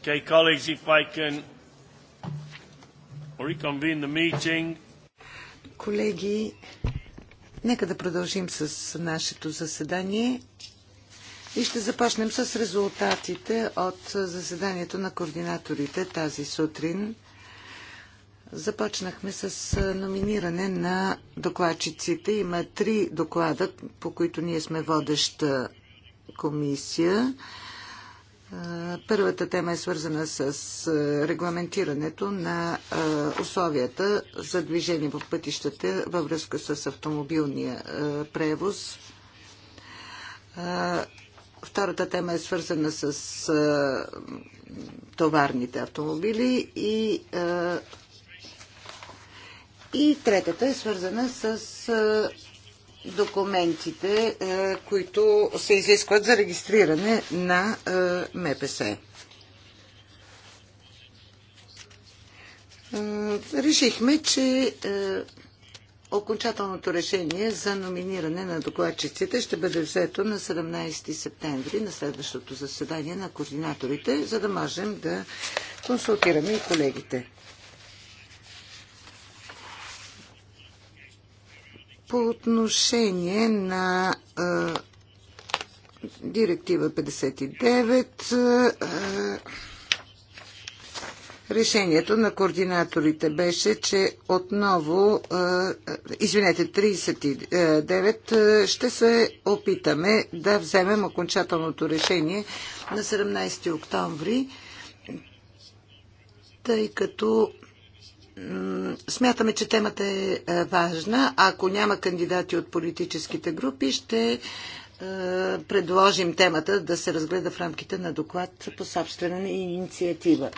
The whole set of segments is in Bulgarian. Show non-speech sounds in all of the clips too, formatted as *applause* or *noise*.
Okay, colleagues, if I can reconvene the meeting. Колеги, нека да продължим с нашето заседание и ще започнем с резултатите от заседанието на координаторите тази сутрин. Започнахме с номиниране на докладчиците. Има три доклада, по които ние сме водеща комисия. Първата тема е свързана с регламентирането на условията за движение по пътищата във връзка с автомобилния превоз. Втората тема е свързана с товарните автомобили и и третата е свързана с документите, е, които се изискват за регистриране на е, МПС. Е, решихме, че окончателното решение за номиниране на докладчиците ще бъде взето на 17 септември на следващото заседание на координаторите, за да можем да консултираме и колегите. По отношение на а, директива 59, а, решението на координаторите беше, че отново, а, извинете, 39, ще се опитаме да вземем окончателното решение на 17 октомври, тъй като Смятаме, че темата е, е важна. Ако няма кандидати от политическите групи, ще е, предложим темата да се разгледа в рамките на доклад по собствена инициатива.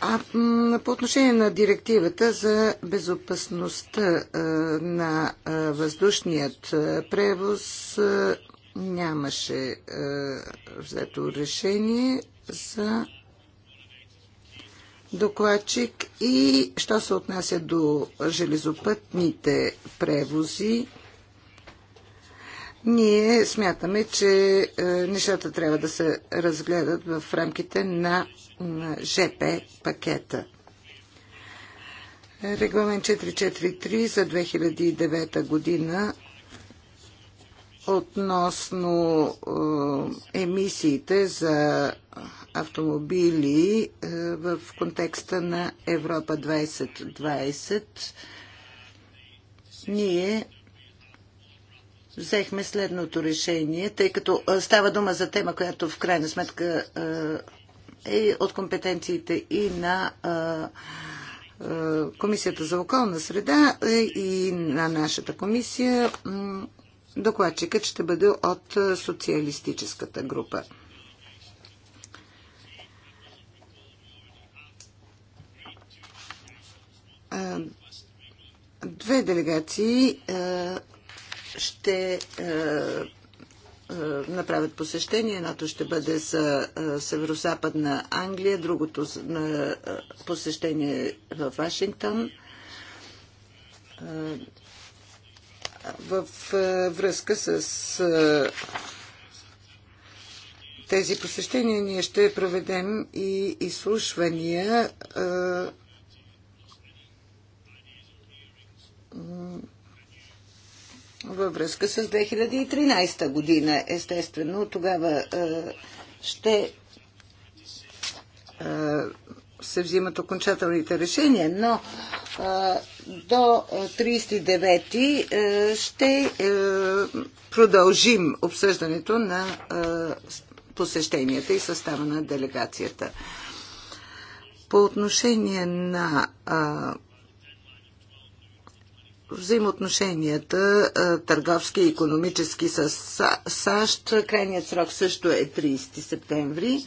А по отношение на директивата за безопасността е, на въздушният превоз, нямаше е, взето решение за докладчик и що се отнася до железопътните превози, ние смятаме, че е, нещата трябва да се разгледат в рамките на, на ЖП пакета. Регламент 443 за 2009 година относно е, емисиите за автомобили е, в контекста на Европа 2020, ние взехме следното решение, тъй като е, става дума за тема, която в крайна сметка е от компетенциите и на Комисията за околна среда и на нашата комисия. Докладчикът ще бъде от социалистическата група. Две делегации ще направят посещение. Едното ще бъде с Северо-Западна Англия, другото на посещение в Вашингтон в връзка с тези посещения ние ще проведем и изслушвания във връзка с 2013 година. Естествено, тогава ще се взимат окончателните решения, но а, до 39-ти ще а, продължим обсъждането на а, посещенията и състава на делегацията. По отношение на а, взаимоотношенията търговски и економически с САЩ, крайният срок също е 30 септември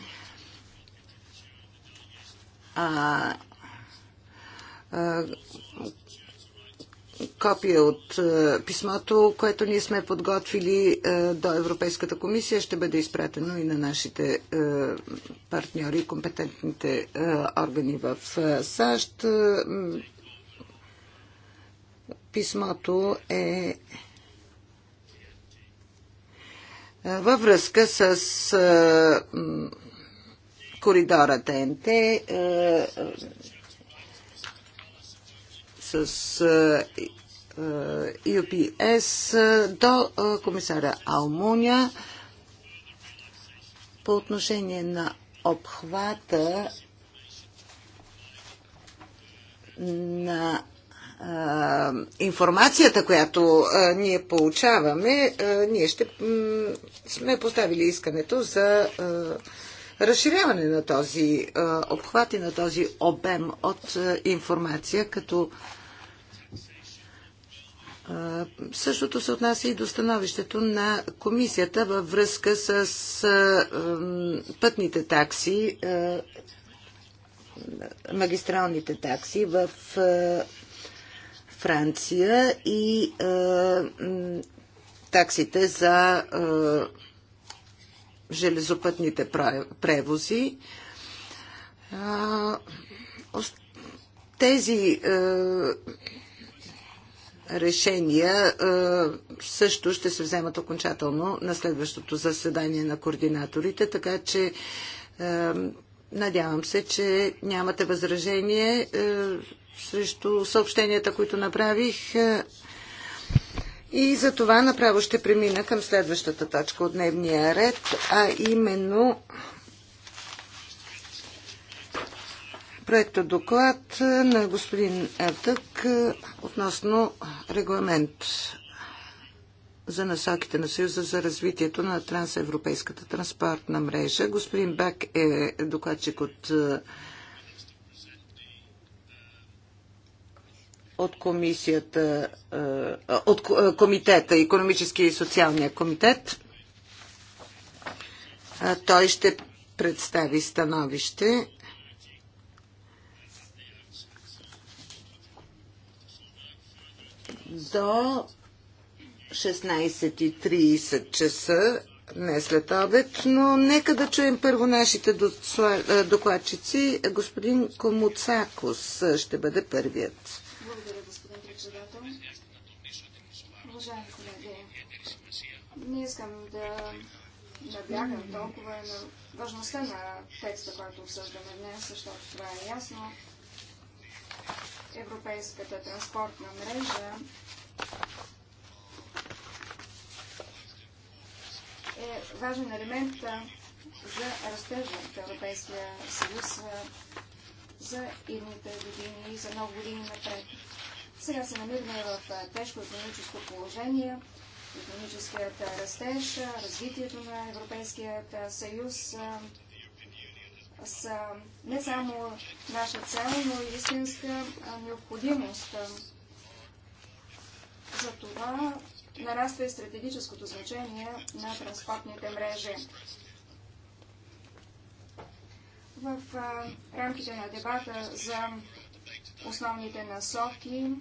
а, а, от а, писмото, което ние сме подготвили а, до Европейската комисия, ще бъде изпратено и на нашите а, партньори, компетентните а, органи в а, САЩ. писмото е във връзка с а, коридора ТНТ е, е, с UPS е, е, е, до комисаря Алмуня по отношение на обхвата на информацията, която ние получаваме, ние ще сме поставили искането за разширяване на този обхват и на този обем от информация, като Същото се отнася и до становището на комисията във връзка с пътните такси, магистралните такси в Франция и таксите за железопътните превози. Тези решения също ще се вземат окончателно на следващото заседание на координаторите, така че надявам се, че нямате възражение срещу съобщенията, които направих. И за това направо ще премина към следващата точка от дневния ред, а именно проекта доклад на господин Елтък относно регламент за насоките на Съюза за развитието на трансевропейската транспортна мрежа. Господин Бак е докладчик от от комисията, е, от е, комитета, економически и социалния комитет. Той ще представи становище. До 16.30 часа не след обед, но нека да чуем първо нашите е, докладчици. Господин Комуцакос ще бъде първият председател. Уважаеми колеги, не искам да набягам толкова на важността на текста, който обсъждаме днес, защото това е ясно. Европейската транспортна мрежа е важен елемент за растежа в Европейския съюз за едните години и за много години напред. Сега се намираме в тежко економическо положение. Економическият растеж, развитието на Европейският съюз са не само наша цел, но и истинска необходимост. За това нараства и стратегическото значение на транспортните мрежи. В рамките на дебата за основните насоки,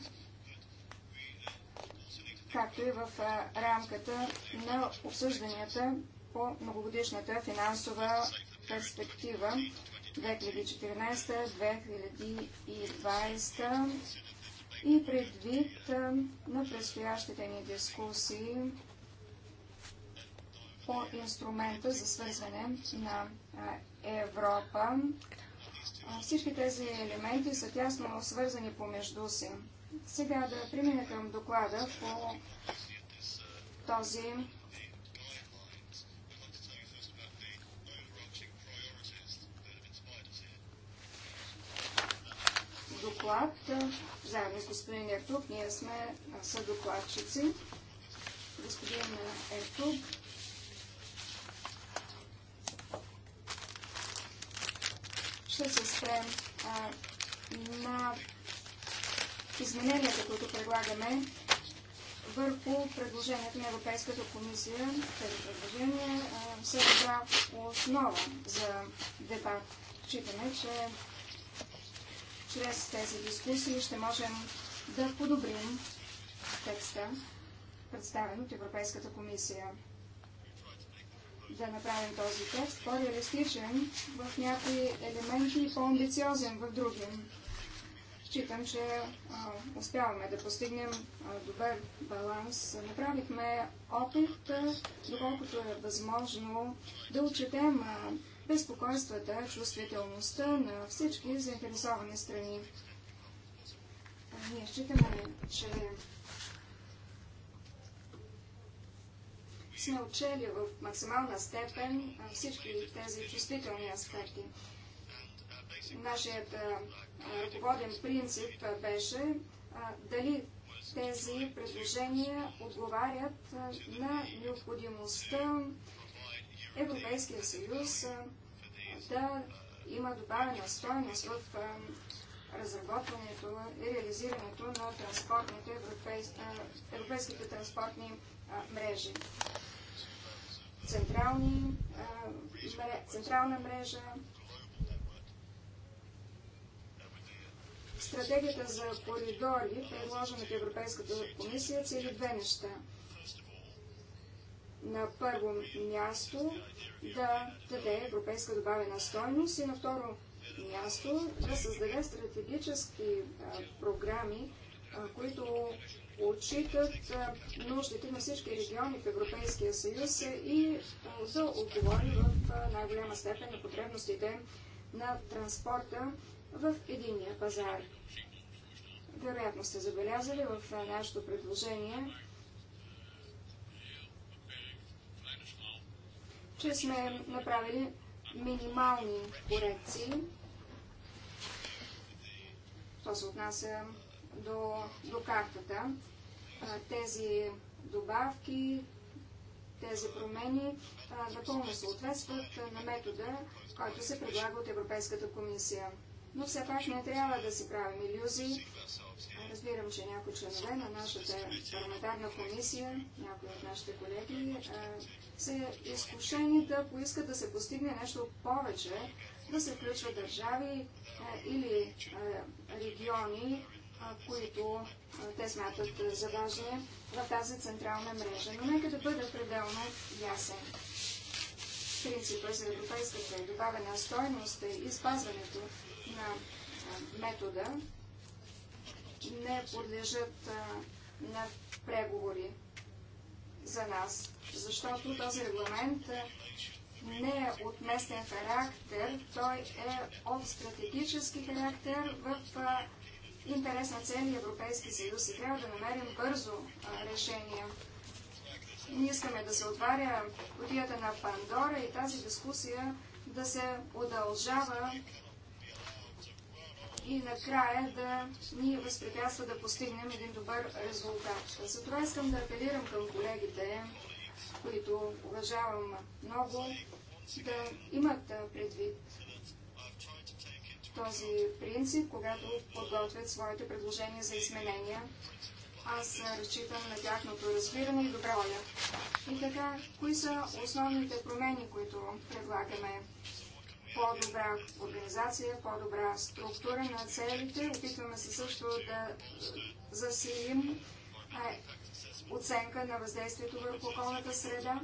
както и в рамката на обсъжданията по многогодишната финансова перспектива 2014-2020 и предвид на предстоящите ни дискусии по инструмента за свързване на Европа, всички тези елементи са тясно свързани помежду си. Сега да премина към доклада по този доклад. Заедно с господин Ертук ние сме съдокладчици. Господин Ертук ще се спрем а, на измененията, които предлагаме върху предложението на Европейската комисия. Тези предложения се добра основа за дебат. Считаме, че чрез тези дискусии ще можем да подобрим текста, представен от Европейската комисия да направим този текст по-реалистичен в някои елементи и по-амбициозен в други. Считам, че а, успяваме да постигнем а, добър баланс. Направихме опит, а, доколкото е възможно, да отчетем а, безпокойствата, чувствителността на всички заинтересовани страни. А, ние считаме, че сме отчели в максимална степен всички тези чувствителни аспекти. Нашият ръководен принцип беше дали тези предложения отговарят на необходимостта Европейския съюз да има добавена стойност в разработването и реализирането на европейските транспортни мрежи. Централни, централна мрежа, Стратегията за коридори, предложена от Европейската комисия, цели две неща. На първо място да даде европейска добавена стойност и на второ място да създаде стратегически а, програми, а, които отчитат нуждите на всички региони в Европейския съюз и да отговори в най-голяма степен на потребностите на транспорта в единия пазар. Вероятно сте забелязали в нашето предложение, че сме направили минимални корекции. То се отнася до, до картата. Тези добавки, тези промени напълно съответстват на метода, който се предлага от Европейската комисия. Но все пак не трябва да си правим иллюзии. Разбирам, че някои членове на нашата парламентарна комисия, някои от нашите колеги, са изкушени да поискат да се постигне нещо повече, да се включват държави или региони, които те смятат за важни в тази централна мрежа. Но нека да бъда пределно ясен. Принципа за европейската добавена стойност е и спазването на метода не подлежат на преговори за нас, защото този регламент не е от местен характер, той е от стратегически характер в интерес на целия Европейски съюз и трябва да намерим бързо а, решение. Ние искаме да се отваря кутията на Пандора и тази дискусия да се удължава и накрая да ни възпрепятства да постигнем един добър резултат. Затова искам да апелирам към колегите, които уважавам много, да имат предвид този принцип, когато подготвят своите предложения за изменения. Аз разчитам на тяхното разбиране и оля. И така, кои са основните промени, които предлагаме? По-добра организация, по-добра структура на целите. Опитваме се също да засилим оценка на въздействието върху околната среда.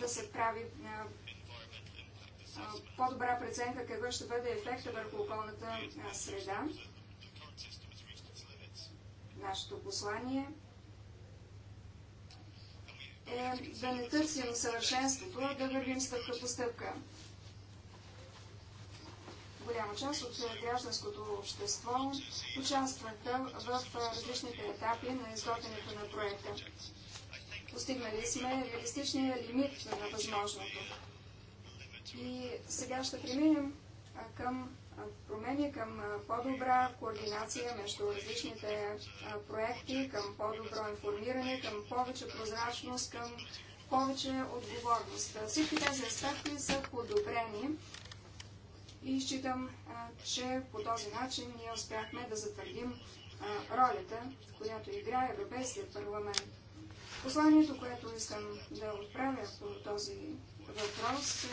да се прави е, е, по-добра преценка какъв ще бъде ефекта върху околната е, среда. Нашето послание е да не търсим съвършенството, а да вървим стъпка по стъпка. Голяма част от гражданското общество участваха в различните етапи на изготвянето на проекта. Постигнали сме реалистичния лимит на възможното. И сега ще преминем към промени, към по-добра координация между различните проекти, към по-добро информиране, към повече прозрачност, към повече отговорност. Всички тези аспекти са подобрени и считам, че по този начин ние успяхме да затвърдим ролята, която играе Европейския парламент. Посланието, което искам да отправя по този въпрос, е,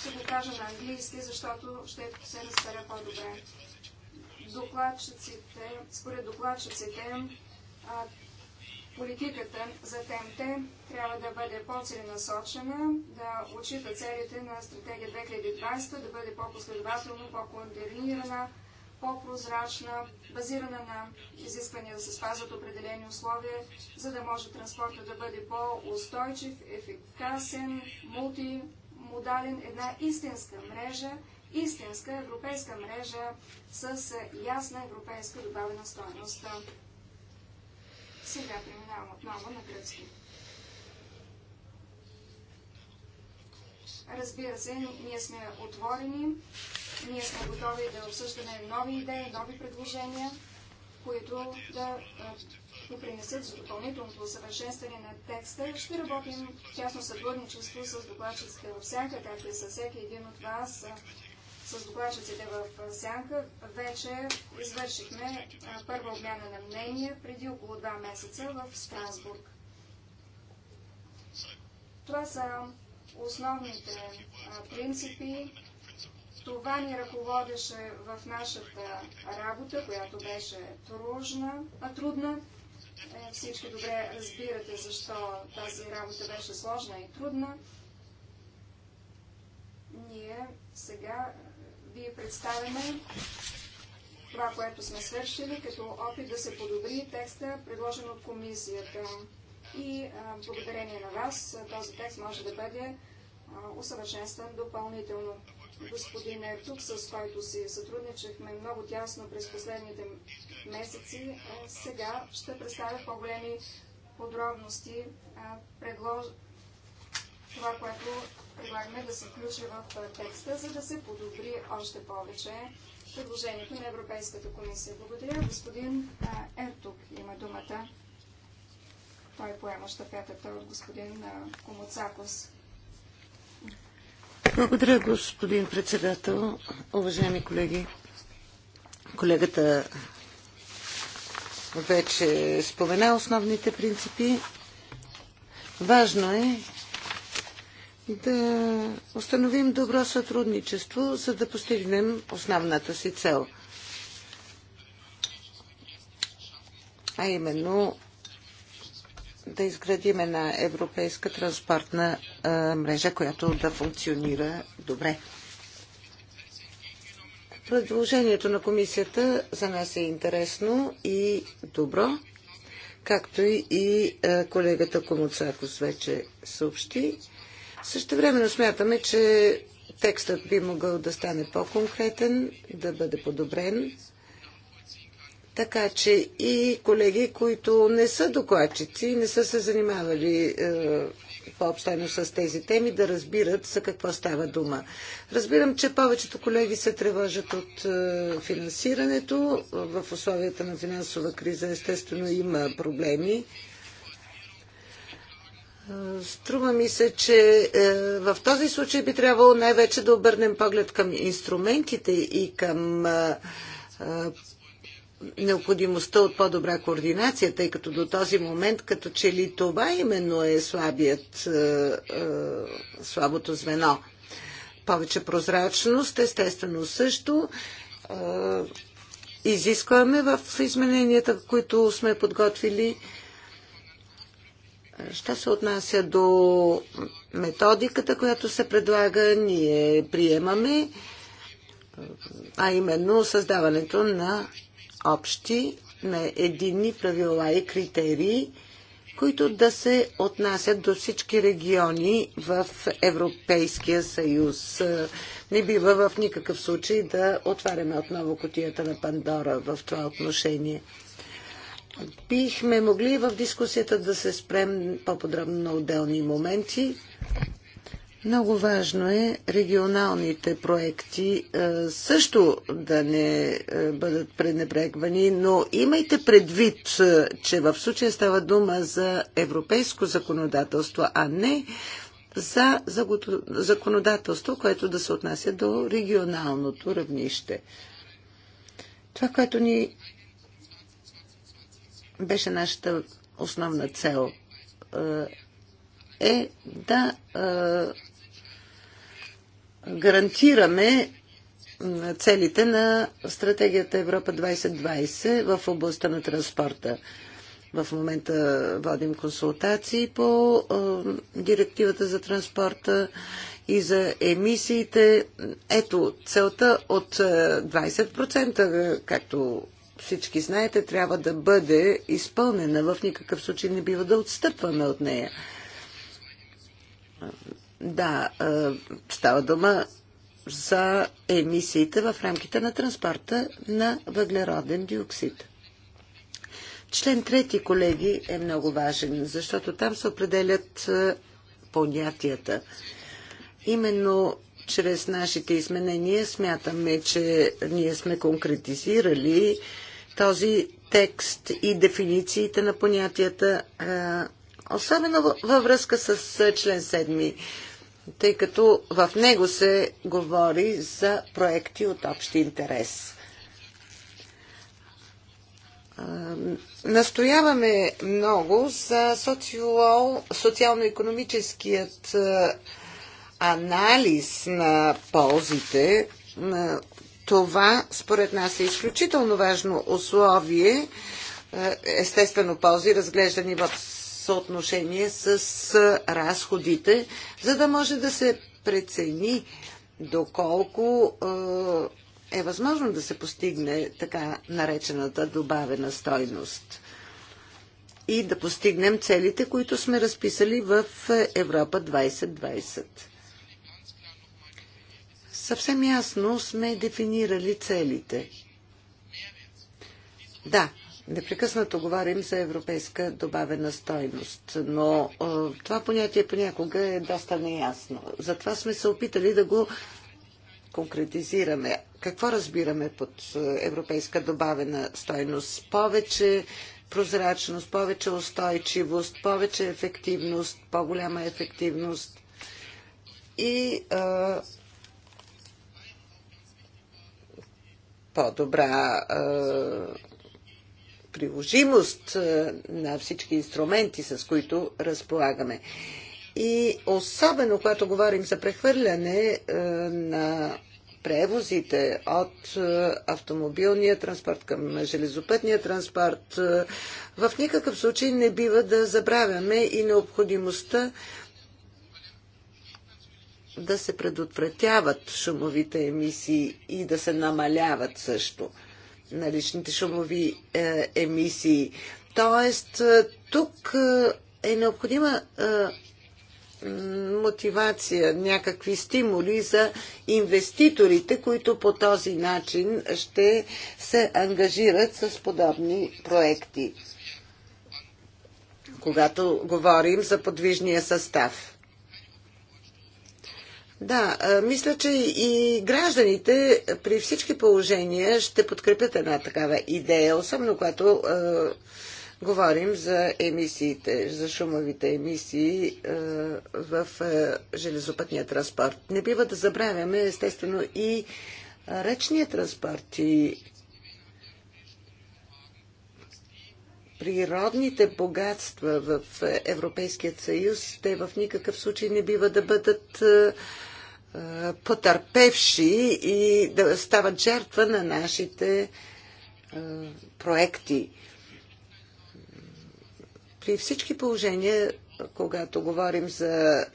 ще го кажа на английски, защото ще се разбере по-добре. Докладчиците, според докладчиците, политиката за темте трябва да бъде по-целенасочена, да отчита целите на стратегия 2020, да бъде по-последователно, по кондернирана по-прозрачна, базирана на изисквания да се спазват определени условия, за да може транспортът да бъде по-устойчив, ефикасен, мултимодален, една истинска мрежа, истинска европейска мрежа с ясна европейска добавена стоеност. Сега преминавам отново на гръцки. Разбира се, ние сме отворени ние сме готови да обсъждаме нови идеи, нови предложения, които да допринесат за допълнителното усъвършенстване на текста. Ще работим в тясно сътрудничество с докладчиците в Сянка, както и с всеки един от вас, с докладчиците в Сянка. Вече извършихме първа обмяна на мнения преди около два месеца в Страсбург. Това са основните принципи, това ни ръководеше в нашата работа, която беше трудна, а трудна. Е, всички добре разбирате защо тази работа беше сложна и трудна. Ние сега е, ви представяме това, което сме свършили, като опит да се подобри текста, предложен от комисията. И а, е, благодарение на вас този текст може да бъде а, усъвършенстван допълнително господин Ертук, с който си сътрудничахме много тясно през последните месеци, сега ще представя по-големи подробности предлож... това, което предлагаме да се включи в текста, за да се подобри още повече предложението на Европейската комисия. Благодаря. Господин Ертук има думата. Той поема щафетата от господин Комуцакос. Благодаря, господин председател. Уважаеми колеги, колегата вече спомена основните принципи. Важно е да установим добро сътрудничество, за да постигнем основната си цел. А именно да изградим една европейска транспортна а, мрежа, която да функционира добре. Предложението на комисията за нас е интересно и добро, както и а, колегата Комуцакос вече съобщи. Също времено смятаме, че текстът би могъл да стане по-конкретен, да бъде подобрен така че и колеги, които не са докладчици, не са се занимавали е, по-обстойно с тези теми, да разбират за какво става дума. Разбирам, че повечето колеги се тревожат от е, финансирането. В условията на финансова криза естествено има проблеми. Е, струва ми се, че е, в този случай би трябвало най-вече да обърнем поглед към инструментите и към е, необходимостта от по-добра координация, тъй като до този момент като че ли това именно е слабият, е, е, слабото звено. Повече прозрачност, естествено също. Е, изискваме в измененията, които сме подготвили. Що се отнася до методиката, която се предлага, ние приемаме, а именно създаването на общи, на единни правила и критерии, които да се отнасят до всички региони в Европейския съюз. Не бива в никакъв случай да отваряме отново котията на Пандора в това отношение. Бихме могли в дискусията да се спрем по-подробно на отделни моменти. Много важно е регионалните проекти е, също да не е, бъдат пренебрегвани, но имайте предвид, е, че в случая става дума за европейско законодателство, а не за законодателство, което да се отнася до регионалното равнище. Това, което ни беше нашата основна цел е да гарантираме целите на стратегията Европа 2020 в областта на транспорта. В момента водим консултации по директивата за транспорта и за емисиите. Ето, целта от 20%, както всички знаете, трябва да бъде изпълнена. В никакъв случай не бива да отстъпваме от нея. Да, става дума за емисиите в рамките на транспорта на въглероден диоксид. Член трети, колеги, е много важен, защото там се определят понятията. Именно чрез нашите изменения смятаме, че ние сме конкретизирали този текст и дефинициите на понятията, особено във връзка с член 7 тъй като в него се говори за проекти от общ интерес. Настояваме много за социално-економическият анализ на ползите. Това, според нас, е изключително важно условие. Естествено, ползи, разглеждани в съотношение с разходите, за да може да се прецени доколко е възможно да се постигне така наречената добавена стойност и да постигнем целите, които сме разписали в Европа 2020. Съвсем ясно сме дефинирали целите. Да, Непрекъснато говорим за европейска добавена стойност, но това понятие понякога е доста неясно. Затова сме се опитали да го конкретизираме. Какво разбираме под европейска добавена стойност? Повече прозрачност, повече устойчивост, повече ефективност, по-голяма ефективност. И по-добра приложимост е, на всички инструменти, с които разполагаме. И особено, когато говорим за прехвърляне е, на превозите от е, автомобилния транспорт към железопътния транспорт, в никакъв случай не бива да забравяме и необходимостта да се предотвратяват шумовите емисии и да се намаляват също наличните шумови е, емисии. Тоест, е, тук е, е необходима мотивация, някакви стимули за инвеститорите, които по този начин ще се ангажират с подобни проекти, когато говорим за подвижния състав. Да, мисля, че и гражданите при всички положения ще подкрепят една такава идея, особено когато е, говорим за емисиите, за шумовите емисии е, в е, железопътния транспорт. Не бива да забравяме, естествено, и речния транспорт и природните богатства в Европейският съюз, те в никакъв случай не бива да бъдат е, е, потърпевши и да стават жертва на нашите е, проекти. При всички положения, когато говорим за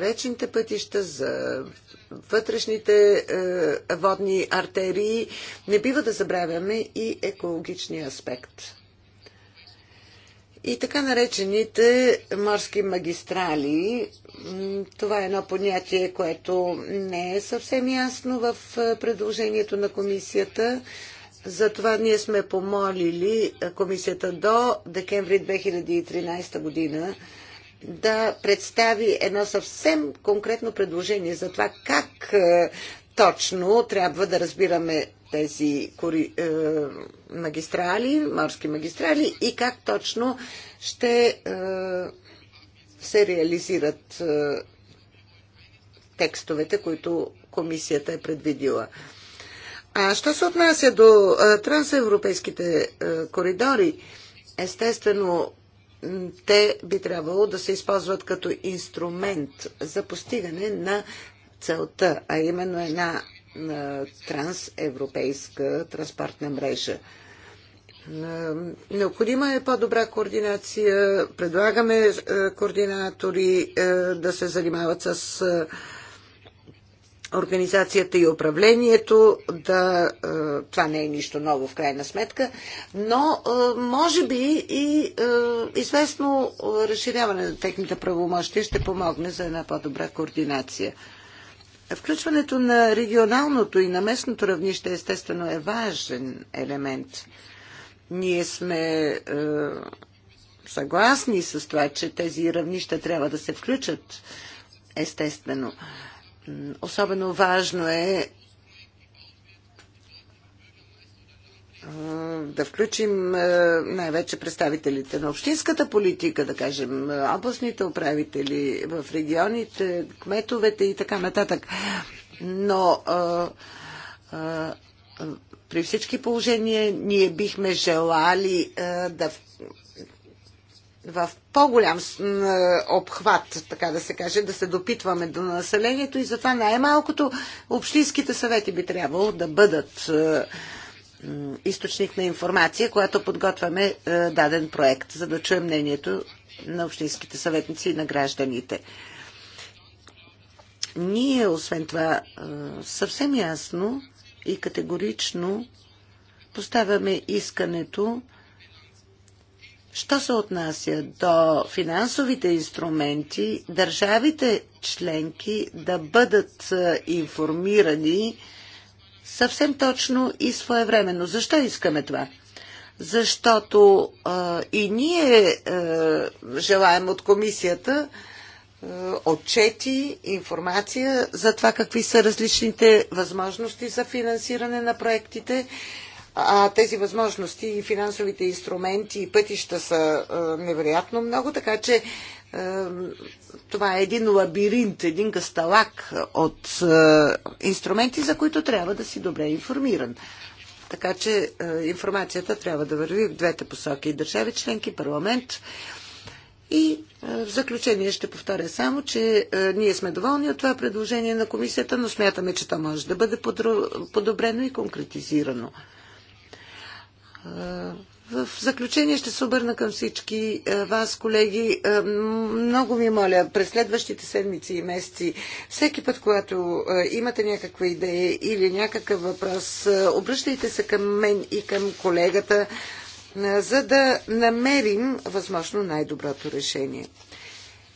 речните пътища, за вътрешните водни артерии, не бива да забравяме и екологичния аспект. И така наречените морски магистрали, това е едно понятие, което не е съвсем ясно в предложението на комисията. Затова ние сме помолили комисията до декември 2013 година да представи едно съвсем конкретно предложение за това как точно трябва да разбираме тези кори, е, магистрали, морски магистрали и как точно ще е, се реализират е, текстовете, които комисията е предвидила. А що се отнася до е, трансевропейските е, коридори, естествено те би трябвало да се използват като инструмент за постигане на целта, а именно една трансевропейска транспортна мрежа. Необходима е по-добра координация. Предлагаме е, координатори е, да се занимават с е, организацията и управлението, да, това не е нищо ново в крайна сметка, но може би и известно разширяване на техните правомощи ще помогне за една по-добра координация. Включването на регионалното и на местното равнище естествено е важен елемент. Ние сме е, съгласни с това, че тези равнища трябва да се включат естествено. Особено важно е да включим е, най-вече представителите на общинската политика, да кажем е, областните управители в регионите, кметовете и така нататък. Но е, при всички положения ние бихме желали да в по-голям обхват, така да се каже, да се допитваме до населението и затова най-малкото общинските съвети би трябвало да бъдат източник на информация, когато подготвяме е, даден проект, за да чуем мнението на общинските съветници и на гражданите. Ние, освен това, е, съвсем ясно и категорично поставяме искането, що се отнася до финансовите инструменти, държавите членки да бъдат е, информирани съвсем точно и своевременно. Защо искаме това? Защото а, и ние а, желаем от комисията а, отчети, информация за това какви са различните възможности за финансиране на проектите а тези възможности и финансовите инструменти и пътища са а, невероятно много, така че а, това е един лабиринт, един гасталак от а, инструменти, за които трябва да си добре информиран. Така че а, информацията трябва да върви в двете посоки. Държави членки, парламент. И в заключение ще повторя само, че ние сме доволни от това предложение на комисията, но смятаме, че то може да бъде подобрено и конкретизирано. Е, в заключение ще се обърна към всички е, вас, колеги. Е, много ви моля, през следващите седмици и месеци, всеки път, когато имате някаква идея или някакъв въпрос, обръщайте се към мен и към колегата, за да намерим възможно най-доброто решение.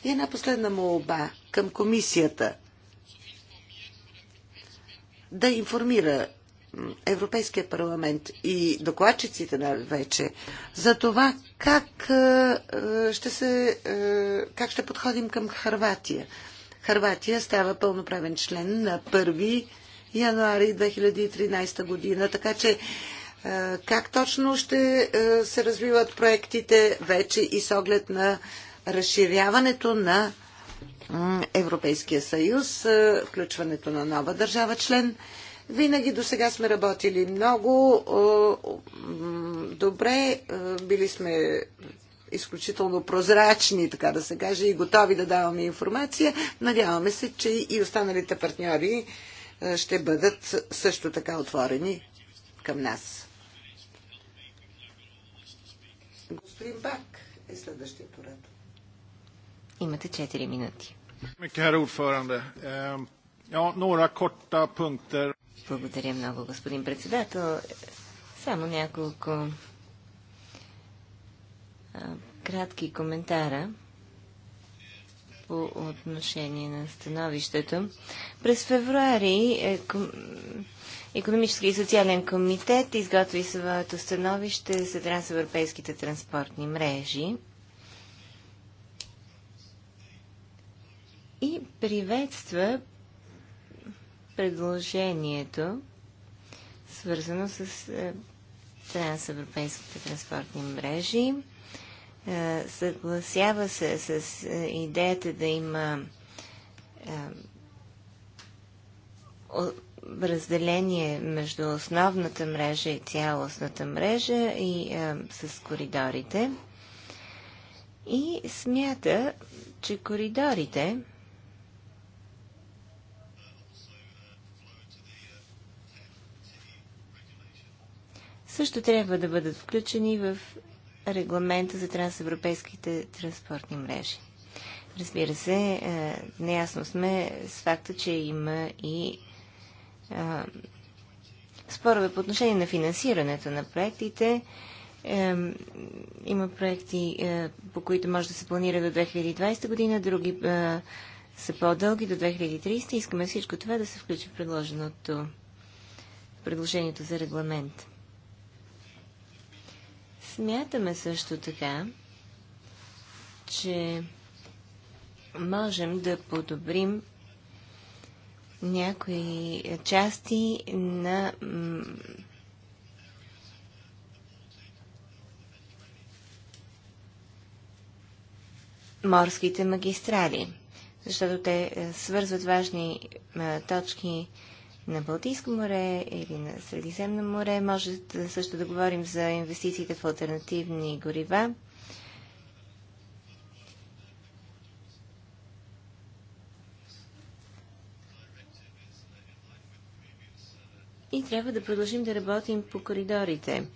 И една последна молба към комисията да информира Европейския парламент и докладчиците вече за това как е, е, ще, се, е, как ще подходим към Харватия. Харватия става пълноправен член на 1 януари 2013 година, така че как точно ще се развиват проектите вече и с оглед на разширяването на Европейския съюз, включването на нова държава член – винаги до сега сме работили много е, добре, е, били сме изключително прозрачни, така да се каже, и готови да даваме информация. Надяваме се, че и останалите партньори е, ще бъдат също така отворени към нас. Господин Бак е следващия поред. Имате 4 минути. Благодаря много, господин председател. Само няколко кратки коментара по отношение на становището. През февруари е, Економически и социален комитет изготви своето становище за трансевропейските транспортни мрежи и приветства предложението, свързано с е, трансевропейските транспортни мрежи. Е, съгласява се с е, идеята да има е, разделение между основната мрежа и цялостната мрежа и е, с коридорите. И смята, че коридорите също трябва да бъдат включени в регламента за трансевропейските транспортни мрежи. Разбира се, е, неясно сме с факта, че има и е, спорове по отношение на финансирането на проектите. Е, има проекти, по които може да се планира до 2020 година, други са по-дълги до 2030. Искаме всичко това да се включи в предложеното, в предложението за регламент. Смятаме също така, че можем да подобрим някои части на морските магистрали, защото те е, свързват важни е, точки на Балтийско море или на Средиземно море. Може също да говорим за инвестициите в альтернативни горива. И трябва да продължим да работим по коридорите.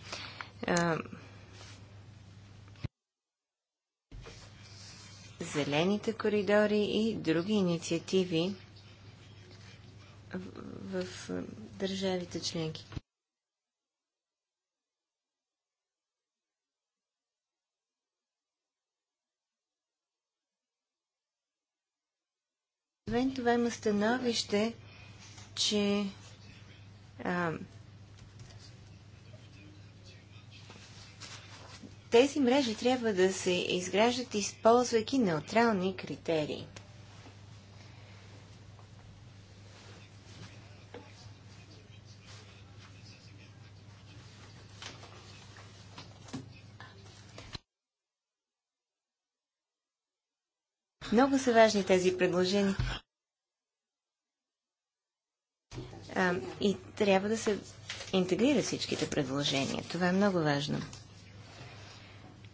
Зелените коридори и други инициативи, в държавите членки. Освен това има становище, че а, тези мрежи трябва да се изграждат, използвайки неутрални критерии. Много са важни тези предложения. А, и трябва да се интегрира всичките предложения. Това е много важно.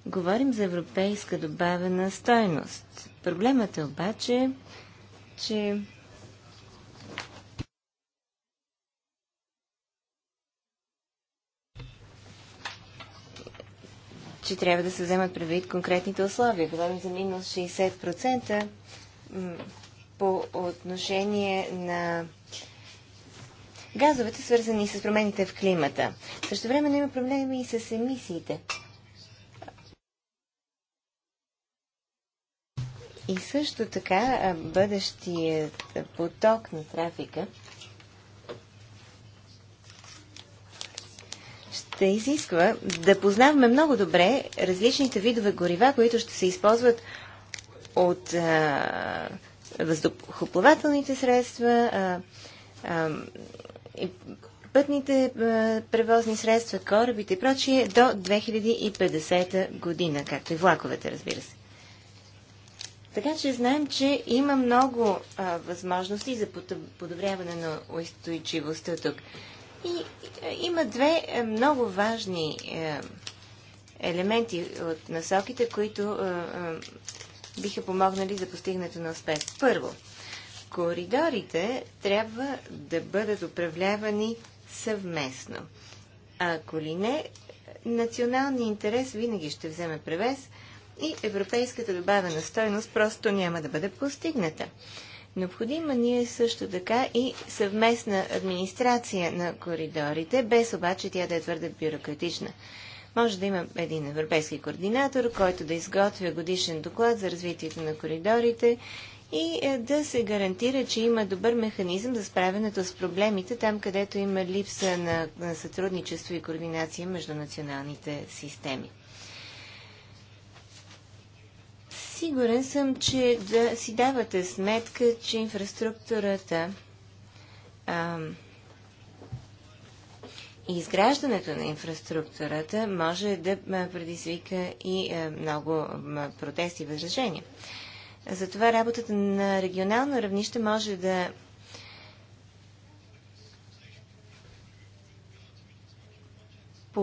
Говорим за европейска добавена стойност. Проблемът е обаче, че че трябва да се вземат предвид конкретните условия. Говорим за минус 60% по отношение на газовете, свързани с промените в климата. Също време има проблеми и с емисиите. И също така бъдещият поток на трафика – Те изисква да познаваме много добре различните видове горива, които ще се използват от а, въздухоплавателните средства, а, а, и пътните а, превозни средства, корабите и прочие до 2050 година, както и влаковете, разбира се. Така че знаем, че има много а, възможности за подобряване на устойчивостта тук. И е, има две е, много важни е, елементи от насоките, които биха помогнали за постигнато на успех. Първо, коридорите трябва да бъдат управлявани съвместно. Ако ли не, националният интерес винаги ще вземе превес и европейската добавена стойност просто няма да бъде постигната. Необходима ни е също така и съвместна администрация на коридорите, без обаче тя да е твърде бюрократична. Може да има един европейски координатор, който да изготвя годишен доклад за развитието на коридорите и е, да се гарантира, че има добър механизъм за справянето с проблемите там, където има липса на, на сътрудничество и координация между националните системи. Сигурен съм, че да си давате сметка, че инфраструктурата а, и изграждането на инфраструктурата може да предизвика и а, много протести и възражения. Затова работата на регионално равнище може да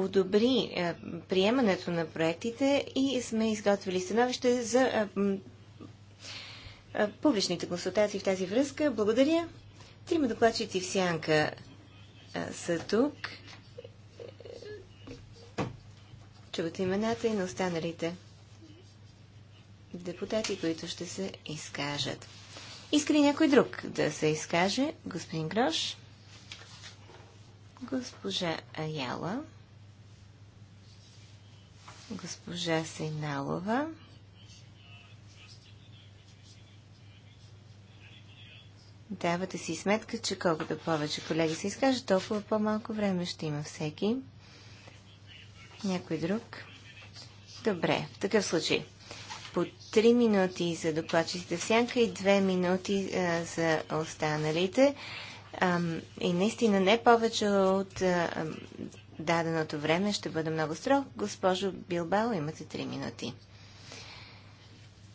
подобри е, приемането на проектите и сме изготвили становище за е, е, публичните консултации в тази връзка. Благодаря. Трима докладчици в Сянка са тук. Чувате имената и на останалите депутати, които ще се изкажат. Иска ли някой друг да се изкаже? Господин Грош? Госпожа Аяла? госпожа Сейналова. Давате си сметка, че колкото повече колеги се изкажат, толкова по-малко време ще има всеки. Някой друг? Добре, в такъв случай. По 3 минути за докладчиците в сянка и 2 минути а, за останалите. А, и наистина не повече от а, даденото време ще бъде много строг. Госпожо Билбао, имате 3 минути.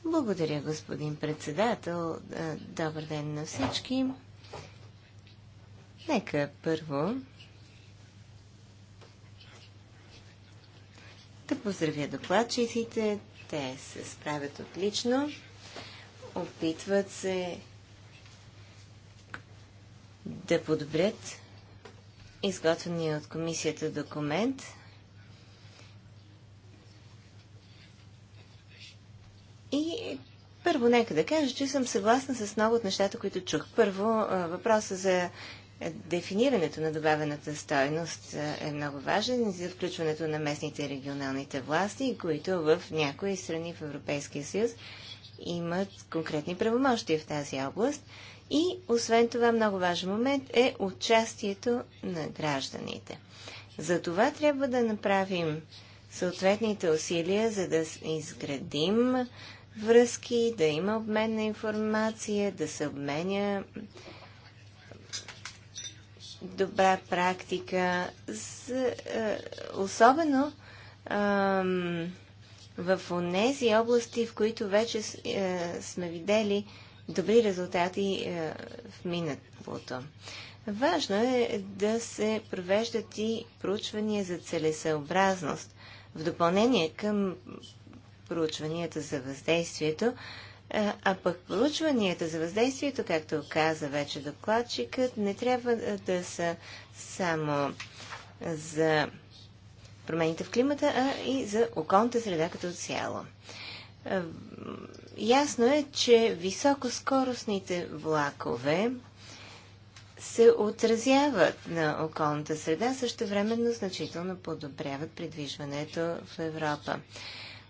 Благодаря, господин председател. Е, добър ден на всички. Нека първо да поздравя докладчиците. Те се справят отлично. Опитват се да подобрят изготвения е от комисията документ. И първо, нека да кажа, че съм съгласна с много от нещата, които чух. Първо, въпроса за дефинирането на добавената стойност е много важен и за включването на местните и регионалните власти, които в някои страни в Европейския съюз имат конкретни правомощи в тази област. И освен това, много важен момент е участието на гражданите. За това трябва да направим съответните усилия, за да изградим връзки, да има обмен на информация, да се обменя добра практика, е, особено е, в онези области, в които вече е, сме видели добри резултати е, в миналото. Важно е да се провеждат и проучвания за целесъобразност. В допълнение към проучванията за въздействието, е, а пък проучванията за въздействието, както каза вече докладчикът, не трябва да са само за промените в климата, а и за околната среда като цяло. Е, Ясно е, че високоскоростните влакове се отразяват на околната среда, също времено значително подобряват придвижването в Европа.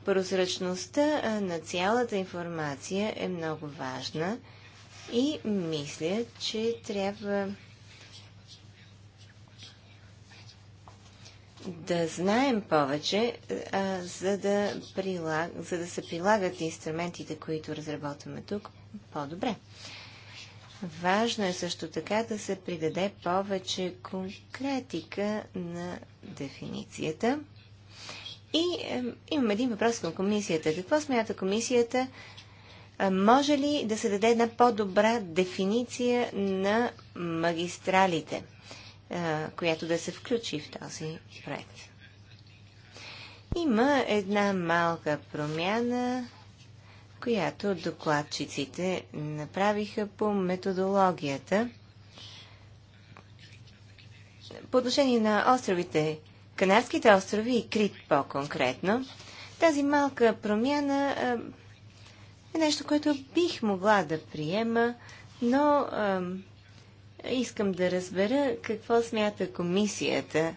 Прозрачността на цялата информация е много важна и мисля, че трябва да знаем повече, е, а, за, да прилаг, за да се прилагат инструментите, които разработваме тук, по-добре. Важно е също така да се придаде повече конкретика на дефиницията. И е, имам един въпрос към комисията. Какво смята комисията? Е, може ли да се даде една по-добра дефиниция на магистралите? която да се включи в този проект. Има една малка промяна, която докладчиците направиха по методологията. По отношение на островите, Канарските острови и Крит по-конкретно, тази малка промяна е нещо, което бих могла да приема, но е, Искам да разбера какво смята комисията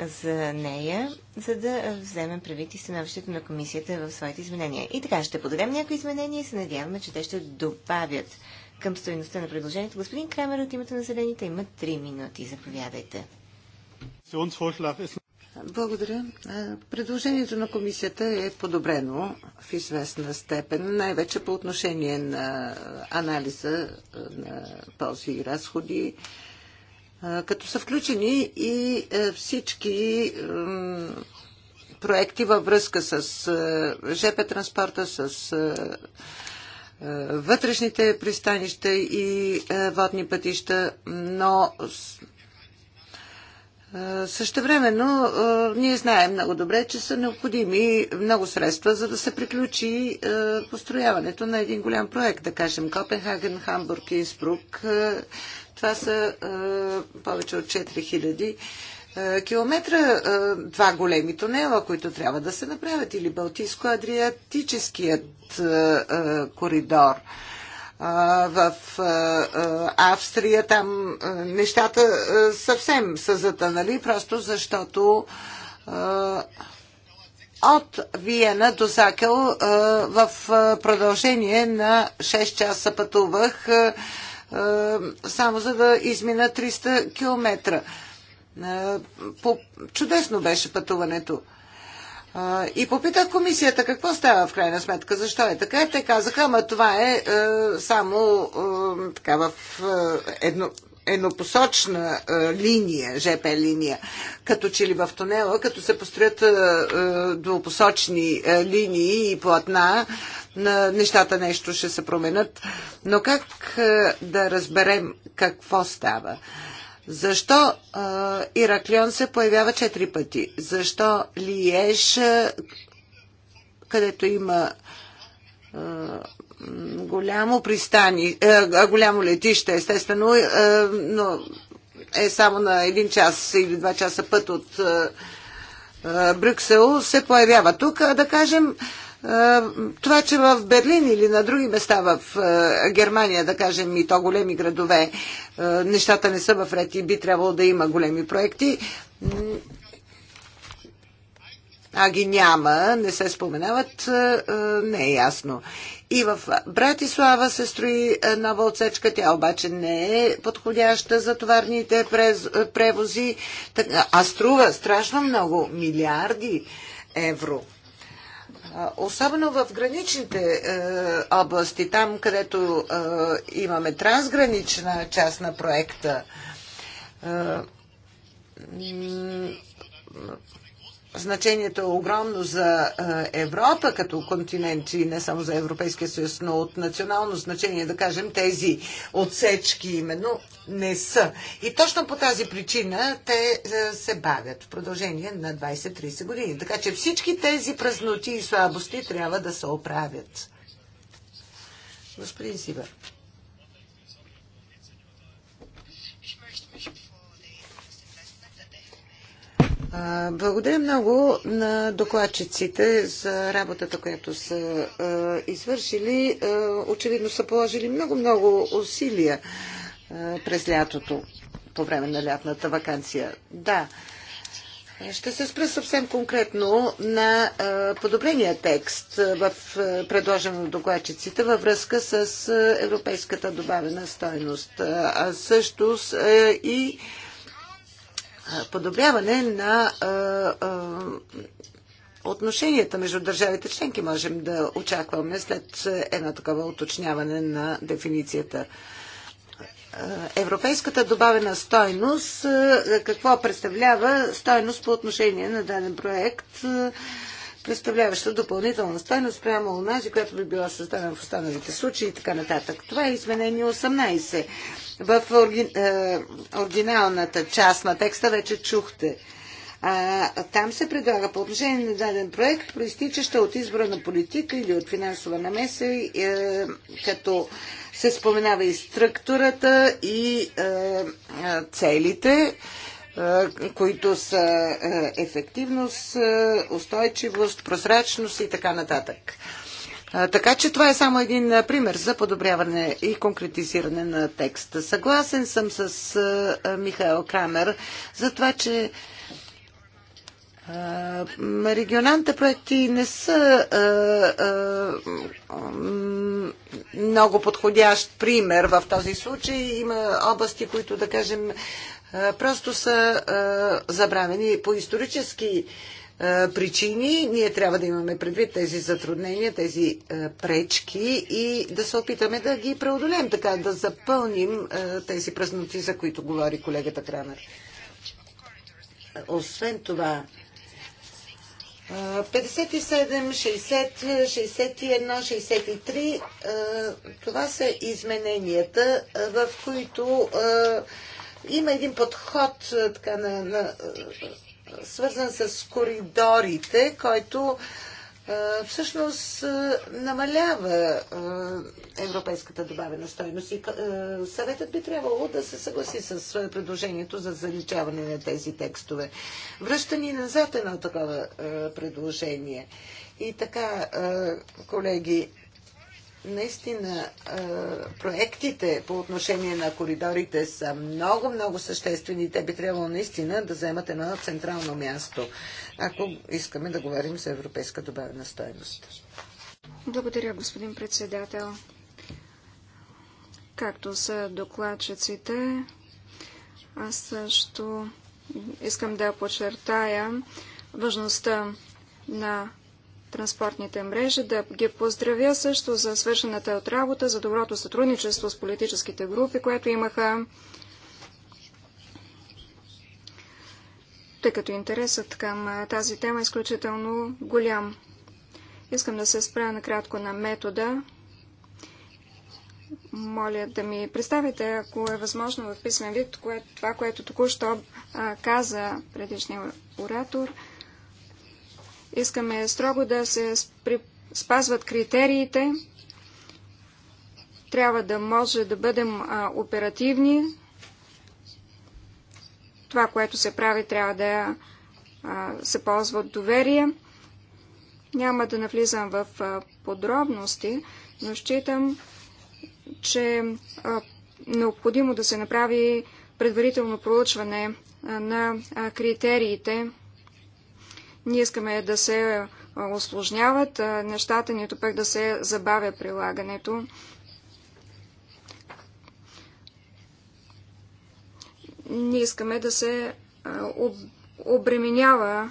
за нея, за да вземем правит и становището на комисията в своите изменения. И така, ще подадем някои изменения и се надяваме, че те ще добавят към стоеността на предложението. Господин Крамер от името на Зелените има 3 минути. Заповядайте. Благодаря. Е, предложението на комисията е подобрено в известна степен, най-вече по отношение на анализа е, на ползи и разходи, е, като са включени и всички проекти във връзка с ЖП транспорта, с вътрешните пристанища и водни пътища, но Същевременно ние знаем много добре, че са необходими много средства, за да се приключи построяването на един голям проект, да кажем Копенхаген, Хамбург и Инсбрук. Това са повече от 4000 километра, два големи тунела, които трябва да се направят, или Балтийско-Адриатическият коридор – в Австрия там нещата съвсем са затънали, просто защото от Виена до Закел в продължение на 6 часа пътувах само за да измина 300 км. Чудесно беше пътуването. И попитах комисията какво става в крайна сметка, защо е така. Те казаха, ама това е, е само е, така в е, едно, еднопосочна е, линия, ЖП линия, като че ли в тунела, като се построят двупосочни линии и платна, на нещата нещо ще се променят. Но как да разберем какво става? Защо а, Ираклион се появява четири пъти? Защо Лиеш, където има а, голямо пристани, а, голямо летище, естествено, а, но е само на един час или два часа път от а, Брюксел, се появява тук, да кажем, а, това, че в Берлин или на други места в Германия, да кажем и то големи градове, нещата не са в ред и би трябвало да има големи проекти, а ги няма, не се споменават, не е ясно. И в Братислава се строи нова отсечка, тя обаче не е подходяща за товарните превози, а струва страшно много милиарди евро. Особено в граничните е, области, там където е, имаме трансгранична част на проекта, е, Значението е огромно за Европа като континент и не само за Европейския съюз, но от национално значение, да кажем, тези отсечки именно не са. И точно по тази причина те е, се бавят в продължение на 20-30 години. Така че всички тези празноти и слабости трябва да се оправят. Господин Сибър. Благодаря много на докладчиците за работата, която са извършили. Очевидно са положили много-много усилия през лятото, по време на лятната вакансия. Да. Ще се спра съвсем конкретно на подобрения текст в предложен от докладчиците във връзка с европейската добавена стойност, а също и подобряване на отношенията между държавите членки можем да очакваме след едно такова уточняване на дефиницията. Европейската добавена стойност, какво представлява стойност по отношение на даден проект, представляваща допълнителна стойност прямо унази, която би била създадена в останалите случаи и така нататък. Това е изменение 18. В орги, е, оригиналната част на текста вече чухте. А, там се предлага по отношение на даден проект, проистичаща от избора на политика или от финансова намеса, е, като се споменава и структурата и е, е целите, е, които са е, ефективност, е, устойчивост, прозрачност и така нататък. Така че това е само един пример за подобряване и конкретизиране на текста. Съгласен съм с Михаил Крамер за това, че Регионалните проекти не са много подходящ пример в този случай. Има области, които, да кажем, просто са забравени по исторически а, е, причини. Ние трябва да имаме предвид тези затруднения, тези е, пречки и да се опитаме да ги преодолеем, така да запълним е, тези празноти, за които говори колегата Кранър. Освен това, 57, 60, 61, 63, това са измененията, в които има един подход така, на, на свързан с коридорите, който всъщност намалява европейската добавена стойност и съветът би трябвало да се съгласи с предложението за заличаване на тези текстове. Връща ни назад едно такова предложение. И така, колеги, наистина проектите по отношение на коридорите са много, много съществени. Те би трябвало наистина да вземат едно централно място, ако искаме да говорим за европейска добавена стоеност. Благодаря, господин председател. Както са докладчиците, аз също искам да подчертая важността на транспортните мрежи, да ги поздравя също за свършената от работа, за доброто сътрудничество с политическите групи, което имаха, тъй като интересът към тази тема е изключително голям. Искам да се спра накратко на метода. Моля да ми представите, ако е възможно в писмен вид, кое, това, което току-що каза предишния оратор – Искаме строго да се спазват критериите. Трябва да може да бъдем а, оперативни. Това, което се прави, трябва да а, се ползва от доверие. Няма да навлизам в а, подробности, но считам, че а, необходимо да се направи предварително проучване а, на а, критериите ние искаме да се осложняват нещата, нито пък да се забавя прилагането. Ние искаме да се обременява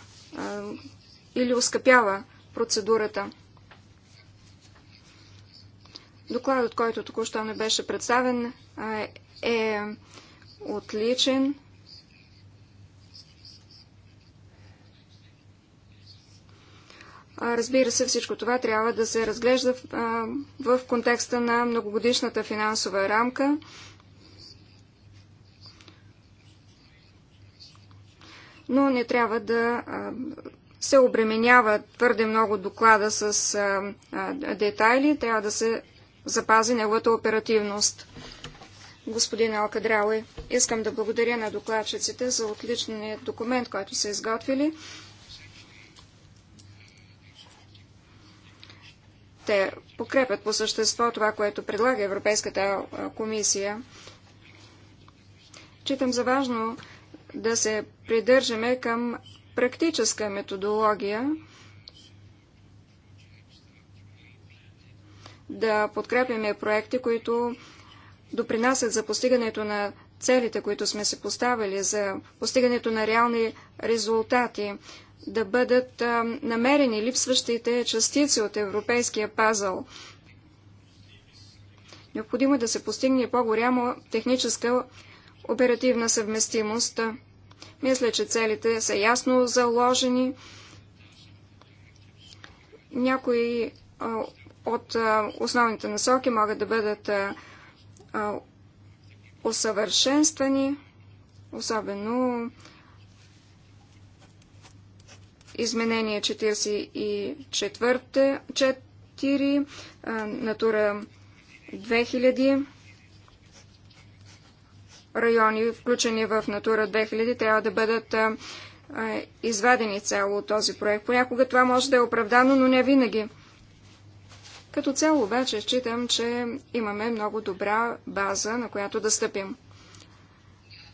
или ускъпява процедурата. Докладът, който току-що не беше представен, е отличен. Разбира се, всичко това трябва да се разглежда в, в контекста на многогодишната финансова рамка. Но не трябва да се обременява твърде много доклада с детайли. Трябва да се запази неговата оперативност. Господин Алкадрауи, искам да благодаря на докладчиците за отличния документ, който са изготвили. Те покрепят по същество това, което предлага Европейската комисия. Читам за важно да се придържаме към практическа методология, да подкрепяме проекти, които допринасят за постигането на целите, които сме се поставили, за постигането на реални резултати да бъдат намерени липсващите частици от европейския пазъл. Необходимо е да се постигне по-голяма техническа оперативна съвместимост. Мисля, че целите са ясно заложени. Някои от основните насоки могат да бъдат усъвършенствани, особено Изменение 44, 4, Натура 2000 райони, включени в Натура 2000, трябва да бъдат а, а, извадени цяло от този проект. Понякога това може да е оправдано, но не винаги. Като цяло обаче считам, че имаме много добра база, на която да стъпим.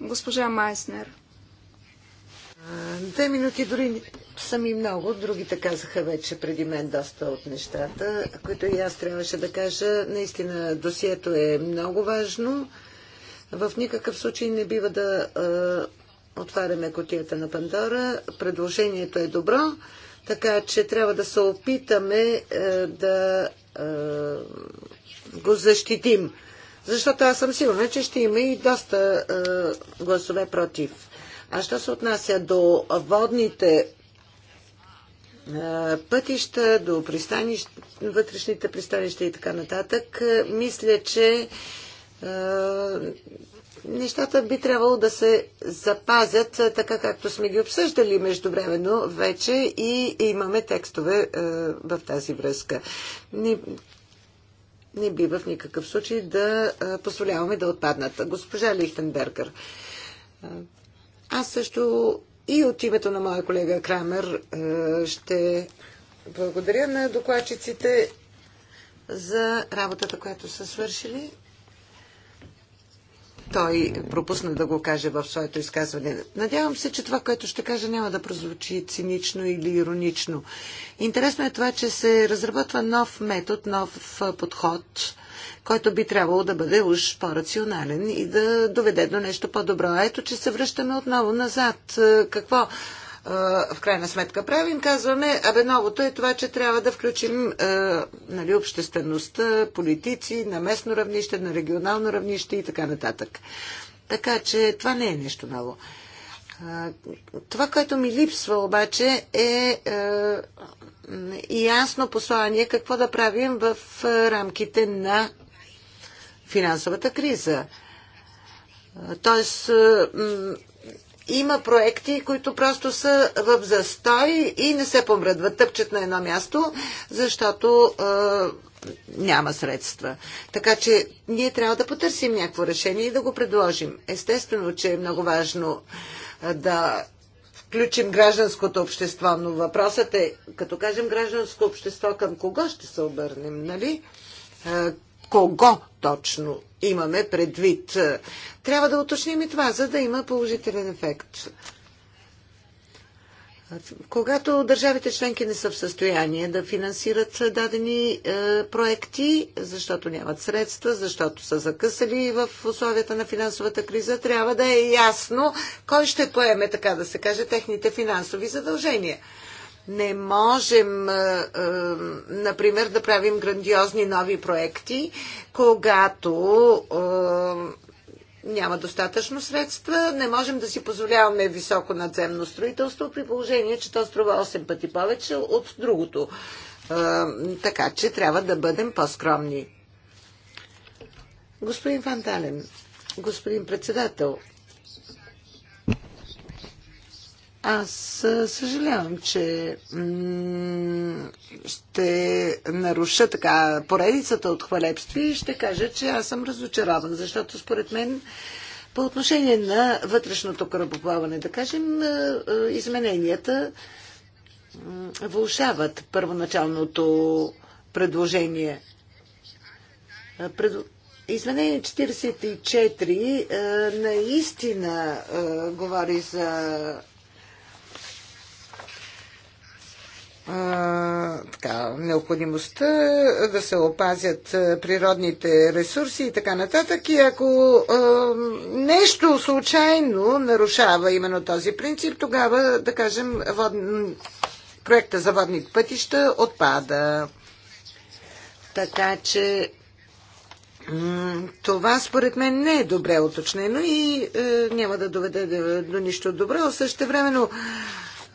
Госпожа Майснер. Две минути дори сами много. Другите казаха вече преди мен доста от нещата, които и аз трябваше да кажа. Наистина досието е много важно. В никакъв случай не бива да е, отваряме котията на Пандора. Предложението е добро, така че трябва да се опитаме е, да е, го защитим. Защото аз съм сигурна, че ще има и доста е, гласове против. А що се отнася до водните пътища, до пристанищ, вътрешните пристанища и така нататък, мисля, че нещата би трябвало да се запазят така както сме ги обсъждали междувременно вече и имаме текстове е, в тази връзка. Не, не би в никакъв случай да е, позволяваме да отпаднат. Госпожа Лихтенбергер, аз също и от името на моя колега Крамер е, ще благодаря на докладчиците за работата, която са свършили. Той пропусна да го каже в своето изказване. Надявам се, че това, което ще кажа, няма да прозвучи цинично или иронично. Интересно е това, че се разработва нов метод, нов подход който би трябвало да бъде уж по-рационален и да доведе до нещо по-добро. Ето, че се връщаме отново назад. Е, какво? Е, в крайна сметка правим, казваме, абе новото е това, че трябва да включим е, нали, обществеността, политици на местно равнище, на регионално равнище и така нататък. Така че това не е нещо ново. Това, което ми липсва обаче е, е ясно послание какво да правим в рамките на финансовата криза. Тоест, има проекти, които просто са в застой и не се помръдват, тъпчат на едно място, защото е, няма средства. Така че ние трябва да потърсим някакво решение и да го предложим. Естествено, че е много важно да включим гражданското общество, но въпросът е, като кажем гражданско общество, към кого ще се обърнем, нали? Кого точно имаме предвид? Трябва да уточним и това, за да има положителен ефект. Когато държавите членки не са в състояние да финансират дадени е, проекти, защото нямат средства, защото са закъсали в условията на финансовата криза, трябва да е ясно кой ще поеме, така да се каже, техните финансови задължения. Не можем, е, е, например, да правим грандиозни нови проекти, когато е, няма достатъчно средства, не можем да си позволяваме високо надземно строителство, при положение, че то струва 8 пъти повече от другото. така че трябва да бъдем по-скромни. Господин Вандален, господин председател, Аз съжалявам, че ще наруша така поредицата от хвалебство и ще кажа, че аз съм разочарован, защото според мен по отношение на вътрешното кръбоплаване, да кажем, измененията вълшават първоначалното предложение. Пред... Изменение 44 наистина говори за така, необходимостта да се опазят природните ресурси и така нататък. И ако а, нещо случайно нарушава именно този принцип, тогава, да кажем, вод... проекта за водни пътища отпада. Така че това според мен не е добре уточнено и е, няма да доведе до, до нищо добро. Също времено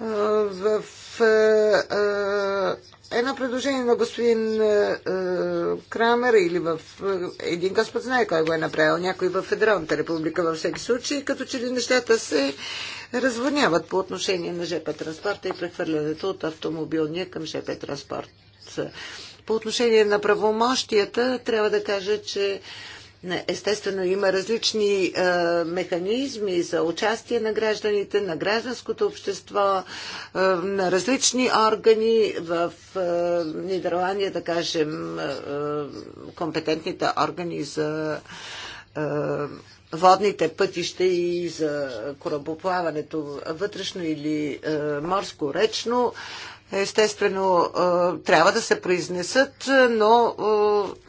в е, е, едно предложение на господин е, Крамер или в един Господ знае кой го е направил, някой в Федералната република във всеки случай, като че ли нещата се развърняват по отношение на ЖП транспорта и прехвърлянето от автомобилния към ЖП транспорт. По отношение на правомощията трябва да кажа, че Естествено, има различни е, механизми за участие на гражданите, на гражданското общество, е, на различни органи. В е, Нидерландия, да кажем, е, е, компетентните органи за е, водните пътища и за корабоплаването, вътрешно или е, морско, речно, естествено, е, трябва да се произнесат, но. Е,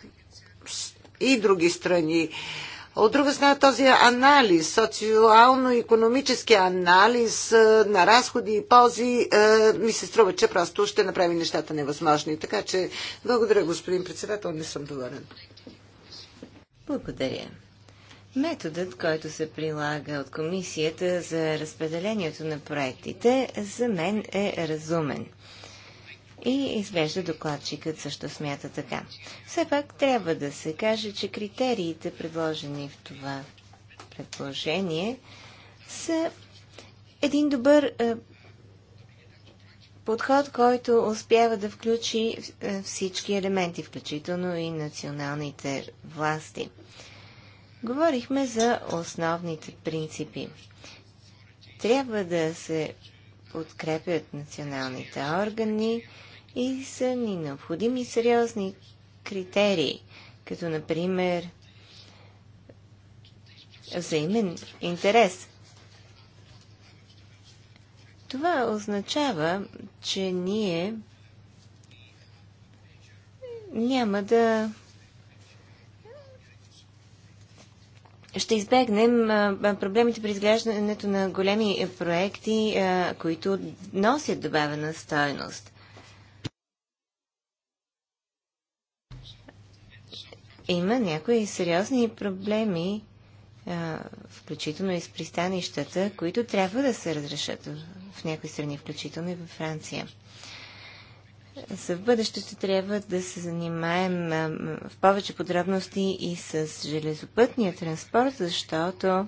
и други страни. От друга страна този анализ, социално-економически анализ е, на разходи и ползи, е, ми се струва, че просто ще направи нещата невъзможни. Така че благодаря, господин председател, не съм доволен. Благодаря. Методът, който се прилага от комисията за разпределението на проектите, за мен е разумен. И извежда докладчикът също смята така. Все пак трябва да се каже, че критериите, предложени в това предложение, са един добър е, подход, който успява да включи е, всички елементи, включително и националните власти. Говорихме за основните принципи. Трябва да се подкрепят националните органи, и са ни необходими сериозни критерии, като например взаимен интерес. Това означава, че ние няма да ще избегнем проблемите при изглеждането на големи проекти, които носят добавена стойност. има някои сериозни проблеми, включително и с пристанищата, които трябва да се разрешат в някои страни, включително и във Франция. За в бъдеще ще трябва да се занимаем в повече подробности и с железопътния транспорт, защото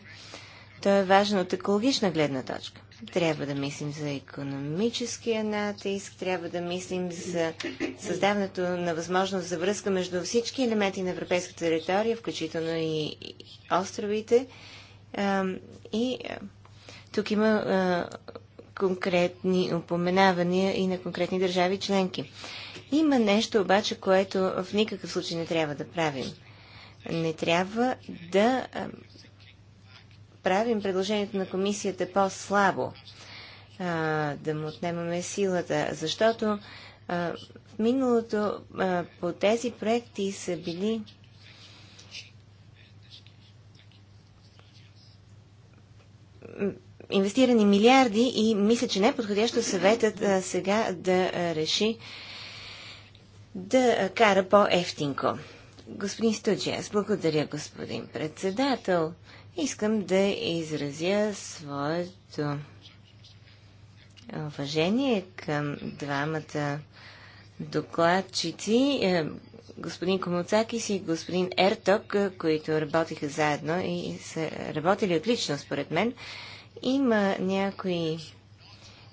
той е важен от екологична гледна точка. Трябва да мислим за економическия натиск, трябва да мислим за създаването на възможност за връзка между всички елементи на европейската територия, включително и островите. И тук има конкретни упоменавания и на конкретни държави членки. Има нещо обаче, което в никакъв случай не трябва да правим. Не трябва да правим предложението на комисията по-слабо, да му отнемаме силата, защото а, в миналото а, по тези проекти са били инвестирани милиарди и мисля, че не е подходящо съветът а, сега да реши да кара по-ефтинко. Господин аз благодаря, господин председател. Искам да изразя своето уважение към двамата докладчици, е, господин Комуцакис и господин Ерток, е, които работиха заедно и са работили отлично, според мен. Има някои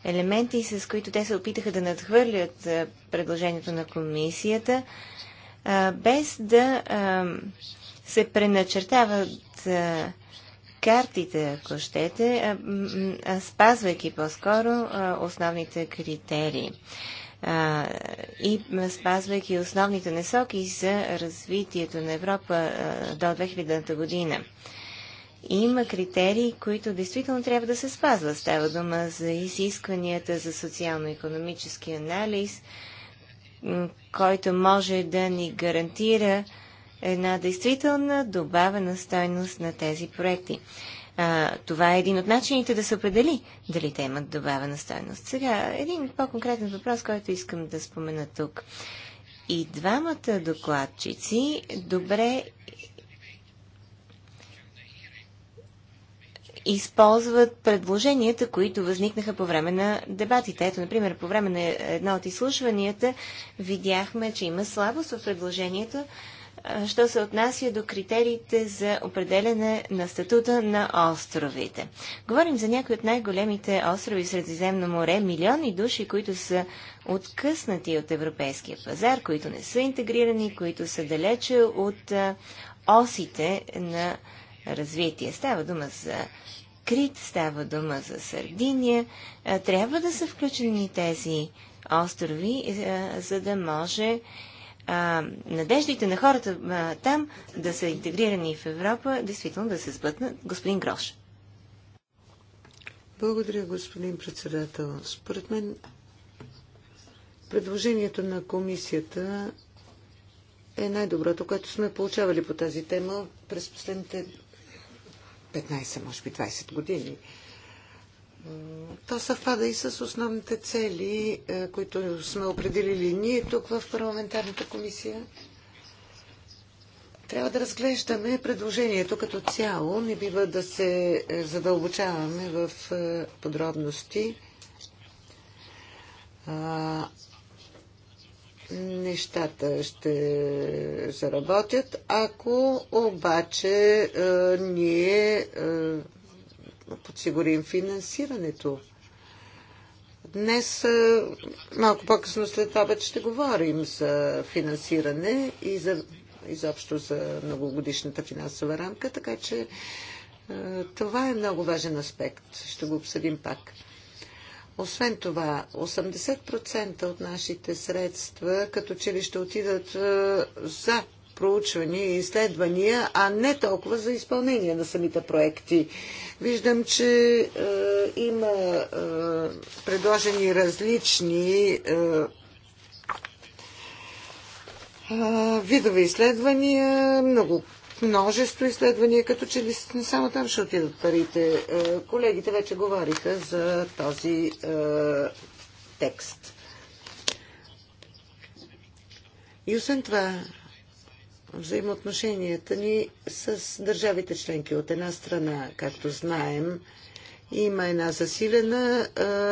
елементи, с които те се опитаха да надхвърлят е, предложението на комисията, без да се преначертават картите, ако щете, спазвайки по-скоро основните критерии и спазвайки основните насоки за развитието на Европа до 2000-та година. Има критерии, които действително трябва да се спазват. Става дума за изискванията за социално-економически анализ, който може да ни гарантира една действителна добавена стойност на тези проекти. А, това е един от начините да се определи дали те имат добавена стойност. Сега, един по-конкретен въпрос, който искам да спомена тук. И двамата докладчици добре използват предложенията, които възникнаха по време на дебатите. Ето, например, по време на едно от изслушванията видяхме, че има слабост в предложението, що се отнася до критериите за определене на статута на островите. Говорим за някои от най-големите острови в Средиземно море, милиони души, които са откъснати от европейския пазар, които не са интегрирани, които са далече от осите на развитие. Става дума за Крит, става дума за Сардиния. трябва да са включени тези острови, за да може а, надеждите на хората а, там да са интегрирани в Европа, действително да се сплътнат. Господин Грош. Благодаря, господин председател. Според мен предложението на комисията е най-доброто, което сме получавали по тази тема през последните 15, може би 20 години. То съвпада и с основните цели, е, които сме определили ние тук в парламентарната комисия. Трябва да разглеждаме предложението като цяло. Не бива да се е, задълбочаваме в е, подробности. Нещата ще заработят, ако обаче ние подсигурим финансирането. Днес, малко по-късно след това, вече ще говорим за финансиране и за, изобщо за многогодишната финансова рамка, така че това е много важен аспект. Ще го обсъдим пак. Освен това, 80% от нашите средства като че ли ще отидат за проучвания и изследвания, а не толкова за изпълнение на самите проекти. Виждам, че е, има е, предложени различни е, е видове изследвания, много множество изследвания, като че ли не само там ще отидат парите. Е, колегите вече говориха за този е, текст. И освен това, взаимоотношенията ни с държавите членки. От една страна, както знаем, има една засилена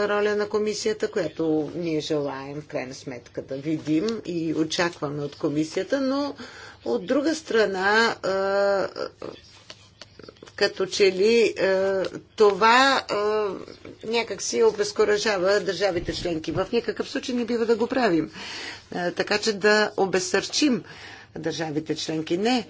роля на комисията, която ние желаем в крайна сметка да видим и очакваме от комисията, но от друга страна, като че ли това някак си обезкуражава държавите членки. В никакъв случай не бива да го правим. Така че да обесърчим държавите членки. Не.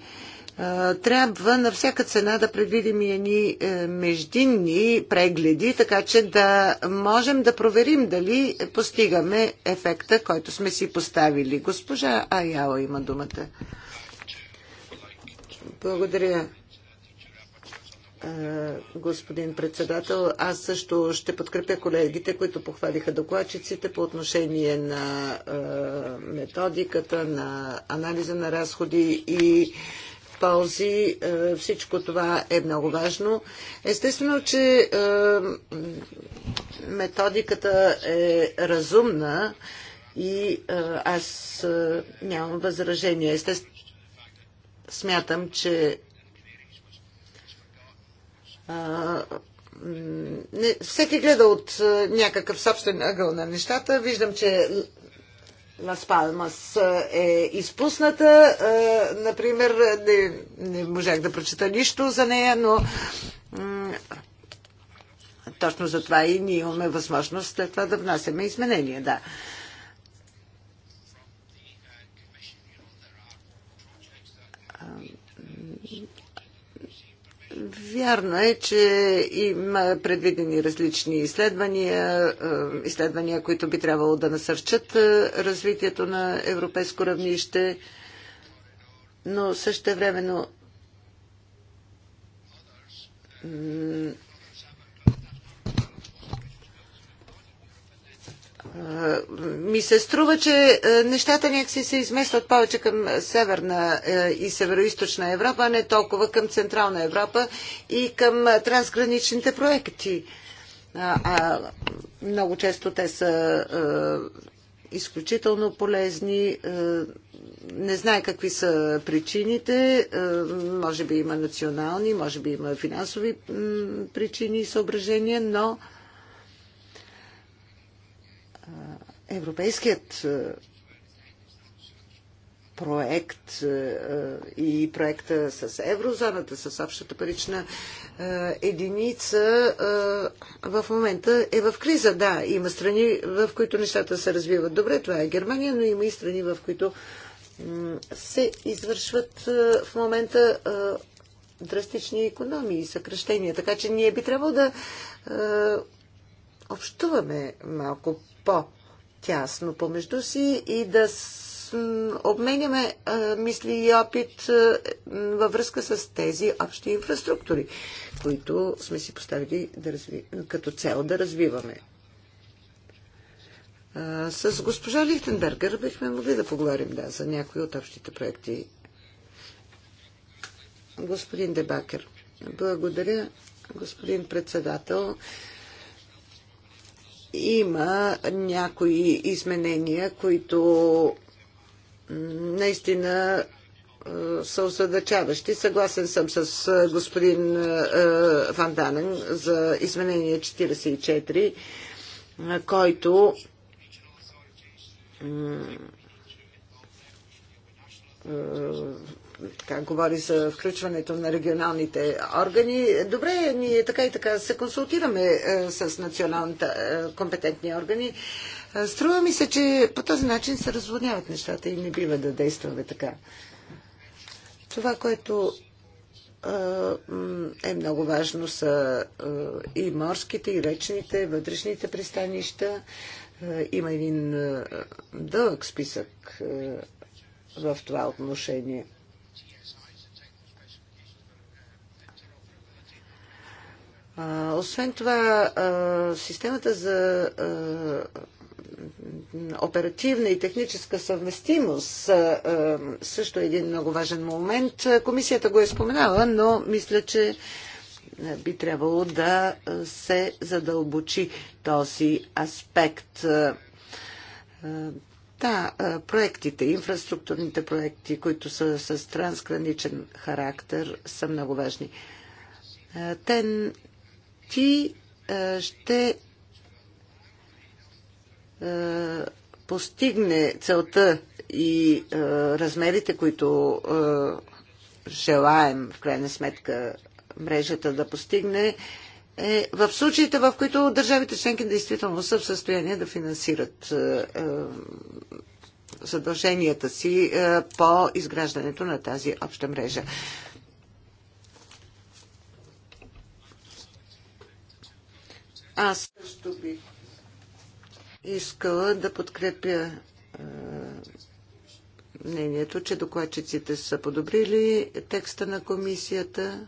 Трябва на всяка цена да предвидим и едни е, междинни прегледи, така че да можем да проверим дали постигаме ефекта, който сме си поставили. Госпожа Аяла има думата. Благодаря, е, господин председател. Аз също ще подкрепя колегите, които похвалиха докладчиците по отношение на е, методиката, на анализа на разходи и ползи. Е, всичко това е много важно. Естествено, че методиката е разумна и аз нямам възражение. Естествено, смятам, че не, всеки гледа от някакъв собствен ъгъл на нещата. Виждам, че Лас Палмас е изпусната. Например, не, не можах да прочета нищо за нея, но точно за това и ние имаме възможност след това да внасяме изменения. Да. Вярно е, че има предвидени различни изследвания, е, изследвания, които би трябвало да насърчат е, развитието на европейско равнище, но също времено ми се струва, че е, нещата някакси се изместват повече към Северна е, и Североизточна Европа, а не толкова към Централна Европа и към е, трансграничните проекти. А, а много често те са а, изключително полезни. А, не знае какви са причините. А, може би има национални, може би има финансови причини и съображения, но Европейският е, проект е, е, и проекта с еврозоната, с общата парична единица в момента е в криза. Да, има страни, в които нещата се развиват добре, това е Германия, но има и страни, в които се извършват в момента драстични економии и съкръщения. Така че ние би трябвало да общуваме малко по- тясно помежду си и да обменяме мисли и опит във връзка с тези общи инфраструктури, които сме си поставили да разви... като цел да развиваме. С госпожа Лихтенбергер бихме могли да поговорим да, за някои от общите проекти. Господин Дебакер, благодаря, господин председател има някои изменения, които наистина са осъдачаващи. Съгласен съм с господин Ван Данен за изменение 44, който така, говори за включването на регионалните органи. Добре, ние така и така се консултираме е, с националните компетентни органи. Е, струва ми се, че по този начин се разводняват нещата и не бива да действаме така. Това, което е, е много важно са и морските, и речните, вътрешните пристанища. Има един дълъг списък в това отношение. Освен това, системата за оперативна и техническа съвместимост също е един много важен момент. Комисията го е споменала, но мисля, че би трябвало да се задълбочи този аспект. Да, проектите, инфраструктурните проекти, които са с трансграничен характер, са много важни. Те ти е, ще е, постигне целта и е, размерите, които желаем в крайна сметка мрежата да постигне, е в случаите, в които държавите членки действително са в състояние да финансират задълженията си по изграждането на тази обща мрежа. Аз също бих искала да подкрепя е, мнението, че докладчиците са подобрили текста на комисията.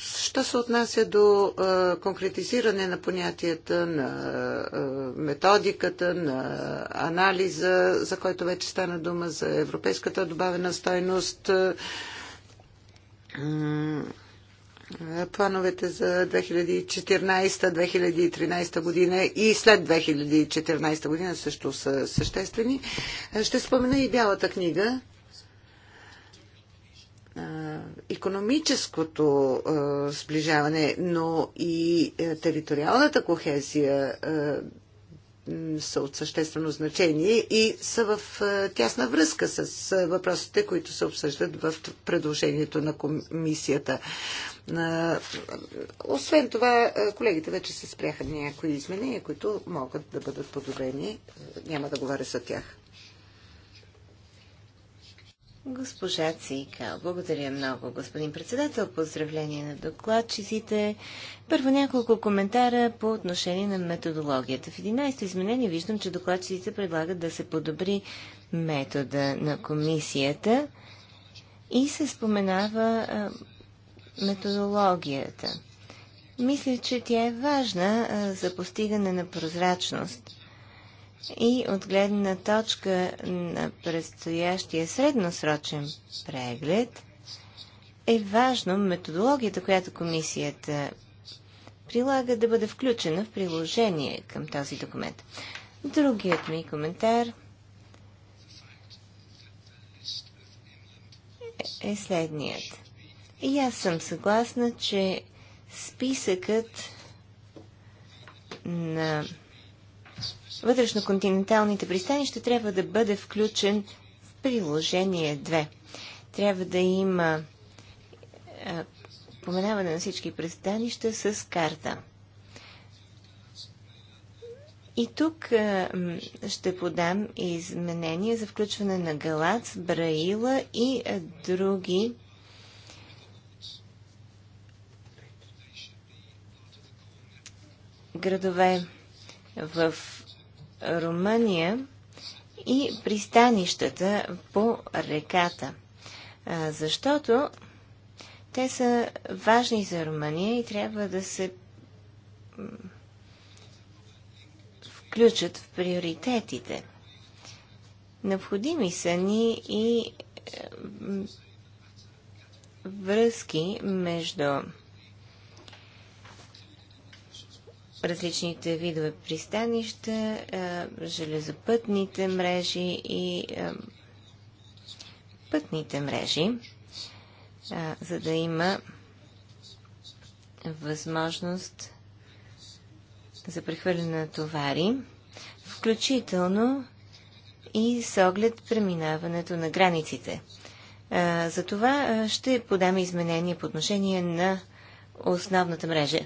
Що се отнася до а, конкретизиране на понятията, на а, методиката, на анализа, за който вече стана дума, за европейската добавена стойност, а, плановете за 2014-2013 година и след 2014 година също са съществени. Ще спомена и Бялата книга економическото сближаване, но и териториалната кохезия са от съществено значение и са в тясна връзка с въпросите, които се обсъждат в предложението на комисията. Освен това, колегите вече се спряха някои изменения, които могат да бъдат подобрени. Няма да говоря за тях. Госпожа Цика, благодаря много, господин председател. Поздравление на докладчиците. Първо няколко коментара по отношение на методологията. В 11-то изменение виждам, че докладчиците предлагат да се подобри метода на комисията и се споменава а, методологията. Мисля, че тя е важна а, за постигане на прозрачност и от гледна точка на предстоящия средносрочен преглед е важно методологията, която комисията прилага да бъде включена в приложение към този документ. Другият ми коментар е следният. И аз съм съгласна, че списъкът на вътрешноконтиненталните пристанища трябва да бъде включен в приложение 2. Трябва да има поменаване на всички пристанища с карта. И тук ще подам изменения за включване на Галац, Браила и други градове в Румъния и пристанищата по реката. Защото те са важни за Румъния и трябва да се включат в приоритетите. Необходими са ни и връзки между различните видове пристанища, железопътните мрежи и пътните мрежи, за да има възможност за прехвърляне на товари, включително и с оглед преминаването на границите. За това ще подаме изменения по отношение на основната мрежа.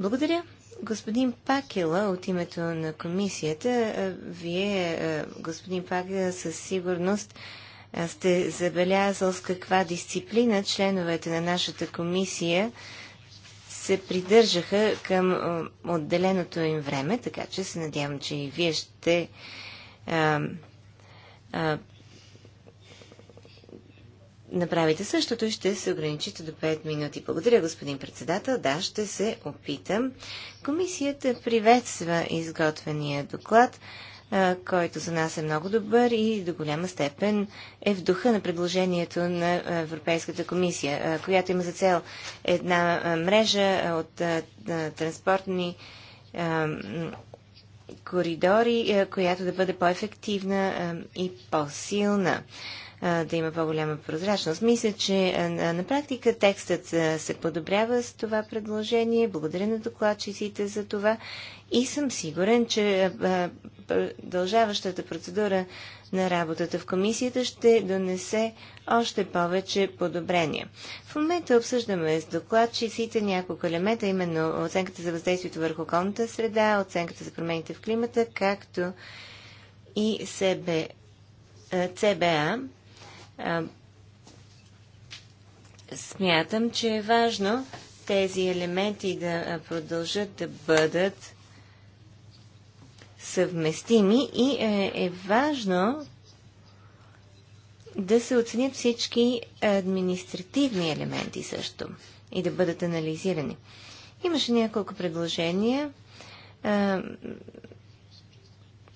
Благодаря. Господин Пакела, от името на комисията, вие, господин Пакела, със сигурност сте забелязал с каква дисциплина членовете на нашата комисия се придържаха към отделеното им време, така че се надявам, че и вие ще направите същото и ще се ограничите до 5 минути. Благодаря, господин председател. Да, ще се опитам. Комисията приветства изготвения доклад, който за нас е много добър и до голяма степен е в духа на предложението на Европейската комисия, която има за цел една мрежа от транспортни коридори, която да бъде по-ефективна и по-силна да има по-голяма прозрачност. Мисля, че на практика текстът се подобрява с това предложение. Благодаря на докладчиците за това и съм сигурен, че продължаващата процедура на работата в комисията ще донесе още повече подобрения. В момента обсъждаме с докладчиците няколко елемента, именно оценката за въздействието върху околната среда, оценката за промените в климата, както и СБ, ЦБА, смятам, че е важно тези елементи да продължат да бъдат съвместими и е, е важно да се оценят всички административни елементи също и да бъдат анализирани. Имаше няколко предложения,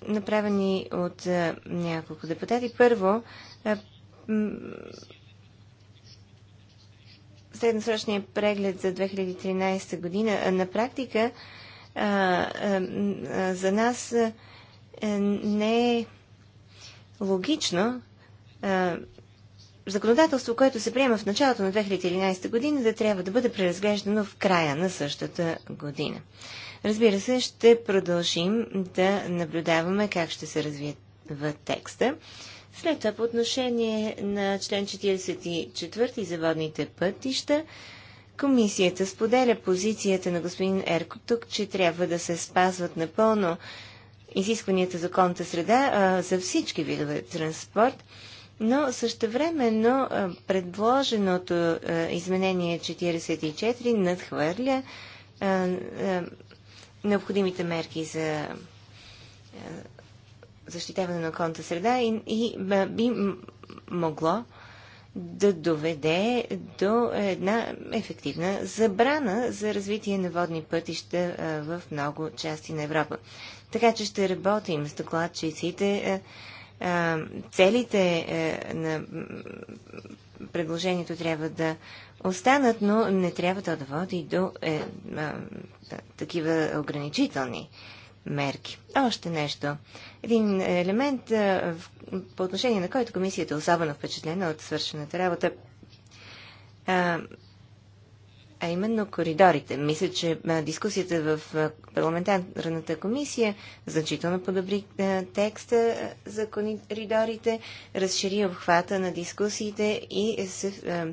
направени от няколко депутати. Първо, средносрочния преглед за 2013 година, на практика а, а, а, за нас а, не е логично а, законодателство, което се приема в началото на 2013 година, да трябва да бъде преразглеждано в края на същата година. Разбира се, ще продължим да наблюдаваме как ще се развива текста. След това по отношение на член 44 за водните пътища, комисията споделя позицията на господин Ерко тук, че трябва да се спазват напълно изискванията за околната среда а, за всички видове транспорт, но същевременно а, предложеното а, изменение 44 надхвърля а, а, необходимите мерки за а, защитаване на околната среда и, и би могло да доведе до една ефективна забрана за развитие на водни пътища в много части на Европа. Така че ще работим с докладчиците. Целите на предложението трябва да останат, но не трябва да води до е, е, такива ограничителни мерки. Още нещо. Един елемент, по отношение на който комисията е особено впечатлена от свършената работа, а, а именно коридорите. Мисля, че дискусията в парламентарната комисия значително подобри текста за коридорите, разшири обхвата на дискусиите и се а,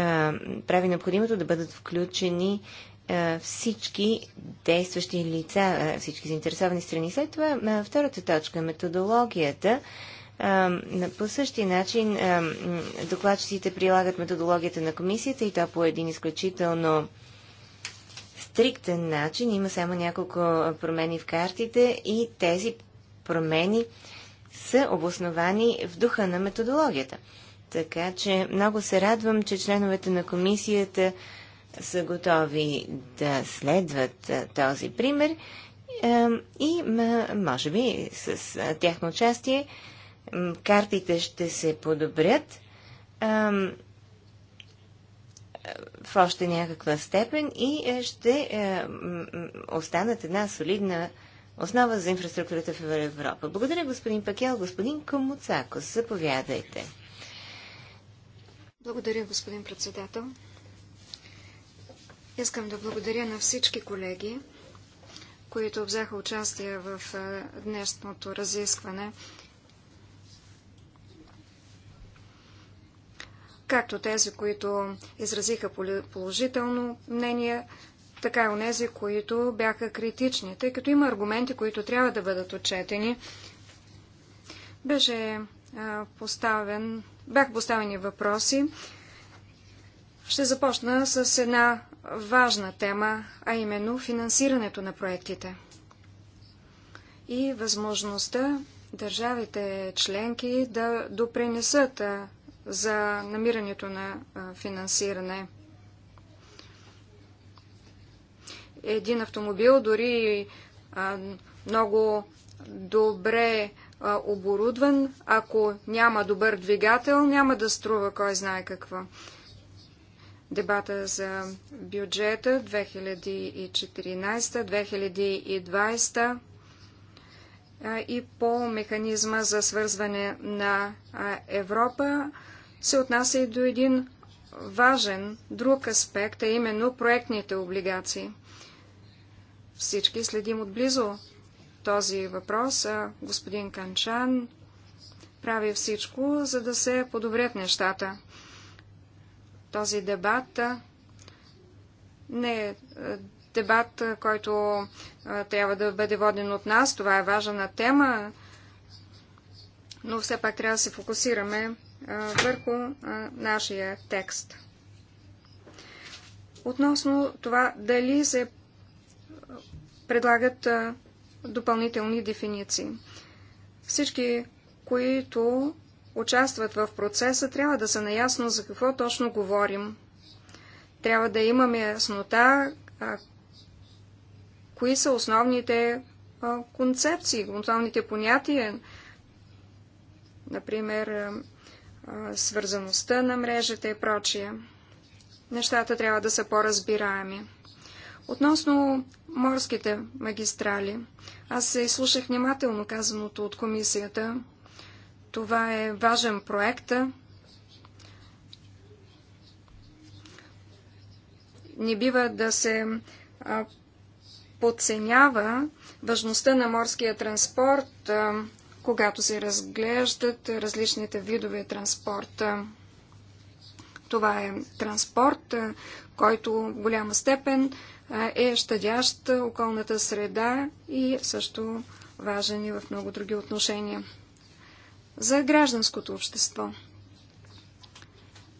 а, прави необходимото да бъдат включени е, всички действащи лица, е, всички заинтересовани страни. След това е, втората точка, методологията. По същия начин докладчиците прилагат методологията на комисията и то по един изключително стриктен начин. Има само няколко промени в картите и тези промени са обосновани в духа на методологията. Така че много се радвам, че членовете на комисията са готови да следват този пример и може би с тяхно участие картите ще се подобрят в още някаква степен и е, ще е, останат една солидна основа за инфраструктурата в Европа. Благодаря, господин Пакел. Господин Комуцакос, заповядайте. Благодаря, господин председател. Искам да благодаря на всички колеги, които взеха участие в днешното разискване. Както тези, които изразиха положително мнение, така и у нези, които бяха критични, тъй като има аргументи, които трябва да бъдат отчетени. Беше поставен, бях поставени въпроси. Ще започна с една важна тема, а именно финансирането на проектите и възможността държавите членки да допринесат за намирането на финансиране. Един автомобил, дори много добре оборудван, ако няма добър двигател, няма да струва кой знае какво дебата за бюджета 2014-2020 и по механизма за свързване на Европа се отнася и до един важен друг аспект, а именно проектните облигации. Всички следим отблизо този въпрос. Господин Канчан прави всичко, за да се подобрят нещата. Този дебат не е дебат, който трябва да бъде воден от нас. Това е важна тема, но все пак трябва да се фокусираме върху нашия текст. Относно това дали се предлагат допълнителни дефиниции. Всички, които участват в процеса, трябва да са наясно за какво точно говорим. Трябва да имаме яснота а, кои са основните а, концепции, основните понятия, например, а, свързаността на мрежата и прочие. Нещата трябва да са по-разбираеми. Относно морските магистрали, аз се изслушах внимателно казаното от комисията. Това е важен проект. Не бива да се подценява важността на морския транспорт, когато се разглеждат различните видове транспорт. Това е транспорт, който в голяма степен е щадящ околната среда и също важен и в много други отношения за гражданското общество.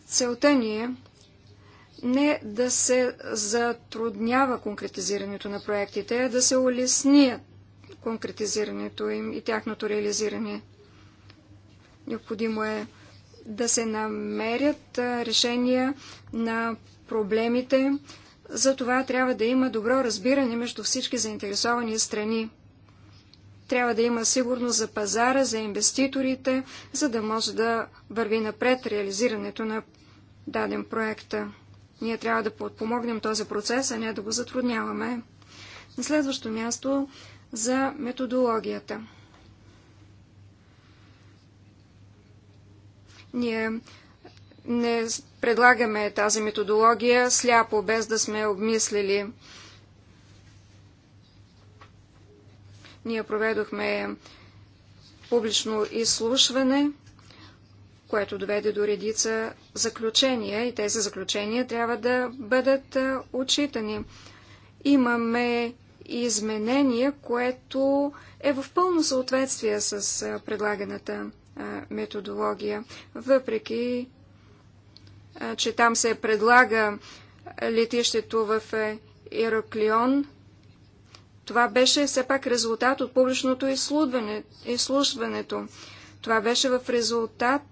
Целта ни е не да се затруднява конкретизирането на проектите, а да се улесни конкретизирането им и тяхното реализиране. Необходимо е да се намерят решения на проблемите. За това трябва да има добро разбиране между всички заинтересовани страни. Трябва да има сигурност за пазара, за инвеститорите, за да може да върви напред реализирането на даден проект. Ние трябва да подпомогнем този процес, а не да го затрудняваме. На следващо място за методологията. Ние не предлагаме тази методология сляпо, без да сме обмислили Ние проведохме публично изслушване, което доведе до редица заключения и тези заключения трябва да бъдат отчитани. Имаме изменение, което е в пълно съответствие с предлаганата методология, въпреки че там се предлага летището в Ераклион това беше все пак резултат от публичното изслушването. Това беше в резултат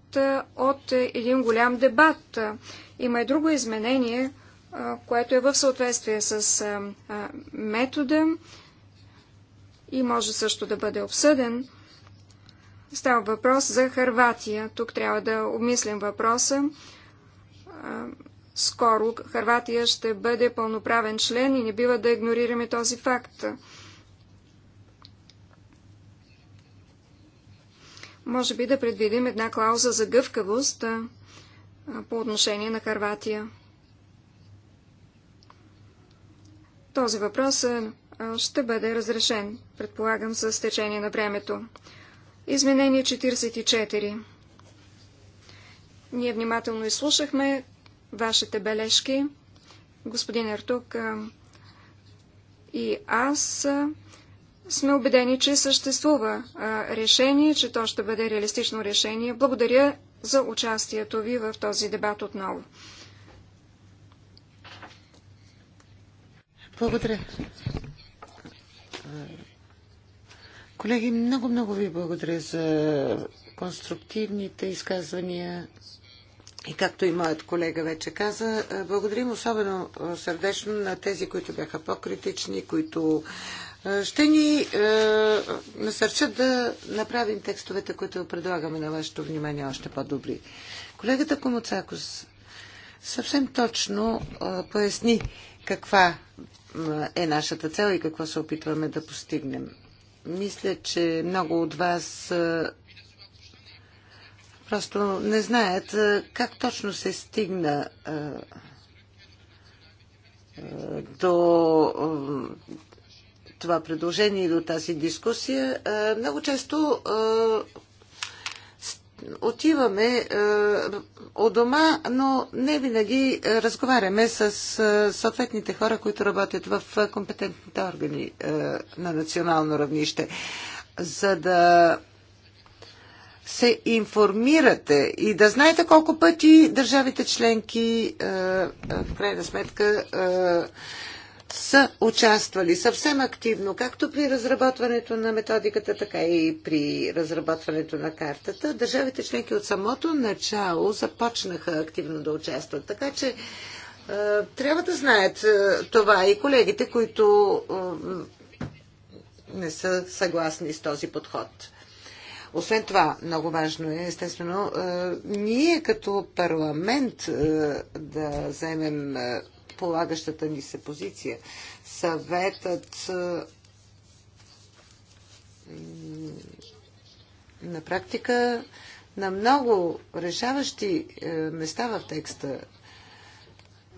от един голям дебат. Има и друго изменение, което е в съответствие с метода и може също да бъде обсъден. Става въпрос за Харватия. Тук трябва да обмислим въпроса скоро Харватия ще бъде пълноправен член и не бива да игнорираме този факт. Може би да предвидим една клауза за гъвкавост по отношение на Харватия. Този въпрос ще бъде разрешен, предполагам, с течение на времето. Изменение 44. Ние внимателно изслушахме вашите бележки. Господин Артук и аз сме убедени, че съществува решение, че то ще бъде реалистично решение. Благодаря за участието ви в този дебат отново. Благодаря. Колеги, много-много ви благодаря за конструктивните изказвания, и както и моят колега вече каза, е, благодарим особено е, сърдечно на тези, които бяха по-критични, които е, ще ни е, насърчат да направим текстовете, които предлагаме на вашето внимание, още по-добри. Колегата Комоцакос съвсем точно е, поясни каква е нашата цел и какво се опитваме да постигнем. Мисля, че много от вас просто не знаят как точно се стигна до това предложение и до тази дискусия. Много често отиваме от дома, но не винаги разговаряме с съответните хора, които работят в компетентните органи на национално равнище. За да се информирате и да знаете колко пъти държавите членки е, е, в крайна сметка е, са участвали съвсем активно, както при разработването на методиката, така и при разработването на картата. Държавите членки от самото начало започнаха активно да участват. Така че трябва да знаят това и колегите, които не са съгласни с този подход. Освен това, много важно е, естествено, е, ние като парламент е, да вземем е, полагащата ни се позиция. Съветът на практика на много решаващи места в текста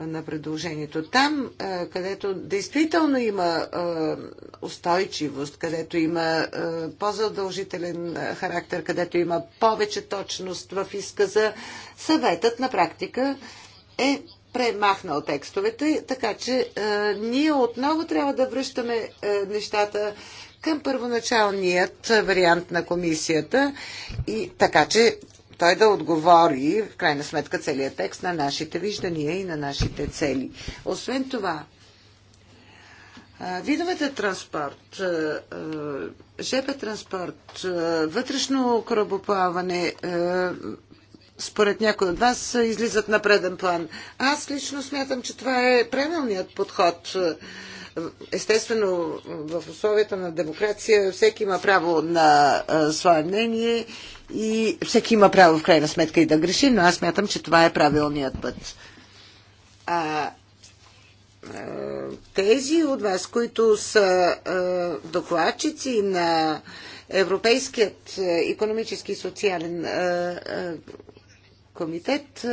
на предложението. Там, е, където действително има е, устойчивост, където има е, по-задължителен характер, където има повече точност в изказа, съветът на практика е премахнал текстовете, така че ние отново трябва да връщаме нещата към първоначалният вариант на комисията и така че той да отговори, в крайна сметка, целият текст на нашите виждания и на нашите цели. Освен това, Видовете транспорт, ЖП транспорт, вътрешно корабоплаване, според някой от вас, излизат на преден план. Аз лично смятам, че това е правилният подход. Естествено, в условията на демокрация всеки има право на свое мнение и всеки има право в крайна сметка и да греши, но аз мятам, че това е правилният път. А, тези от вас, които са докладчици на Европейският економически и социален комитет,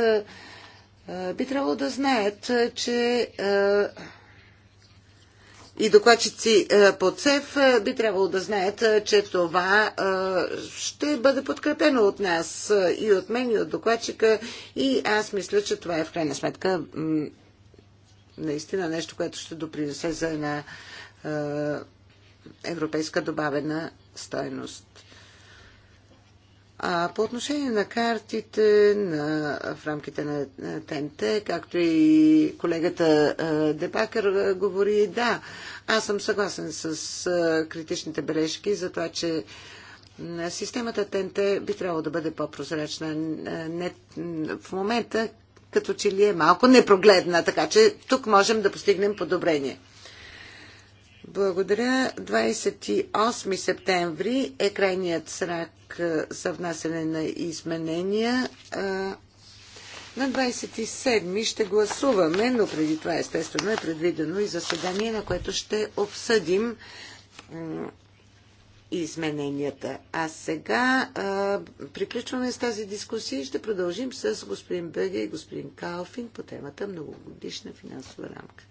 би трябвало да знаят, че и докладчици е, по ЦЕФ е, би трябвало да знаят, е, че това ще бъде подкрепено от нас и от мен, и от докладчика. И аз мисля, че това е в крайна сметка наистина нещо, което ще допринесе за една европейска добавена стойност. А по отношение на картите на, в рамките на, ТНТ, както и колегата а, Дебакър говори, да, аз съм съгласен с критичните бележки за това, че системата ТНТ би трябвало да бъде по-прозрачна. Не, в момента като че ли е малко непрогледна, така че тук можем да постигнем подобрение. Благодаря. 28 септември е крайният срак за внасене на изменения. На 27 ще гласуваме, но преди това естествено е предвидено и заседание, на което ще обсъдим измененията. А сега а, приключваме с тази дискусия и ще продължим с господин Беге и господин Калфин по темата многогодишна финансова рамка.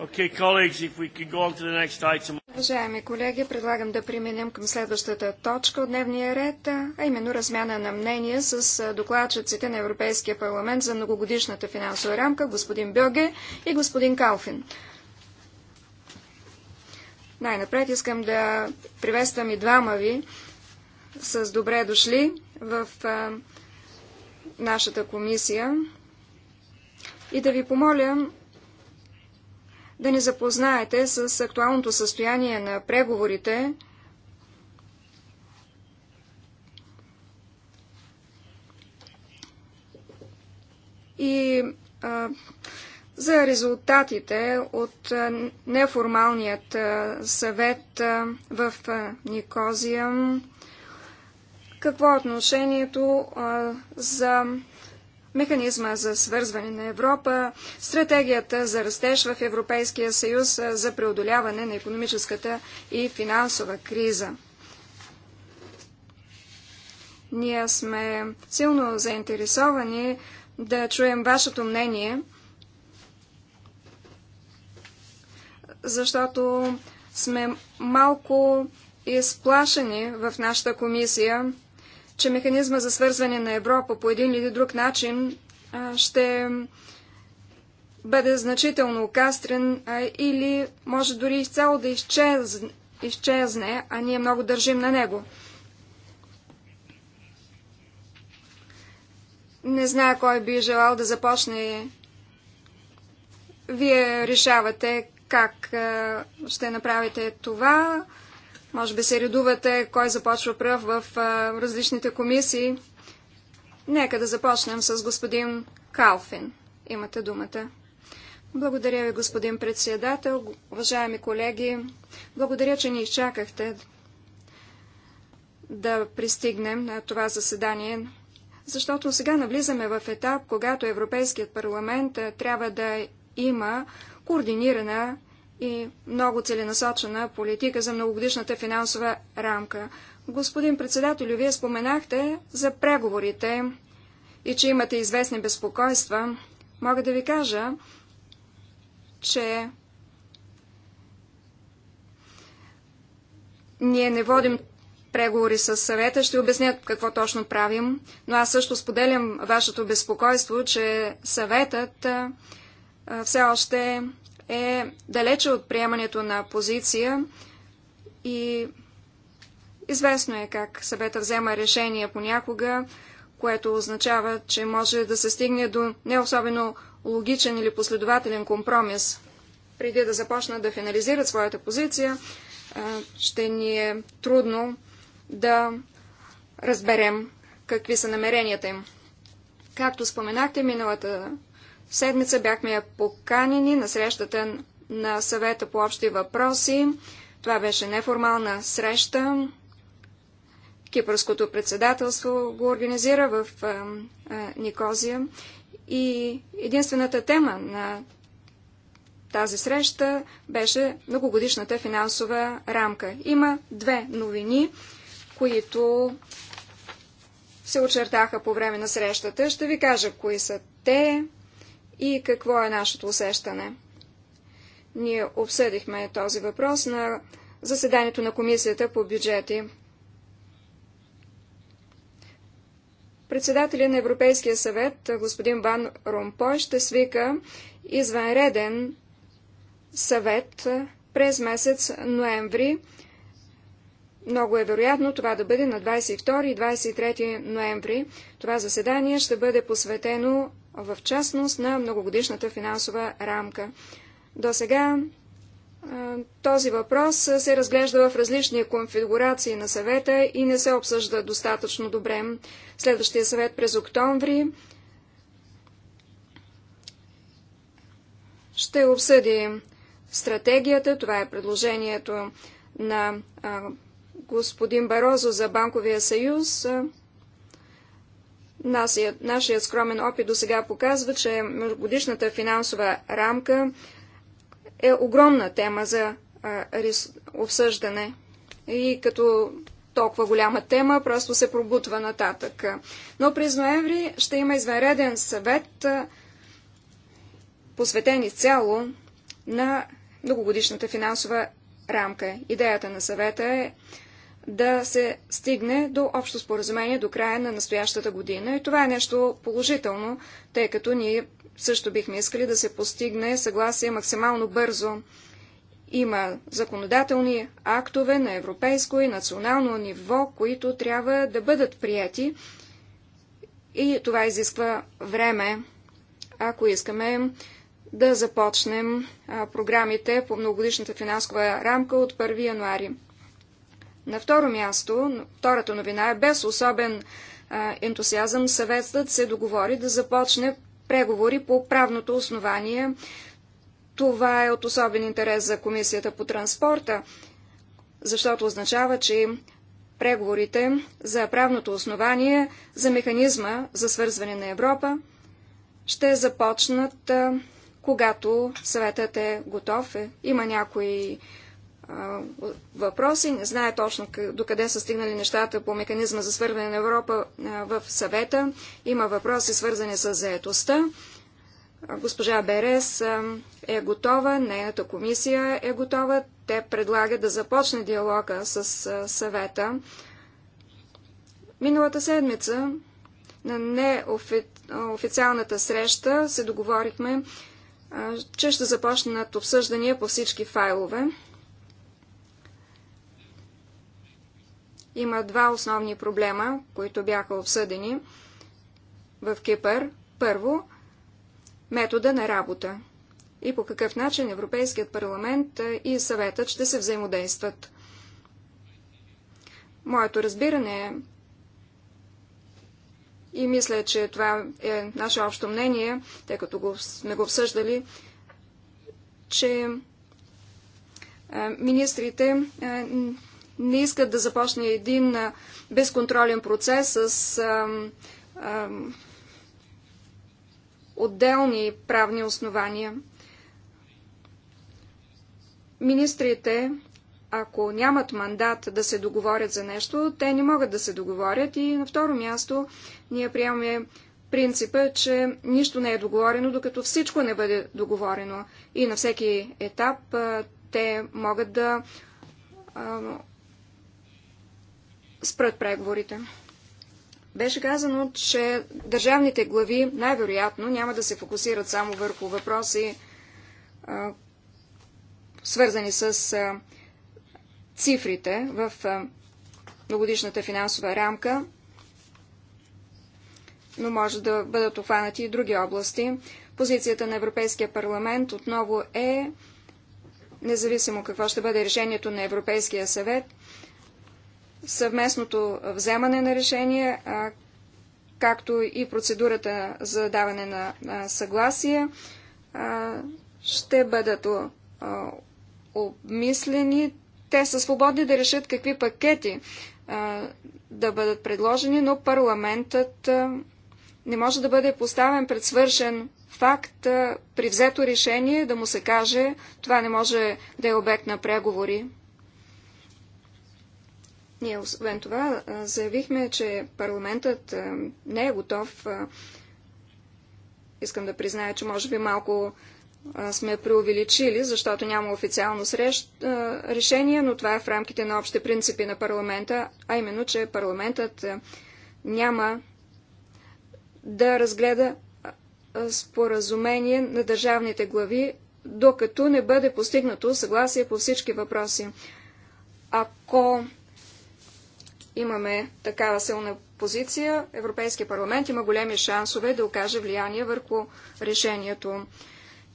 Okay, item... Уважаеми колеги, предлагам да преминем към следващата точка от дневния ред, а именно размяна на мнение с докладчиците на Европейския парламент за многогодишната финансова рамка, господин Бьоге и господин Калфин. Най-напред искам да приветствам и двама ви с добре дошли в а, нашата комисия и да ви помоля да ни запознаете с актуалното състояние на преговорите и а, за резултатите от а, неформалният а, съвет а, в а, Никозия. Какво е отношението а, за механизма за свързване на Европа, стратегията за растеж в Европейския съюз за преодоляване на економическата и финансова криза. Ние сме силно заинтересовани да чуем вашето мнение, защото сме малко изплашени в нашата комисия че механизма за свързване на Европа по един или друг начин ще бъде значително окастрен или може дори изцяло да изчезне, изчезне, а ние много държим на него. Не зная кой би желал да започне. Вие решавате как ще направите това. Може би се редувате кой започва пръв в различните комисии. Нека да започнем с господин Калфин. Имате думата. Благодаря ви, господин председател. Уважаеми колеги, благодаря, че ни изчакахте да пристигнем на това заседание, защото сега навлизаме в етап, когато Европейският парламент трябва да има координирана и много целенасочена политика за многогодишната финансова рамка. Господин председател, вие споменахте за преговорите и че имате известни безпокойства. Мога да ви кажа, че ние не водим преговори с съвета, ще обяснят какво точно правим, но аз също споделям вашето безпокойство, че съветът все още е далече от приемането на позиция и известно е как съвета взема решение понякога, което означава, че може да се стигне до не особено логичен или последователен компромис. Преди да започнат да финализират своята позиция, ще ни е трудно да разберем какви са намеренията им. Както споменахте миналата седмица бяхме я поканени на срещата на съвета по общи въпроси. Това беше неформална среща. Кипърското председателство го организира в Никозия. И единствената тема на тази среща беше многогодишната финансова рамка. Има две новини, които се очертаха по време на срещата. Ще ви кажа кои са те и какво е нашето усещане. Ние обсъдихме този въпрос на заседанието на Комисията по бюджети. Председателя на Европейския съвет, господин Ван Ромпой, ще свика извънреден съвет през месец ноември много е вероятно това да бъде на 22 и 23 ноември. Това заседание ще бъде посветено в частност на многогодишната финансова рамка. До сега този въпрос се разглежда в различни конфигурации на съвета и не се обсъжда достатъчно добре. Следващия съвет през октомври ще обсъди стратегията. Това е предложението на господин Барозо за Банковия съюз. Нашият, нашият скромен опит до сега показва, че годишната финансова рамка е огромна тема за обсъждане. И като толкова голяма тема, просто се пробутва нататък. Но през ноември ще има извънреден съвет, а, посветен изцяло на многогодишната финансова рамка. Идеята на съвета е да се стигне до общо споразумение до края на настоящата година. И това е нещо положително, тъй като ние също бихме искали да се постигне съгласие максимално бързо. Има законодателни актове на европейско и национално ниво, които трябва да бъдат прияти и това изисква време, ако искаме да започнем програмите по многогодишната финансова рамка от 1 януари. На второ място, втората новина е без особен а, ентусиазъм, съветът се договори да започне преговори по правното основание. Това е от особен интерес за Комисията по транспорта, защото означава, че преговорите за правното основание за механизма за свързване на Европа ще започнат, когато съветът е готов. Е, има някои въпроси. Не знае точно докъде са стигнали нещата по механизма за свързване на Европа в съвета. Има въпроси свързани с заетостта. Госпожа Берес е готова, нейната комисия е готова. Те предлагат да започне диалога с съвета. Миналата седмица на неофициалната среща се договорихме, че ще започнат обсъждания по всички файлове. Има два основни проблема, които бяха обсъдени в Кипър. Първо, метода на работа и по какъв начин Европейският парламент и съветът ще се взаимодействат. Моето разбиране е и мисля, че това е наше общо мнение, тъй като го, сме го обсъждали, че министрите не искат да започне един безконтролен процес с отделни правни основания. Министрите, ако нямат мандат да се договорят за нещо, те не могат да се договорят. И на второ място ние приемаме принципа, че нищо не е договорено, докато всичко не бъде договорено. И на всеки етап те могат да спрат преговорите. Беше казано, че държавните глави най-вероятно няма да се фокусират само върху въпроси, свързани с цифрите в многодишната финансова рамка, но може да бъдат обхванати и други области. Позицията на Европейския парламент отново е, независимо какво ще бъде решението на Европейския съвет, съвместното вземане на решение, както и процедурата за даване на съгласие, ще бъдат обмислени. Те са свободни да решат какви пакети да бъдат предложени, но парламентът не може да бъде поставен пред свършен факт при взето решение да му се каже това не може да е обект на преговори. Ние освен това заявихме, че парламентът не е готов. Искам да призная, че може би малко сме преувеличили, защото няма официално срещ, решение, но това е в рамките на общите принципи на парламента, а именно, че парламентът няма да разгледа споразумение на държавните глави, докато не бъде постигнато съгласие по всички въпроси. Ако имаме такава силна позиция, Европейския парламент има големи шансове да окаже влияние върху решението.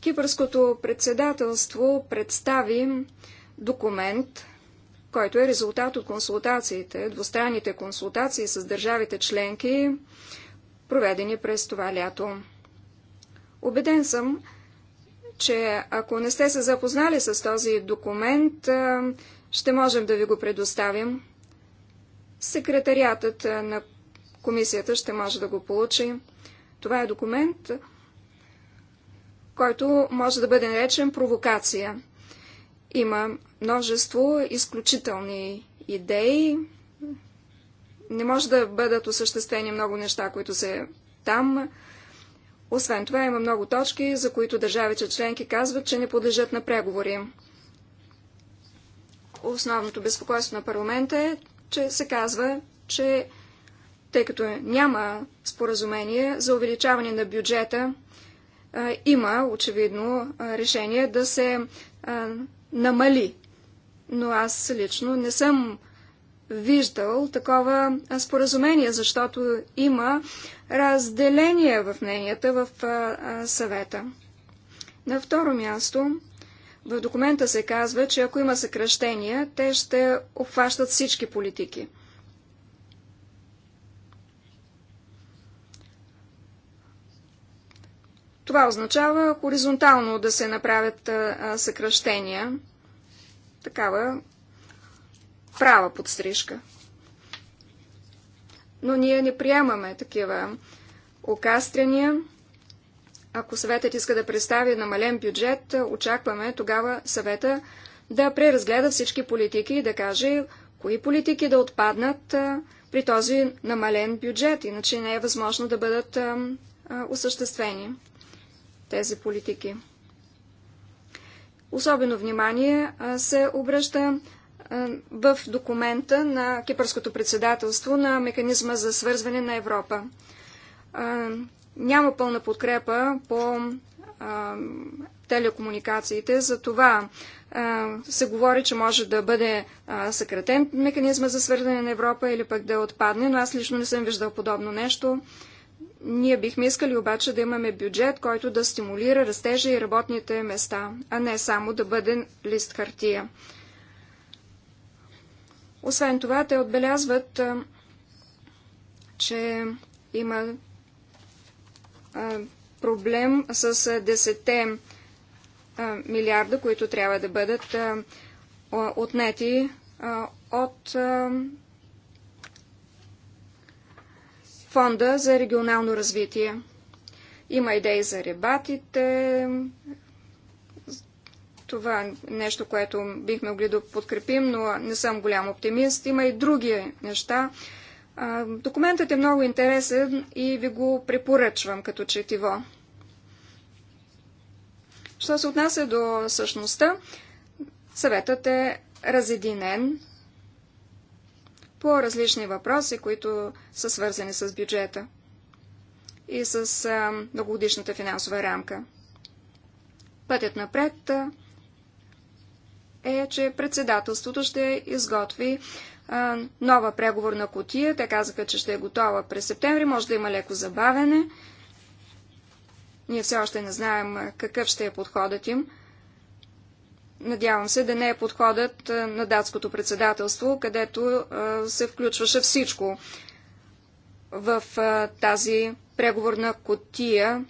Кипърското председателство представи документ, който е резултат от консултациите, двустранните консултации с държавите членки, проведени през това лято. Обеден съм, че ако не сте се запознали с този документ, ще можем да ви го предоставим. Секретариатът е, на комисията ще може да го получи. Това е документ, който може да бъде наречен провокация. Има множество изключителни идеи. Не може да бъдат осъществени много неща, които са там. Освен това има много точки, за които държавите членки казват, че не подлежат на преговори. Основното безпокойство на парламента е, че се казва, че тъй като няма споразумение за увеличаване на бюджета, има очевидно решение да се намали. Но аз лично не съм виждал такова споразумение, защото има разделение в мненията в съвета. На второ място, в документа се казва, че ако има съкръщения, те ще обхващат всички политики. Това означава хоризонтално да се направят съкръщения. Такава права подстрижка. Но ние не приемаме такива окастряния. Ако съветът иска да представи намален бюджет, очакваме тогава съвета да преразгледа всички политики и да каже кои политики да отпаднат при този намален бюджет, иначе не е възможно да бъдат осъществени тези политики. Особено внимание се обръща в документа на Кипърското председателство на механизма за свързване на Европа няма пълна подкрепа по а, телекомуникациите. За това а, се говори, че може да бъде а, съкратен механизма за свързане на Европа или пък да отпадне, но аз лично не съм виждал подобно нещо. Ние бихме искали обаче да имаме бюджет, който да стимулира растежа и работните места, а не само да бъде лист хартия. Освен това, те отбелязват, че има проблем с 10 милиарда, които трябва да бъдат отнети от Фонда за регионално развитие. Има идеи за ребатите. Това е нещо, което бихме могли да подкрепим, но не съм голям оптимист. Има и други неща. Документът е много интересен и ви го препоръчвам като четиво. Що се отнася до същността, съветът е разединен по различни въпроси, които са свързани с бюджета и с многогодишната финансова рамка. Пътят напред е, че председателството ще изготви нова преговорна котия. Те казаха, че ще е готова през септември. Може да има леко забавене. Ние все още не знаем какъв ще е подходът им. Надявам се да не е подходът на датското председателство, където се включваше всичко в тази преговорна котия.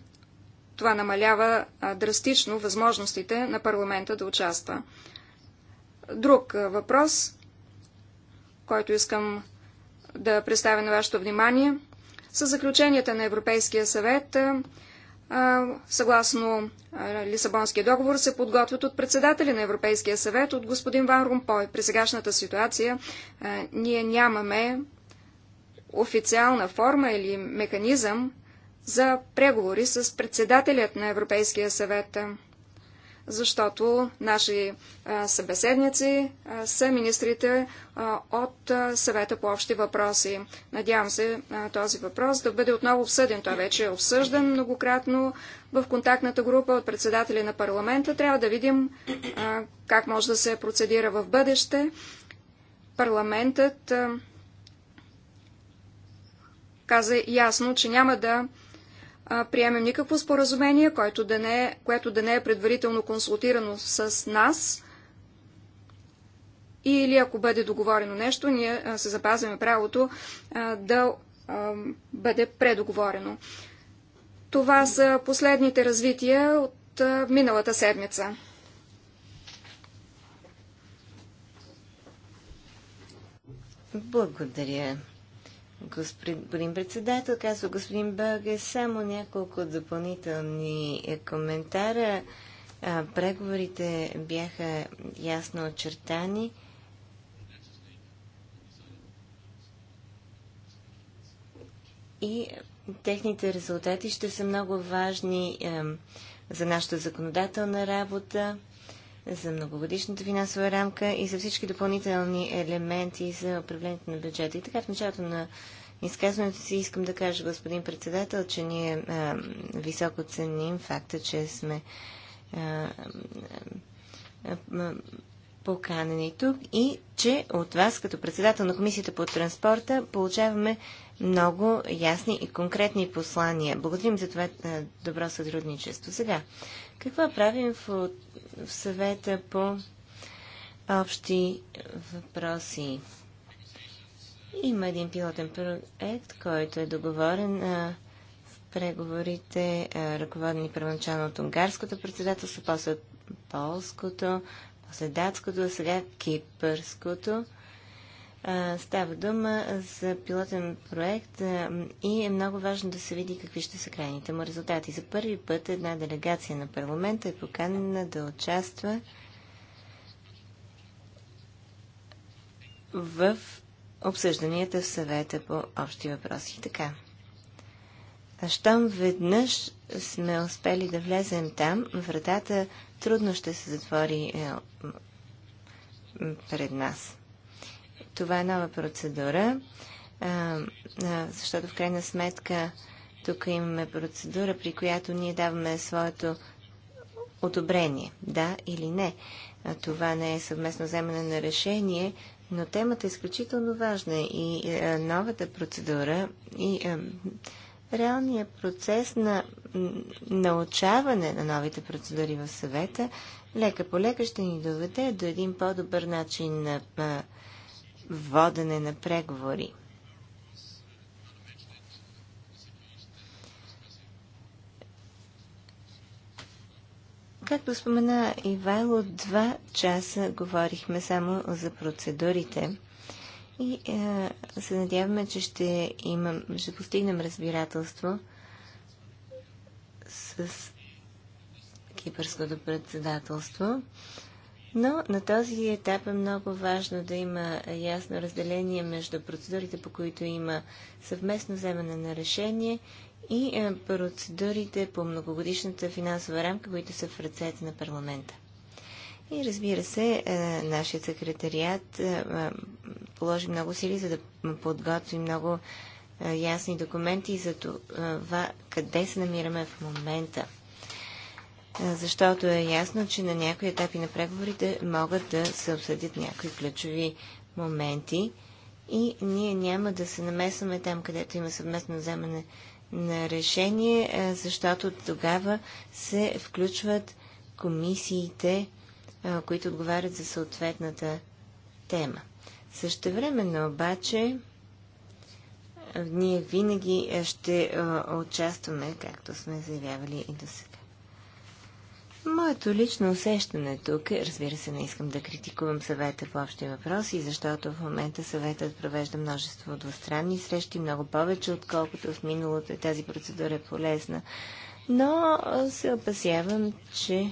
Това намалява драстично възможностите на парламента да участва. Друг въпрос който искам да представя на вашето внимание, са заключенията на Европейския съвет. Съгласно Лисабонския договор се подготвят от председатели на Европейския съвет, от господин Ван Румпой. При сегашната ситуация ние нямаме официална форма или механизъм за преговори с председателят на Европейския съвет защото наши събеседници са министрите от съвета по общи въпроси. Надявам се този въпрос да бъде отново обсъден. Той вече е обсъждан многократно в контактната група от председатели на парламента. Трябва да видим как може да се процедира в бъдеще. Парламентът каза ясно, че няма да приемем никакво споразумение, което да не е, което да не е предварително консултирано с нас. Или ако бъде договорено нещо, ние се запазваме правото да бъде предоговорено. Това са последните развития от миналата седмица. Благодаря, Господин председател, казва господин Бълге, само няколко допълнителни е, коментара. преговорите бяха ясно очертани. И техните резултати ще са много важни за нашата законодателна работа за многогодишната финансова рамка и за всички допълнителни елементи за управлението на бюджета. И така в началото на изказването си искам да кажа, господин председател, че ние а, високо ценим факта, че сме а, а, поканени тук и че от вас, като председател на Комисията по транспорта, получаваме много ясни и конкретни послания. Благодарим за това добро сътрудничество. Сега, какво правим в в съвета по общи въпроси. Има един пилотен проект, който е договорен а, в преговорите, а, ръководени първоначално от унгарското председателство, после полското, после датското, а сега кипърското. Става дума за пилотен проект и е много важно да се види какви ще са крайните му резултати. За първи път една делегация на парламента е поканена да участва в обсъжданията в съвета по общи въпроси. така. А щом веднъж сме успели да влезем там, вратата трудно ще се затвори е, пред нас. Това е нова процедура, защото в крайна сметка тук имаме процедура, при която ние даваме своето одобрение, да или не. Това не е съвместно вземане на решение, но темата е изключително важна и е, новата процедура и е, реалният процес на научаване на новите процедури в съвета лека по лека ще ни доведе до един по-добър начин на водене на преговори. Както спомена Ивайло, два часа говорихме само за процедурите и е, се надяваме, че ще, имам, ще постигнем разбирателство с кипърското председателство. Но на този етап е много важно да има ясно разделение между процедурите, по които има съвместно вземане на решение и е, процедурите по многогодишната финансова рамка, които са в ръцете на парламента. И разбира се, е, нашият секретариат е, положи много сили, за да подготви много ясни документи за това къде се намираме в момента – е, защото е ясно, че на някои етапи на преговорите могат да се обсъдят някои ключови моменти и ние няма да се намесваме там, където има съвместно вземане на решение, е, защото тогава се включват комисиите, е, които отговарят за съответната тема. Същевременно обаче ние винаги ще участваме, както сме заявявали и до сега. Моето лично усещане тук, е, разбира се, не искам да критикувам съвета по общи въпроси, защото в момента съветът провежда множество двустранни срещи, много повече, отколкото в миналото и тази процедура е полезна. Но се опасявам, че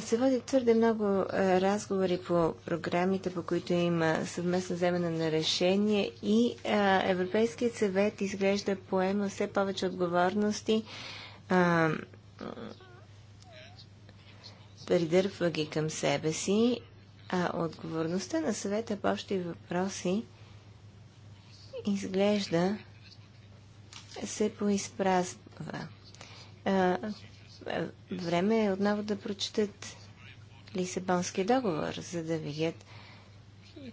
се водят твърде много разговори по програмите, по които има съвместно вземане на решение и Европейският съвет изглежда поема все повече отговорности придърпва ги към себе си, а отговорността на съвета по общи въпроси изглежда се поизпразва. време е отново да прочитат Лисабонския договор, за да видят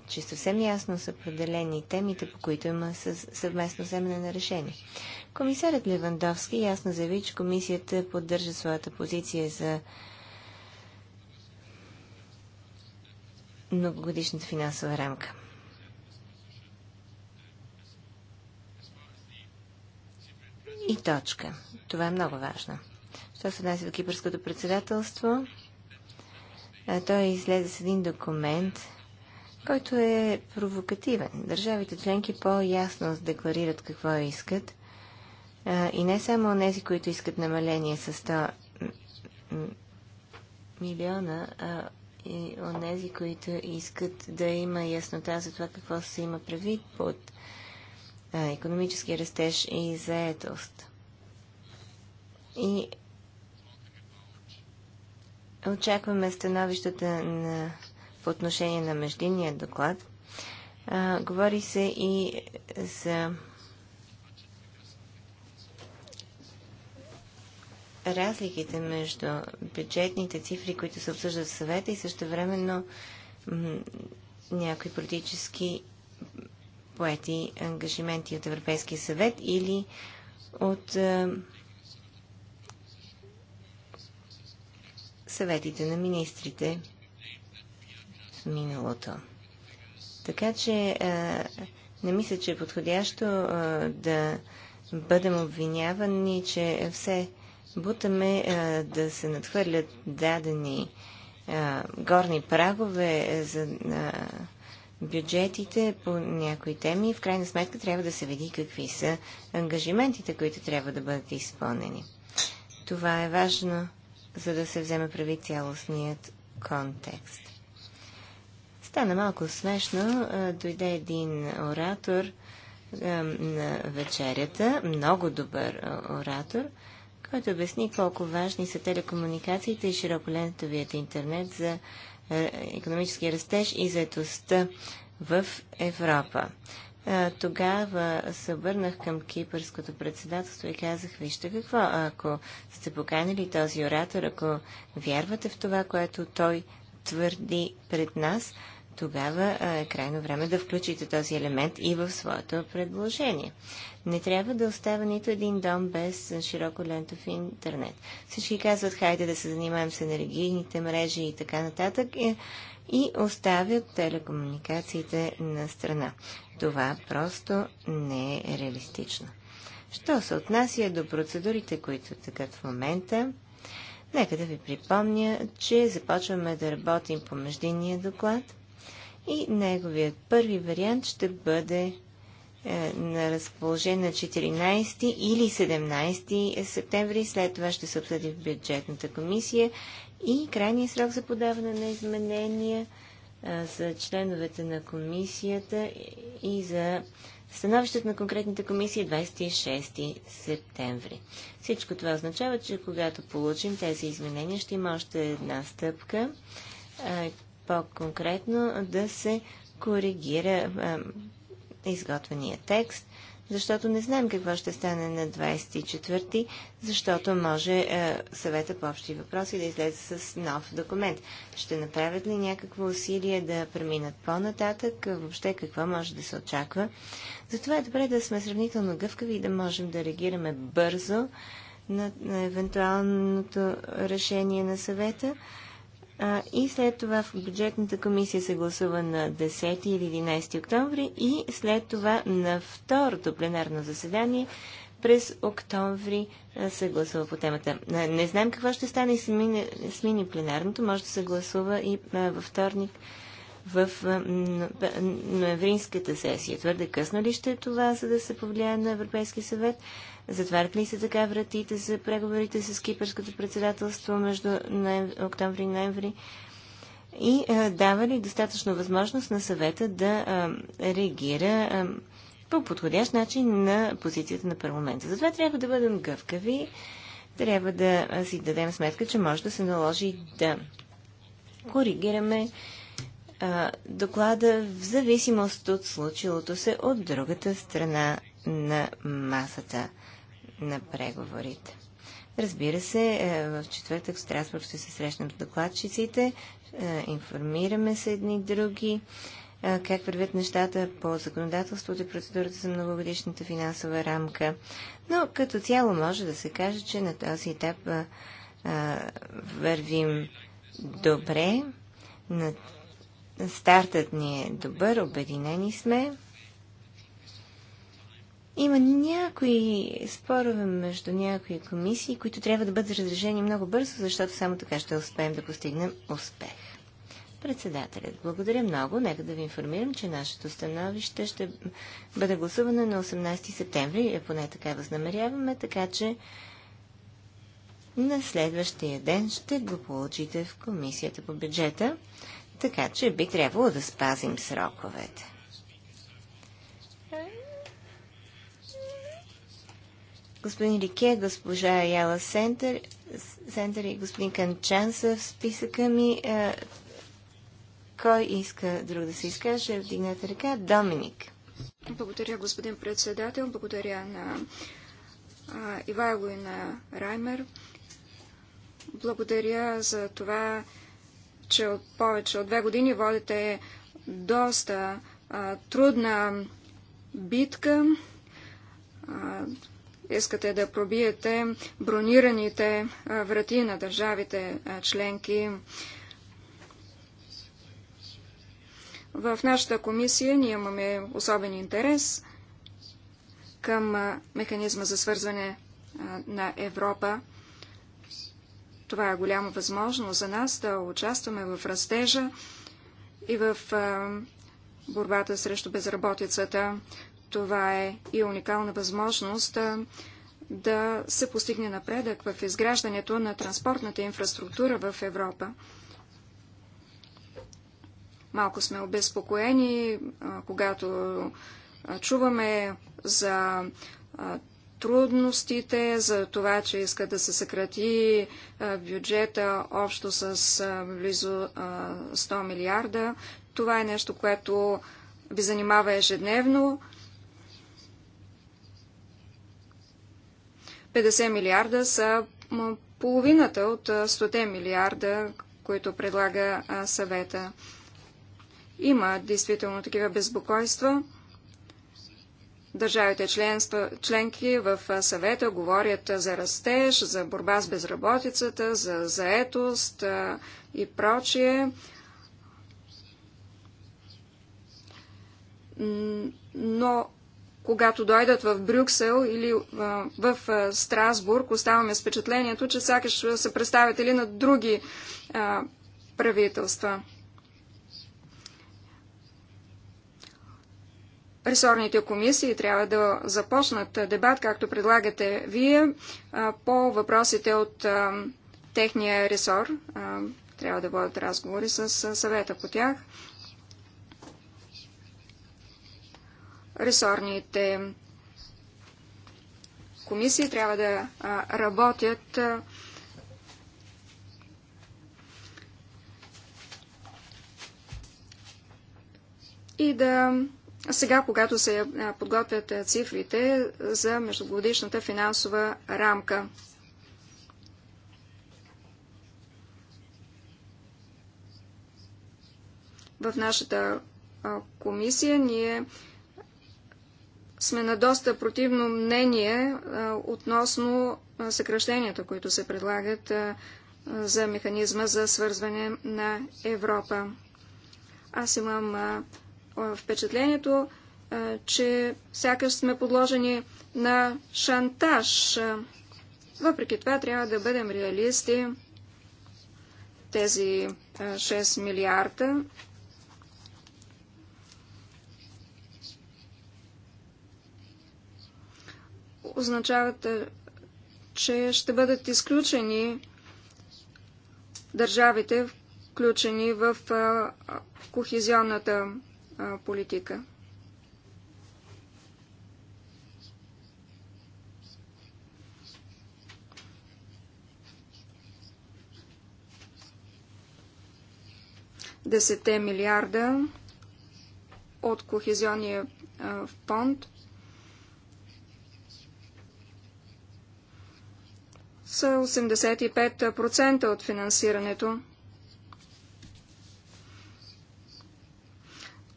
че съвсем ясно са определени темите, по които има съвместно вземане на решение. Комисарът Левандовски ясно заяви, че комисията поддържа своята позиция за многогодишната финансова рамка. И точка. Това е много важно. Що се отнася до кипърското председателство, той излезе с един документ, който е провокативен. Държавите членки по-ясно декларират какво искат и не само тези, които искат намаление с 100 милиона, а и онези, които искат да има яснота за това какво се има предвид под а, економически растеж и заетост. И очакваме становищата на по отношение на междинния доклад. А, говори се и за разликите между бюджетните цифри, които се обсъждат в съвета и също времено някои политически поети ангажименти от Европейския съвет или от а, съветите на министрите миналото. Така че а, е, не мисля, че е подходящо а, е, да бъдем обвинявани, че все бутаме а, е, да се надхвърлят дадени а, горни прагове за а, бюджетите по някои теми. В крайна сметка трябва да се види какви са ангажиментите, които трябва да бъдат изпълнени. Това е важно, за да се вземе прави цялостният контекст. Стана малко смешно. Дойде един оратор на вечерята, много добър оратор, който обясни колко важни са телекомуникациите и широколентовият интернет за економически растеж и заетостта в Европа. Тогава се обърнах към кипърското председателство и казах, вижте какво, ако сте поканили този оратор, ако вярвате в това, което той твърди пред нас, тогава е крайно време да включите този елемент и в своето предложение. Не трябва да остава нито един дом без широко лентов интернет. Всички казват, хайде да се занимаем с енергийните мрежи и така нататък е, и, оставят телекомуникациите на страна. Това просто не е реалистично. Що се отнася до процедурите, които тъкат в момента, Нека да ви припомня, че започваме да работим по междинния доклад и неговият първи вариант ще бъде е, на разположение на 14 или 17 септември. След това ще се обсъди в бюджетната комисия и крайният срок за подаване на изменения е, за членовете на комисията и за Становището на конкретните комисии е 26 септември. Всичко това означава, че когато получим тези изменения, ще има още една стъпка, е, по-конкретно да се коригира изготвения текст, защото не знаем какво ще стане на 24-ти, защото може съвета по общи въпроси да излезе с нов документ. Ще направят ли някакво усилие да преминат по-нататък, въобще какво може да се очаква. Затова е добре да сме сравнително гъвкави и да можем да реагираме бързо на, на евентуалното решение на съвета. А, и след това в бюджетната комисия се гласува на 10 или 11 октомври и след това на второто пленарно заседание през октомври се гласува по темата. Не знам какво ще стане с мини, с мини пленарното. Може да се гласува и във вторник в ноемвринската сесия. Твърде късно ли ще е това, за да се повлияе на Европейския съвет? Затварят ли се така вратите за преговорите с кипърското председателство между октомври и ноември? И дава ли достатъчно възможност на съвета да реагира по подходящ начин на позицията на парламента? Затова трябва да бъдем гъвкави, трябва да си дадем сметка, че може да се наложи да коригираме доклада в зависимост от случилото се от другата страна на масата на преговорите. Разбира се, е, в четвъртък в Страсбург ще се срещнат с докладчиците, е, информираме се едни други, е, как вървят нещата по законодателството и процедурата за многогодишната финансова рамка. Но като цяло може да се каже, че на този етап вървим добре, на стартът ни е добър, обединени сме. Има някои спорове между някои комисии, които трябва да бъдат разрешени много бързо, защото само така ще успеем да постигнем успех. Председателят, благодаря много. Нека да ви информирам, че нашето становище ще бъде гласувано на 18 септември, е поне така възнамеряваме, така че на следващия ден ще го получите в комисията по бюджета, така че би трябвало да спазим сроковете. господин Рике, госпожа Яла Сентър, Сентър и господин Канчан са в списъка ми. А, е, кой иска друг да се изкаже? Вдигнете ръка. Доминик. Благодаря, господин председател. Благодаря на а, Ивайло и на Раймер. Благодаря за това, че от повече от две години водите доста а, трудна битка. А, искате да пробиете бронираните врати на държавите членки. В нашата комисия ние имаме особен интерес към механизма за свързване на Европа. Това е голяма възможност за нас да участваме в растежа и в борбата срещу безработицата. Това е и уникална възможност да се постигне напредък в изграждането на транспортната инфраструктура в Европа. Малко сме обезпокоени, когато чуваме за трудностите, за това, че иска да се съкрати бюджета общо с близо 100 милиарда. Това е нещо, което ви занимава ежедневно. 50 милиарда са половината от 100 милиарда, които предлага съвета. Има действително такива безпокойства. Държавите членства, членки в съвета говорят за растеж, за борба с безработицата, за заетост и прочие. Но когато дойдат в Брюксел или в Страсбург, оставаме с впечатлението, че сякаш са представители на други правителства. Ресорните комисии трябва да започнат дебат, както предлагате вие, по въпросите от техния ресор. Трябва да бъдат разговори с съвета по тях. ресорните комисии трябва да работят и да сега, когато се подготвят цифрите за междугодишната финансова рамка. В нашата комисия ние сме на доста противно мнение а, относно съкръщенията, които се предлагат а, за механизма за свързване на Европа. Аз имам а, впечатлението, че сякаш сме подложени на шантаж. Въпреки това трябва да бъдем реалисти. Тези 6 милиарда означават, е, че ще бъдат изключени държавите, включени в е, кохезионната е, политика. Десете милиарда от кохезионния фонд – са 85% от финансирането.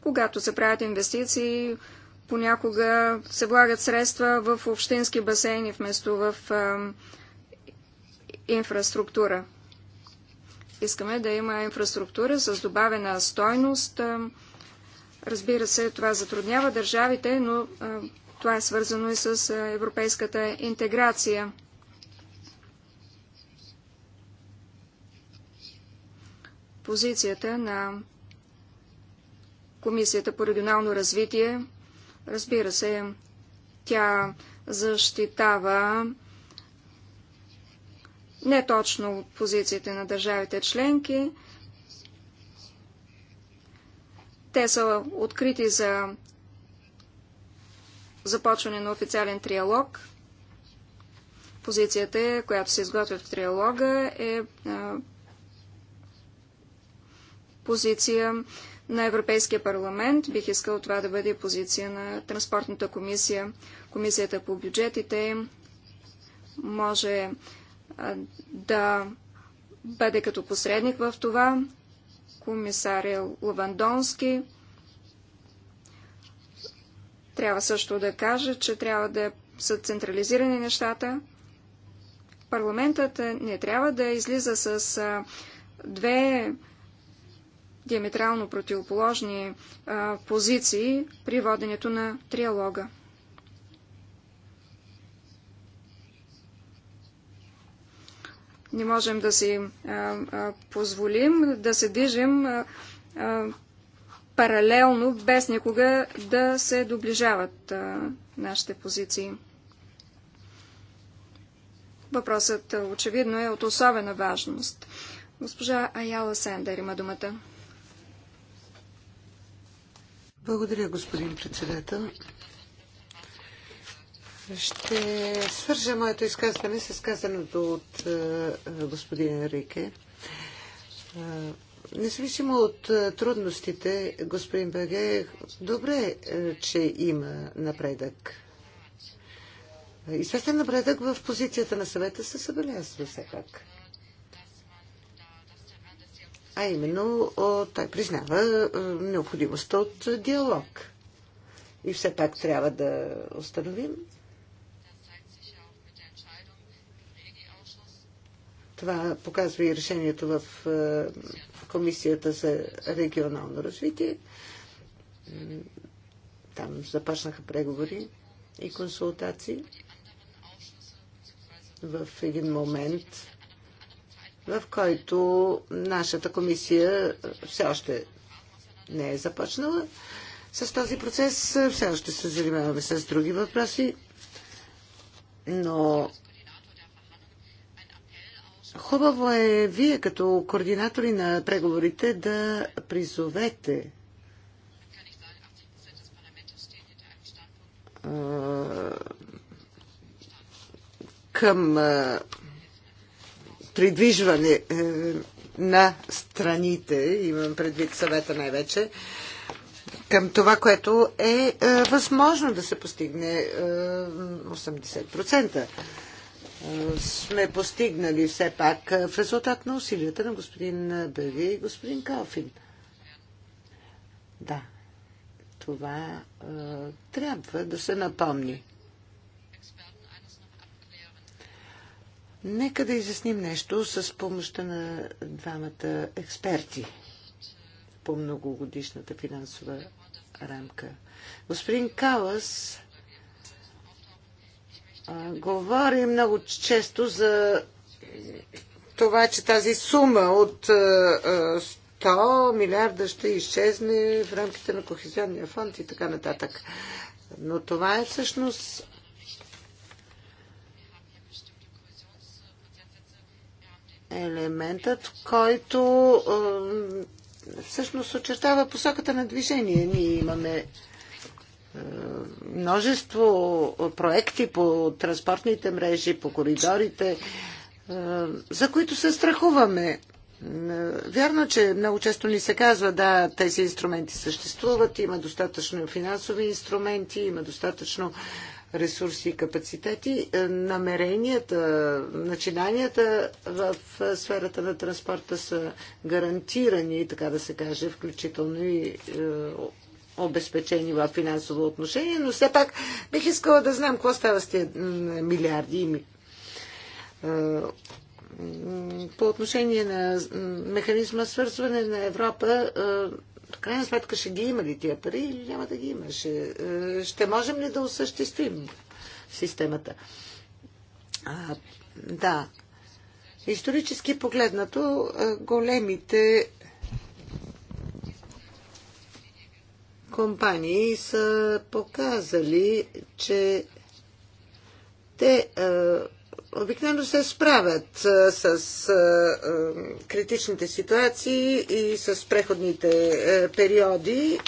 Когато се правят инвестиции, понякога се влагат средства в общински басейни вместо в инфраструктура. Искаме да има инфраструктура с добавена стойност. Разбира се, това затруднява държавите, но това е свързано и с европейската интеграция. позицията на Комисията по регионално развитие. Разбира се, тя защитава не точно позициите на държавите членки. Те са открити за започване на официален триалог. Позицията, която се изготвя в триалога, е позиция на Европейския парламент. Бих искал това да бъде позиция на Транспортната комисия. Комисията по бюджетите може да бъде като посредник в това. Комисаря Лавандонски трябва също да каже, че трябва да са централизирани нещата. Парламентът не трябва да излиза с две диаметрално противоположни а, позиции при воденето на триалога. Не можем да си а, а, позволим да се движим а, а, паралелно, без никога да се доближават а, нашите позиции. Въпросът очевидно е от особена важност. Госпожа Аяла Сендер има думата. Благодаря, господин председател. Ще свържа моето изказване с казаното от е, е, господин Рике. Е, независимо от трудностите, господин Беге, добре, че има напредък. Известен напредък в позицията на съвета се събелязва все пак. А именно той признава е, необходимостта от диалог. И все пак трябва да установим. Това показва и решението в е, Комисията за регионално развитие. Там започнаха преговори и консултации. В един момент в който нашата комисия все още не е започнала с този процес. Все още се занимаваме с други въпроси, но хубаво е вие като координатори на преговорите да призовете към придвижване е, на страните, имам предвид съвета най-вече, към това, което е, е възможно да се постигне е, 80%. Е, сме постигнали все пак е, в резултат на усилията на господин Беви и господин Калфин. Да, това е, трябва да се напомни. Нека да изясним нещо с помощта на двамата експерти по многогодишната финансова рамка. Господин Калас а, говори много често за това, че тази сума от а, 100 милиарда ще изчезне в рамките на Кохезионния фонд и така нататък. Но това е всъщност елементът, който всъщност очертава посоката на движение. Ние имаме е, множество проекти по транспортните мрежи, по коридорите, е, за които се страхуваме. Е, вярно, че много често ни се казва, да, тези инструменти съществуват, има достатъчно финансови инструменти, има достатъчно ресурси и капацитети, е, намеренията, начинанията в е, сферата на транспорта са гарантирани, така да се каже, включително и е, обезпечени в финансово отношение, но все пак бих искала да знам какво става с тези милиарди и по отношение на механизма свързване на Европа, крайна сметка ще ги има ли тия пари или няма да ги има? Ще, е, ще можем ли да осъществим системата? А, да. Исторически погледнато, е, големите компании са показали, че те е, обикновено се справят с критичните ситуации и с преходните периоди,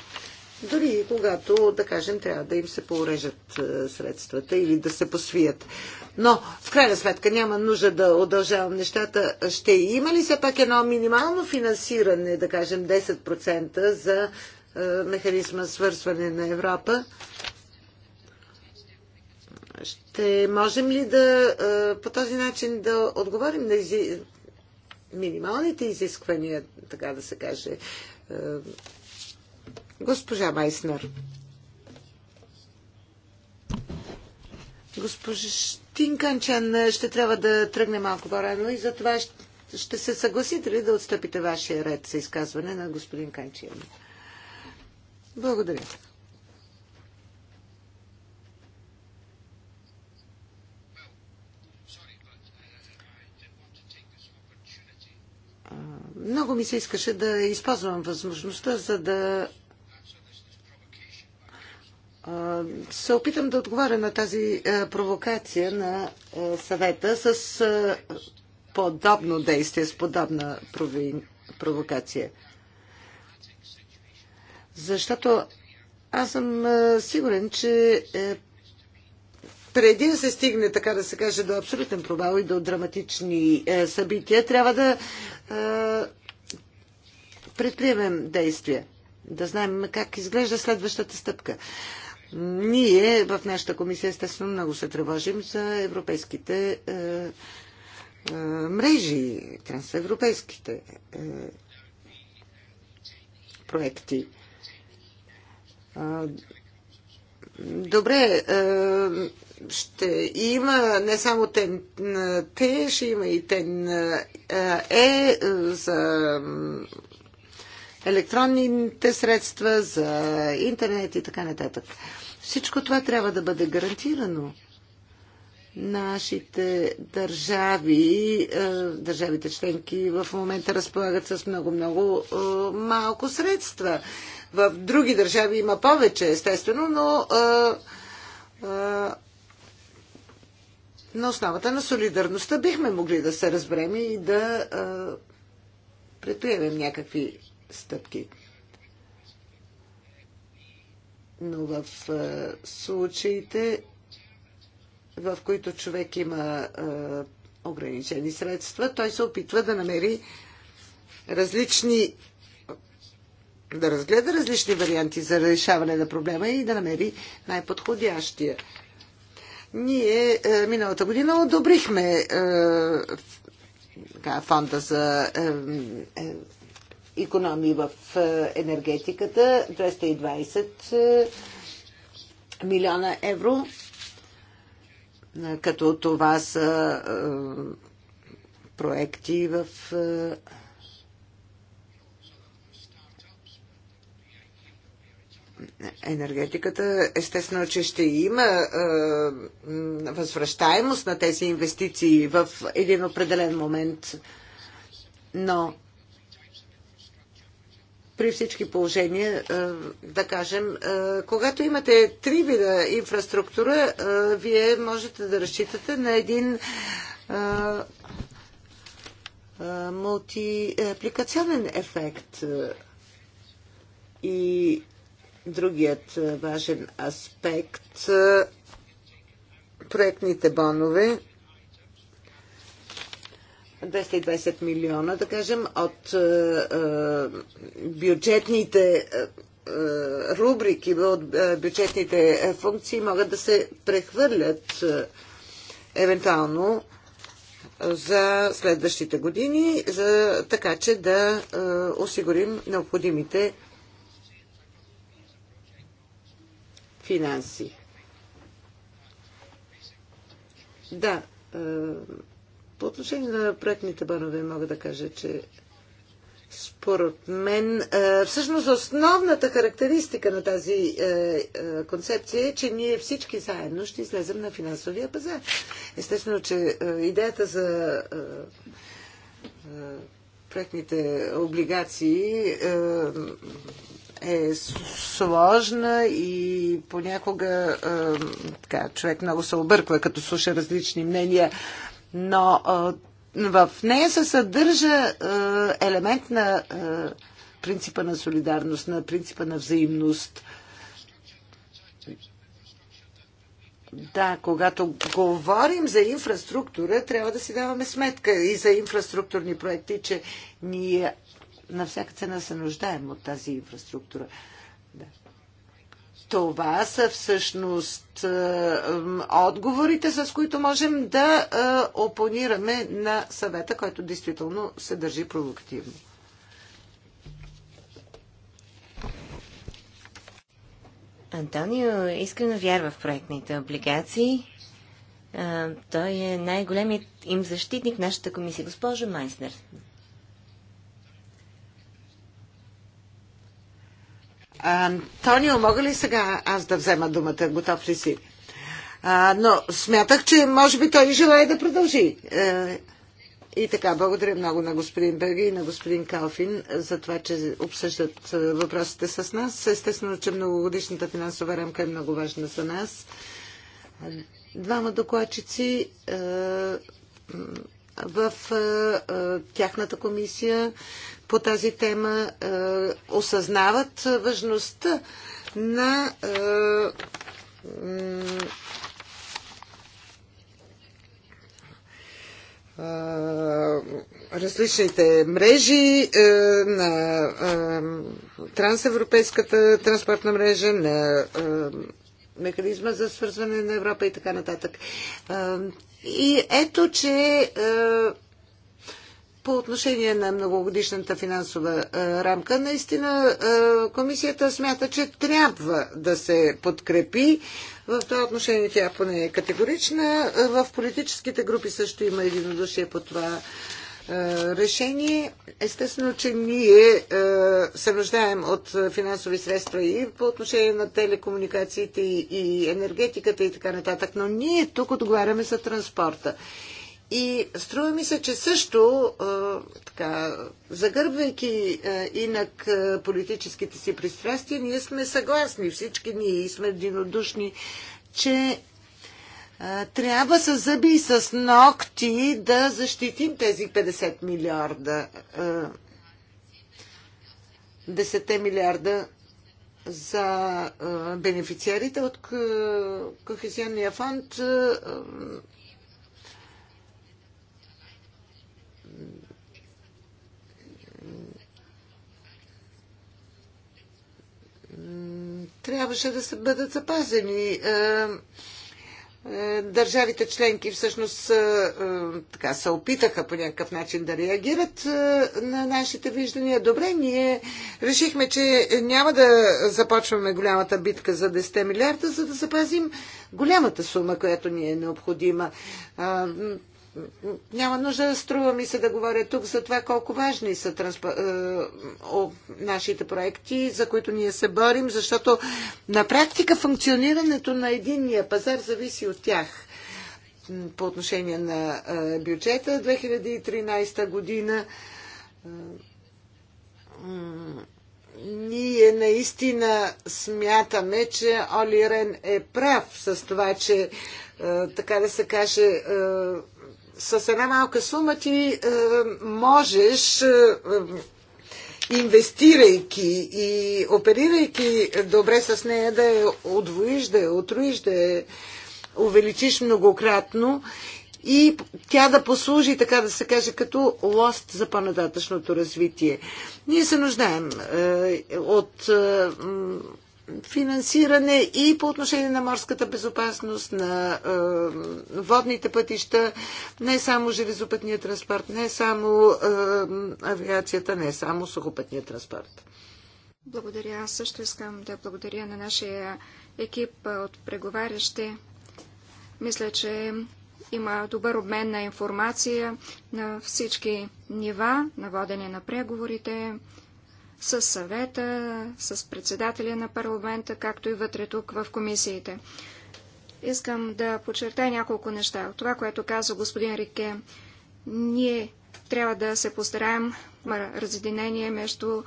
дори и когато, да кажем, трябва да им се поурежат средствата или да се посвият. Но, в крайна сметка, няма нужда да удължавам нещата. Ще има ли все пак едно минимално финансиране, да кажем 10% за механизма свързване на Европа? Ще можем ли да по този начин да отговорим на изи... минималните изисквания, така да се каже? Госпожа Майснер. Госпожа Канчан ще трябва да тръгне малко по-рано и затова ще се съгласите ли да отстъпите вашия ред за изказване на господин Канчан? Благодаря. много ми се искаше да използвам възможността, за да се опитам да отговаря на тази провокация на съвета с подобно действие, с подобна провокация. Защото аз съм сигурен, че е, преди да се стигне, така да се каже, до абсолютен провал и до драматични е, събития, трябва да е, предприемем действия. Да знаем как изглежда следващата стъпка. Ние в нашата комисия естествено много се тревожим за европейските е, е, мрежи, трансевропейските е, проекти. Добре, е, ще има не само тен Т, ще има и тен Е за електронните средства, за интернет и така нататък. Всичко това трябва да бъде гарантирано. Нашите държави, държавите членки в момента разполагат с много-много малко средства. В други държави има повече, естествено, но на основата на солидарността бихме могли да се разберем и да а, предприемем някакви стъпки. Но в а, случаите, в които човек има а, ограничени средства, той се опитва да намери различни да разгледа различни варианти за решаване на проблема и да намери най-подходящия. Ние е, миналата година одобрихме е, фонда за економии е, в енергетиката 220 милиона евро, като това са проекти в енергетиката, естествено, че ще има е, възвръщаемост на тези инвестиции в един определен момент, но при всички положения, е, да кажем, е, когато имате три вида инфраструктура, е, вие можете да разчитате на един мултипликационен ефект. И Другият е, важен аспект е, проектните бонове 220 милиона, да кажем, от е, бюджетните рубрики, от бюджетните функции могат да се прехвърлят евентуално за следващите години, за, така че да осигурим необходимите финанси. Да, е, по отношение на проектните банове мога да кажа, че според мен, е, всъщност основната характеристика на тази е, концепция е, че ние всички заедно ще излезем на финансовия пазар. Естествено, че идеята за проектните облигации е сложна и понякога е, така, човек много се обърква, като слуша различни мнения, но е, в нея се съдържа е, елемент на принципа на солидарност, на принципа на взаимност. Да, когато говорим за инфраструктура, трябва да си даваме сметка и за инфраструктурни проекти, че ние на всяка цена се нуждаем от тази инфраструктура. Да. Това са всъщност е, отговорите, с които можем да е, опонираме на съвета, който действително се държи провокативно. Антонио искрено вярва в проектните облигации. Е, той е най-големият им защитник в нашата комисия. Госпожо Майснер, Антонио, мога ли сега аз да взема думата? Готов ли си? А, но смятах, че може би той желая да продължи. А, е, и така, благодаря много на господин Берги и на господин Калфин за това, че обсъждат е, въпросите с нас. Естествено, че многогодишната финансова рамка е много важна за нас. Е, двама докладчици в тяхната комисия по тази тема, осъзнават важността на различните мрежи на трансевропейската транспортна мрежа, на механизма за свързване на Европа и така нататък. И ето, че е, по отношение на многогодишната финансова е, рамка, наистина е, комисията смята, че трябва да се подкрепи. В това отношение тя поне е категорична. В политическите групи също има единодушие по това е, решение. Естествено, че ние е, се нуждаем от финансови средства и по отношение на телекомуникациите и енергетиката и така нататък, но ние тук отговаряме за транспорта. И струва ми се, че също, е, така, загърбвайки инак политическите си пристрастия, ние сме съгласни, всички ние сме единодушни, че трябва с зъби и с ногти да защитим тези 50 милиарда. 10 милиарда за бенефициарите от Кохезионния фонд. Трябваше да се бъдат запазени. Е, държавите членки всъщност е, е, така се опитаха по някакъв начин да реагират на нашите виждания. Добре, ние решихме, че няма да започваме голямата битка за 10 милиарда, за да запазим голямата сума, която ни е необходима. Няма нужда да струва ми се да говоря тук за това колко важни са транспо... Е, нашите проекти, за които ние се борим, защото на практика функционирането на единния пазар зависи от тях по отношение на е, бюджета 2013 година. Е, ние наистина смятаме, че Оли Рен е прав с това, че така да се каже с една малка сума ти е, можеш, е, е, инвестирайки и оперирайки добре с нея, да я отвоиш, да я отруиш, да я увеличиш многократно и тя да послужи, така да се каже, като лост за по-нататъчното развитие. Ние се нуждаем е, от. Е, финансиране и по отношение на морската безопасност, на е, водните пътища, не само железопътния транспорт, не само е, авиацията, не само сухопътния транспорт. Благодаря. Аз също искам да благодаря на нашия екип от преговарящи. Мисля, че има добър обмен на информация на всички нива, на водене на преговорите с съвета, с председателя на парламента, както и вътре тук в комисиите. Искам да подчертая няколко неща. Това, което каза господин Рике, ние трябва да се постараем разединение между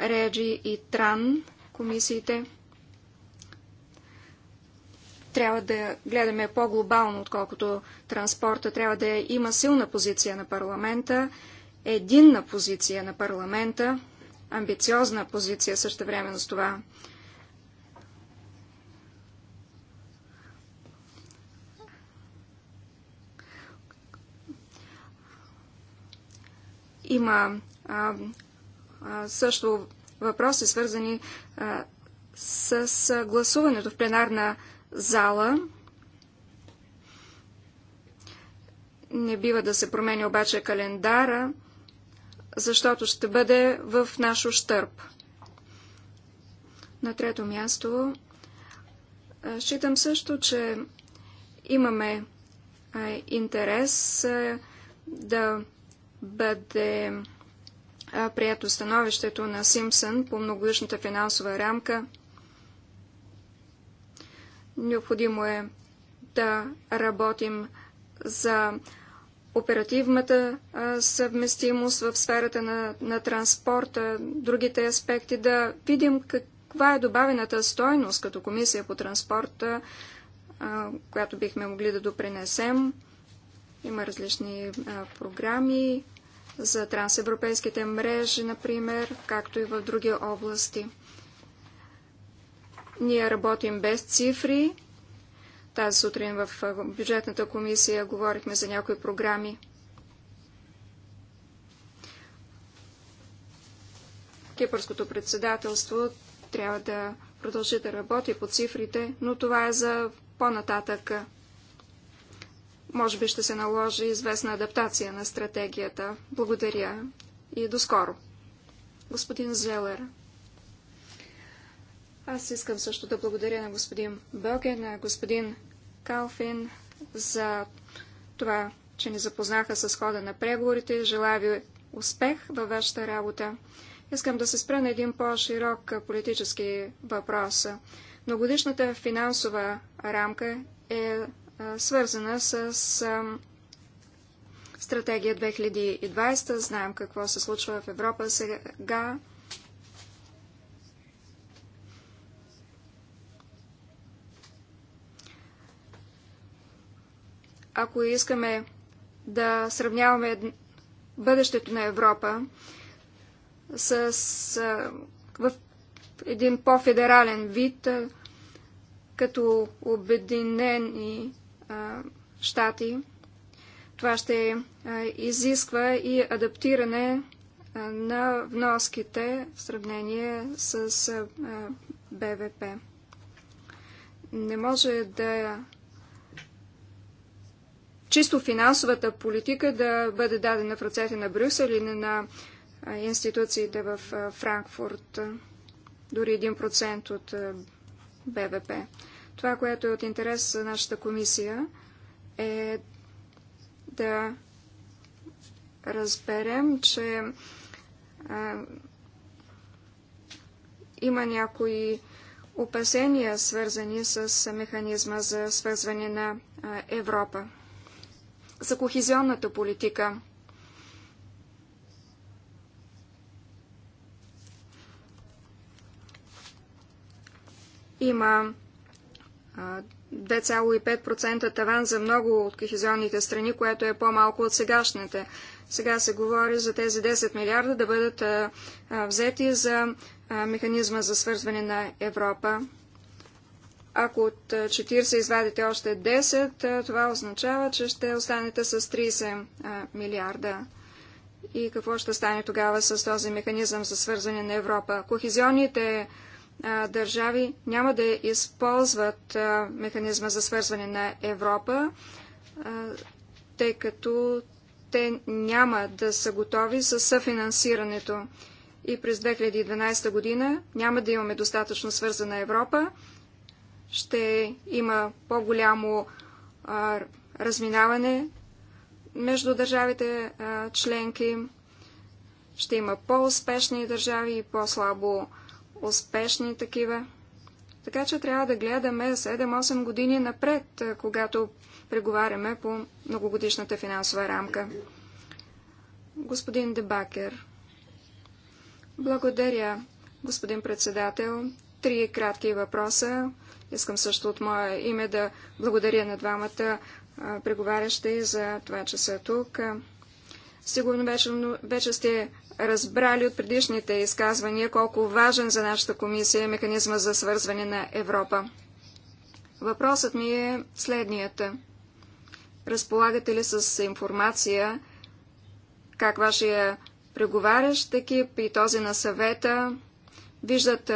Реджи и Тран комисиите. Трябва да гледаме по-глобално, отколкото транспорта. Трябва да има силна позиция на парламента единна позиция на парламента, амбициозна позиция също време с това. Има а, а, също въпроси, свързани а, с, гласуването в пленарна зала. Не бива да се промени обаче календара защото ще бъде в наш ущърб. На трето място, считам също, че имаме интерес да бъде прието становището на Симпсън по многогодишната финансова рамка. Необходимо е да работим за оперативната съвместимост в сферата на, на транспорта, другите аспекти, да видим каква е добавената стойност като комисия по транспорта, която бихме могли да допринесем. Има различни програми за трансевропейските мрежи, например, както и в други области. Ние работим без цифри, тази сутрин в бюджетната комисия говорихме за някои програми. Кипърското председателство трябва да продължи да работи по цифрите, но това е за по-нататък. Може би ще се наложи известна адаптация на стратегията. Благодаря и до скоро. Господин Зелер. Аз искам също да благодаря на господин Бълге, на господин Калфин за това, че ни запознаха с хода на преговорите. Желая ви успех във вашата работа. Искам да се спра на един по-широк политически въпрос. Многодишната финансова рамка е свързана с стратегия 2020. Знаем какво се случва в Европа сега ако искаме да сравняваме бъдещето на Европа с, в един по-федерален вид, като обединени щати. Това ще изисква и адаптиране на вноските в сравнение с БВП. Не може да чисто финансовата политика да бъде дадена в ръцете на Брюсел или на институциите в Франкфурт, дори 1% от БВП. Това, което е от интерес за нашата комисия, е да разберем, че а, има някои опасения, свързани с механизма за свързване на а, Европа за кохезионната политика. Има 2,5% таван за много от кохезионните страни, което е по-малко от сегашните. Сега се говори за тези 10 милиарда да бъдат взети за механизма за свързване на Европа. Ако от 40 е, извадите още 10, е, това означава, че ще останете с 30 е, милиарда. И какво ще стане тогава с този механизъм за свързване на Европа? Кохизионните държави няма да използват механизма за свързване на Европа, тъй като те няма да са готови с съфинансирането. И през 2012 година няма да имаме достатъчно свързана Европа, ще има по-голямо разминаване между държавите членки, ще има по-успешни държави и по-слабо успешни такива. Така че трябва да гледаме 7-8 години напред, когато преговаряме по многогодишната финансова рамка. Господин Дебакер. Благодаря, господин председател. Три кратки въпроса Искам също от мое име да благодаря на двамата преговарящи за това, че са тук. Сигурно вече, вече сте разбрали от предишните изказвания колко важен за нашата комисия е механизма за свързване на Европа. Въпросът ми е следният. Разполагате ли с информация как вашия преговарящ екип и този на съвета виждат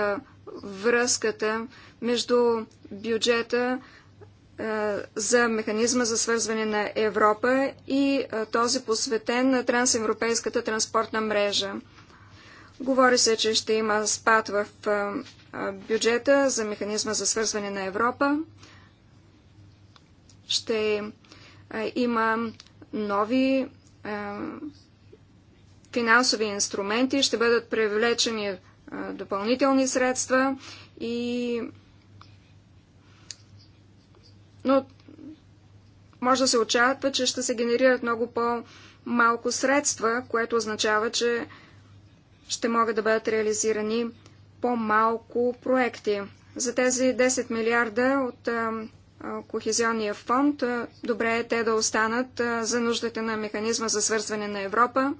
връзката между бюджета е, за механизма за свързване на Европа и е, този посветен на трансевропейската транспортна мрежа. Говори се, че ще има спад в е, бюджета за механизма за свързване на Европа. Ще има нови финансови инструменти, ще бъдат привлечени допълнителни средства и но може да се очаква, че ще се генерират много по-малко средства, което означава, че ще могат да бъдат реализирани по-малко проекти. За тези 10 милиарда от Кохезионния фонд, добре е те да останат за нуждите на механизма за свързване на Европа.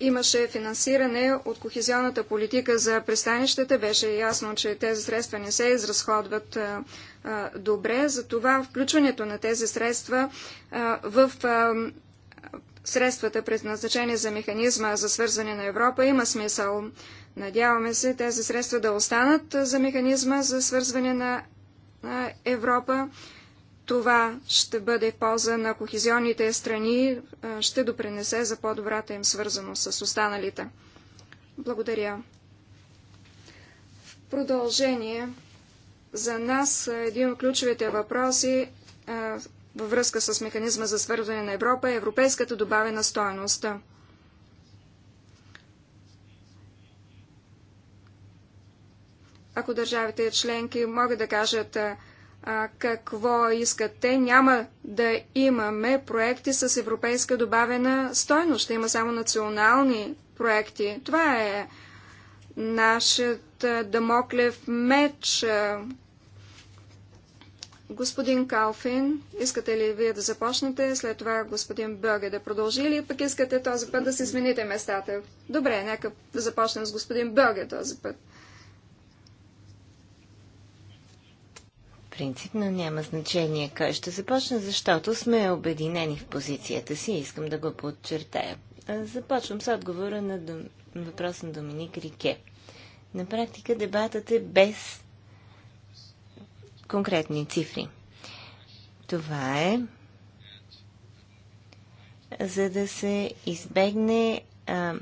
имаше финансиране от кохезионната политика за пристанищата. Беше ясно, че тези средства не се изразходват добре. Затова включването на тези средства в средствата, предназначени за механизма за свързване на Европа, има смисъл. Надяваме се тези средства да останат за механизма за свързване на Европа. Това ще бъде полза на кохезионните страни, ще допренесе за по-добрата им свързаност с останалите. Благодаря. В продължение, за нас един от ключовите въпроси във връзка с механизма за свързване на Европа е европейската добавена стоеност. Ако държавите членки могат да кажат, какво искат те. Няма да имаме проекти с европейска добавена стойност. Ще има само национални проекти. Това е нашият дамоклев меч. Господин Калфин, искате ли вие да започнете, след това господин Бърге да продължи или пък искате този път да се смените местата? Добре, нека да започнем с господин Бърге този път. принцип, но няма значение кой ще започне, защото сме обединени в позицията си и искам да го подчертая. Започвам с отговора на дом... въпрос на Доминик Рике. На практика дебатът е без конкретни цифри. Това е за да се избегне а,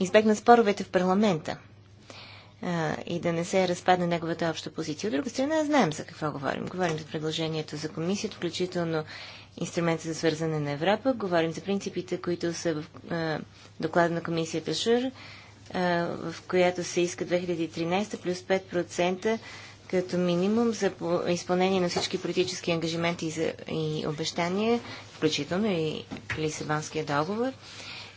избегна споровете в парламента и да не се разпадне неговата обща позиция. От друга страна, знаем за какво говорим. Говорим за предложението за комисията, включително инструмента за свързане на Европа, говорим за принципите, които са в доклада на комисията ШУР, в която се иска 2013 плюс 5% като минимум за изпълнение на всички политически ангажименти и, и обещания, включително и Лисабонския договор.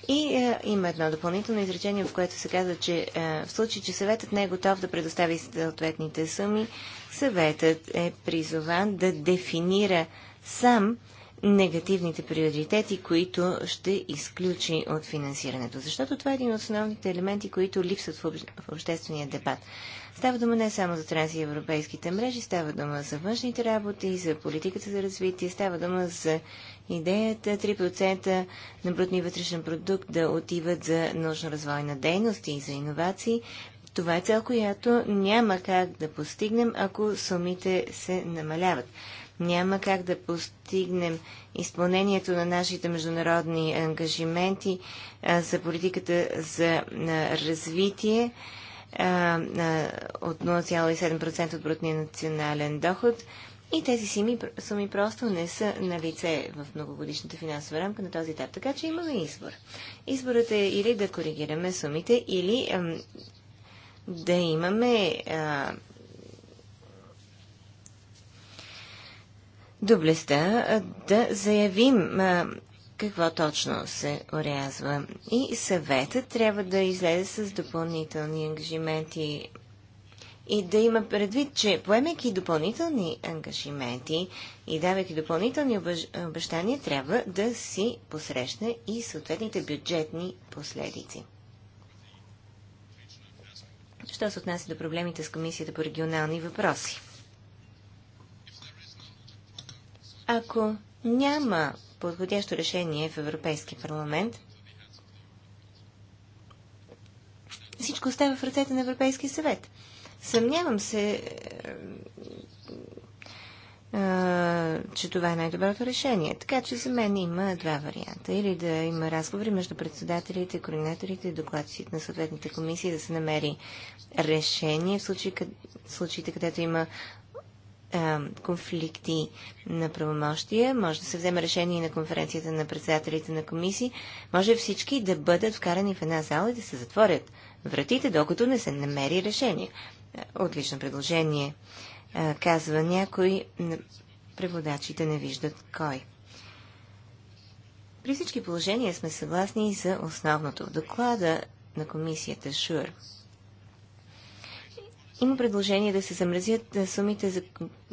И е, има едно допълнително изречение, в което се казва, че е, в случай, че съветът не е готов да предостави съответните суми, съветът е призован да дефинира сам негативните приоритети, които ще изключи от финансирането. Защото това е един от основните елементи, които липсват в, обще, в обществения дебат. Става дума не само за трансевропейските мрежи, става дума за външните работи, за политиката за развитие, става дума за идеята 3% е на брутния вътрешен продукт да отиват за научно-развойна дейност и за иновации. Това е цел, която няма как да постигнем, ако сумите се намаляват. Няма как да постигнем изпълнението на нашите международни ангажименти за политиката за развитие от 0,7% от брутния национален доход и тези суми, суми просто не са на лице в многогодишната финансова рамка на този етап. Така че имаме избор. Изборът е или да коригираме сумите, или ам, да имаме а, доблестта да заявим а, какво точно се орязва. И съветът трябва да излезе с допълнителни ангажименти и да има предвид, че поемайки допълнителни ангажименти и давайки допълнителни обещания, трябва да си посрещне и съответните бюджетни последици. Що се отнася до проблемите с Комисията по регионални въпроси? Ако няма подходящо решение в Европейски парламент, всичко остава в ръцете на Европейския съвет. Съмнявам се, е, е, че това е най-доброто решение. Така че за мен има два варианта. Или да има разговори между председателите, координаторите и докладците на съответните комисии да се намери решение в, къд... случаите, където има е, конфликти на правомощия. Може да се вземе решение на конференцията на председателите на комисии. Може всички да бъдат вкарани в една зала и да се затворят вратите, докато не се намери решение. Отлично предложение. Казва някой, преводачите не виждат кой. При всички положения сме съгласни и за основното в доклада на комисията ШУР. Има предложение да се замразят сумите за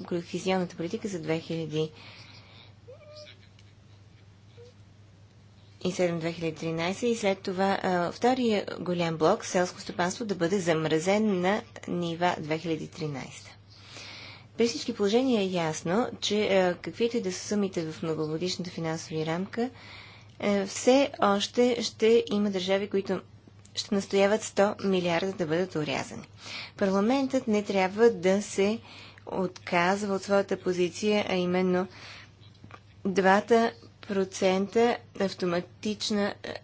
кохезионната политика за 2007-2013 и след това а, втория голям блок селско стопанство да бъде замразен на нива 2013. При всички положения е ясно, че каквито и да са сумите в многогодишната финансови рамка, а, все още ще има държави, които ще настояват 100 милиарда да бъдат урязани. Парламентът не трябва да се отказва от своята позиция, а именно двата автоматична, е,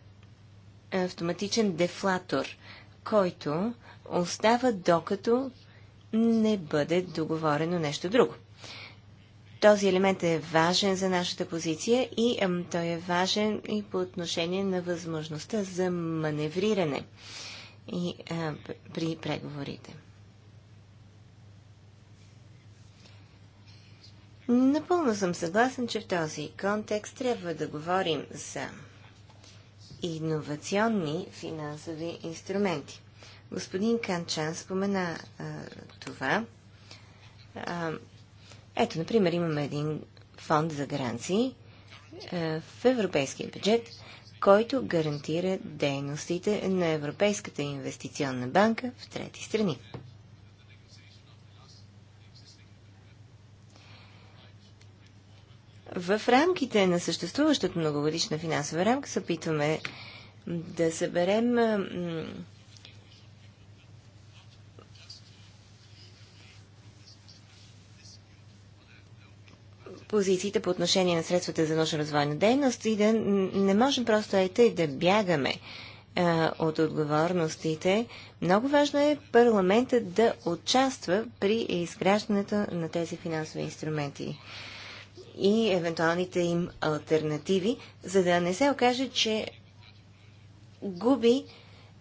е, автоматичен дефлатор, който остава докато не бъде договорено нещо друго. Този елемент е важен за нашата позиция и той е важен и по отношение на възможността за маневриране и, при преговорите. Напълно съм съгласен, че в този контекст трябва да говорим за иновационни финансови инструменти. Господин Канчан спомена а, това. А, ето, например, имаме един фонд за гаранции а, в европейския бюджет, който гарантира дейностите на Европейската инвестиционна банка в трети страни. В рамките на съществуващата многогодишна финансова рамка се опитваме да съберем позициите по отношение на средствата за научно развойна дейност и да не можем просто ете да бягаме а, от отговорностите. Много важно е парламентът да участва при изграждането на тези финансови инструменти и евентуалните им альтернативи, за да не се окаже, че губи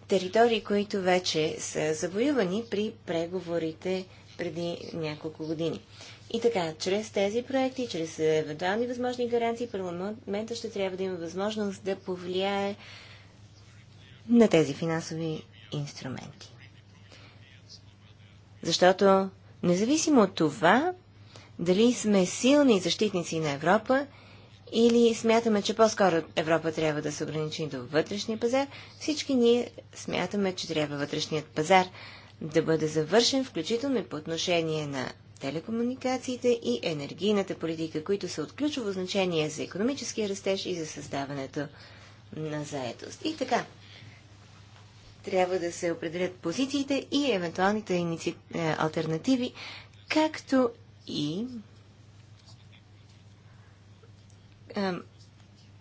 територии, които вече са завоювани при преговорите преди няколко години. И така, чрез тези проекти, чрез евентуални възможни гаранции, парламентът ще трябва да има възможност да повлияе на тези финансови инструменти. Защото, независимо от това, дали сме силни защитници на Европа или смятаме, че по-скоро Европа трябва да се ограничи до вътрешния пазар, всички ние смятаме, че трябва вътрешният пазар да бъде завършен, включително и по отношение на телекомуникациите и енергийната политика, които са от ключово значение за економическия растеж и за създаването на заетост. И така, трябва да се определят позициите и евентуалните иници... Е, альтернативи, както и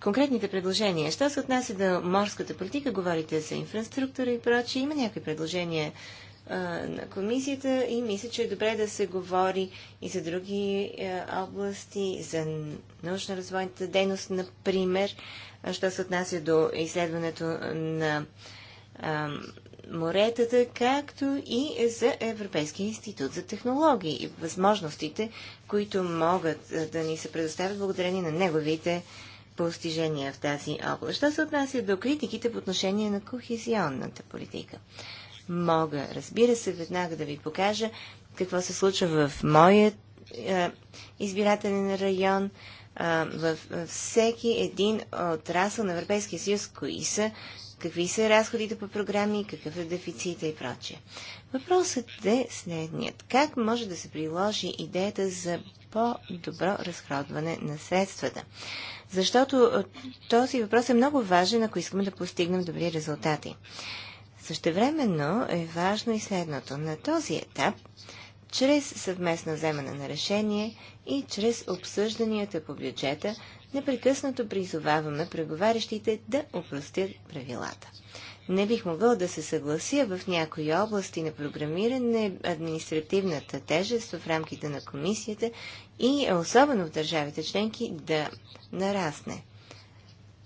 конкретните предложения. Що се отнася до морската политика, говорите за инфраструктура и прочие. Има някакви предложения е, на комисията и мисля, че е добре да се говори и за други а, е, области, за научно-развойната дейност, например, е, що се отнася до изследването на моретата, както и за Европейския институт за технологии и възможностите, които могат е, да ни се предоставят благодарение на неговите постижения в тази област. Що се отнася до критиките по отношение на кохезионната политика? Мога, разбира се, веднага да ви покажа какво се случва в моят е, избирателен район, във е, е, всеки един отрасъл на Европейския съюз, кои са какви са разходите по програми, какъв е дефицита и прочее. Въпросът е следният. Как може да се приложи идеята за по-добро разходване на средствата? Защото този въпрос е много важен, ако искаме да постигнем добри резултати. Същевременно е важно и следното. На този етап, чрез съвместно вземане на решение и чрез обсъжданията по бюджета, непрекъснато призоваваме преговарящите да опростят правилата. Не бих могъл да се съглася в някои области на програмиране, административната тежест в рамките на комисията и особено в държавите членки да нарасне.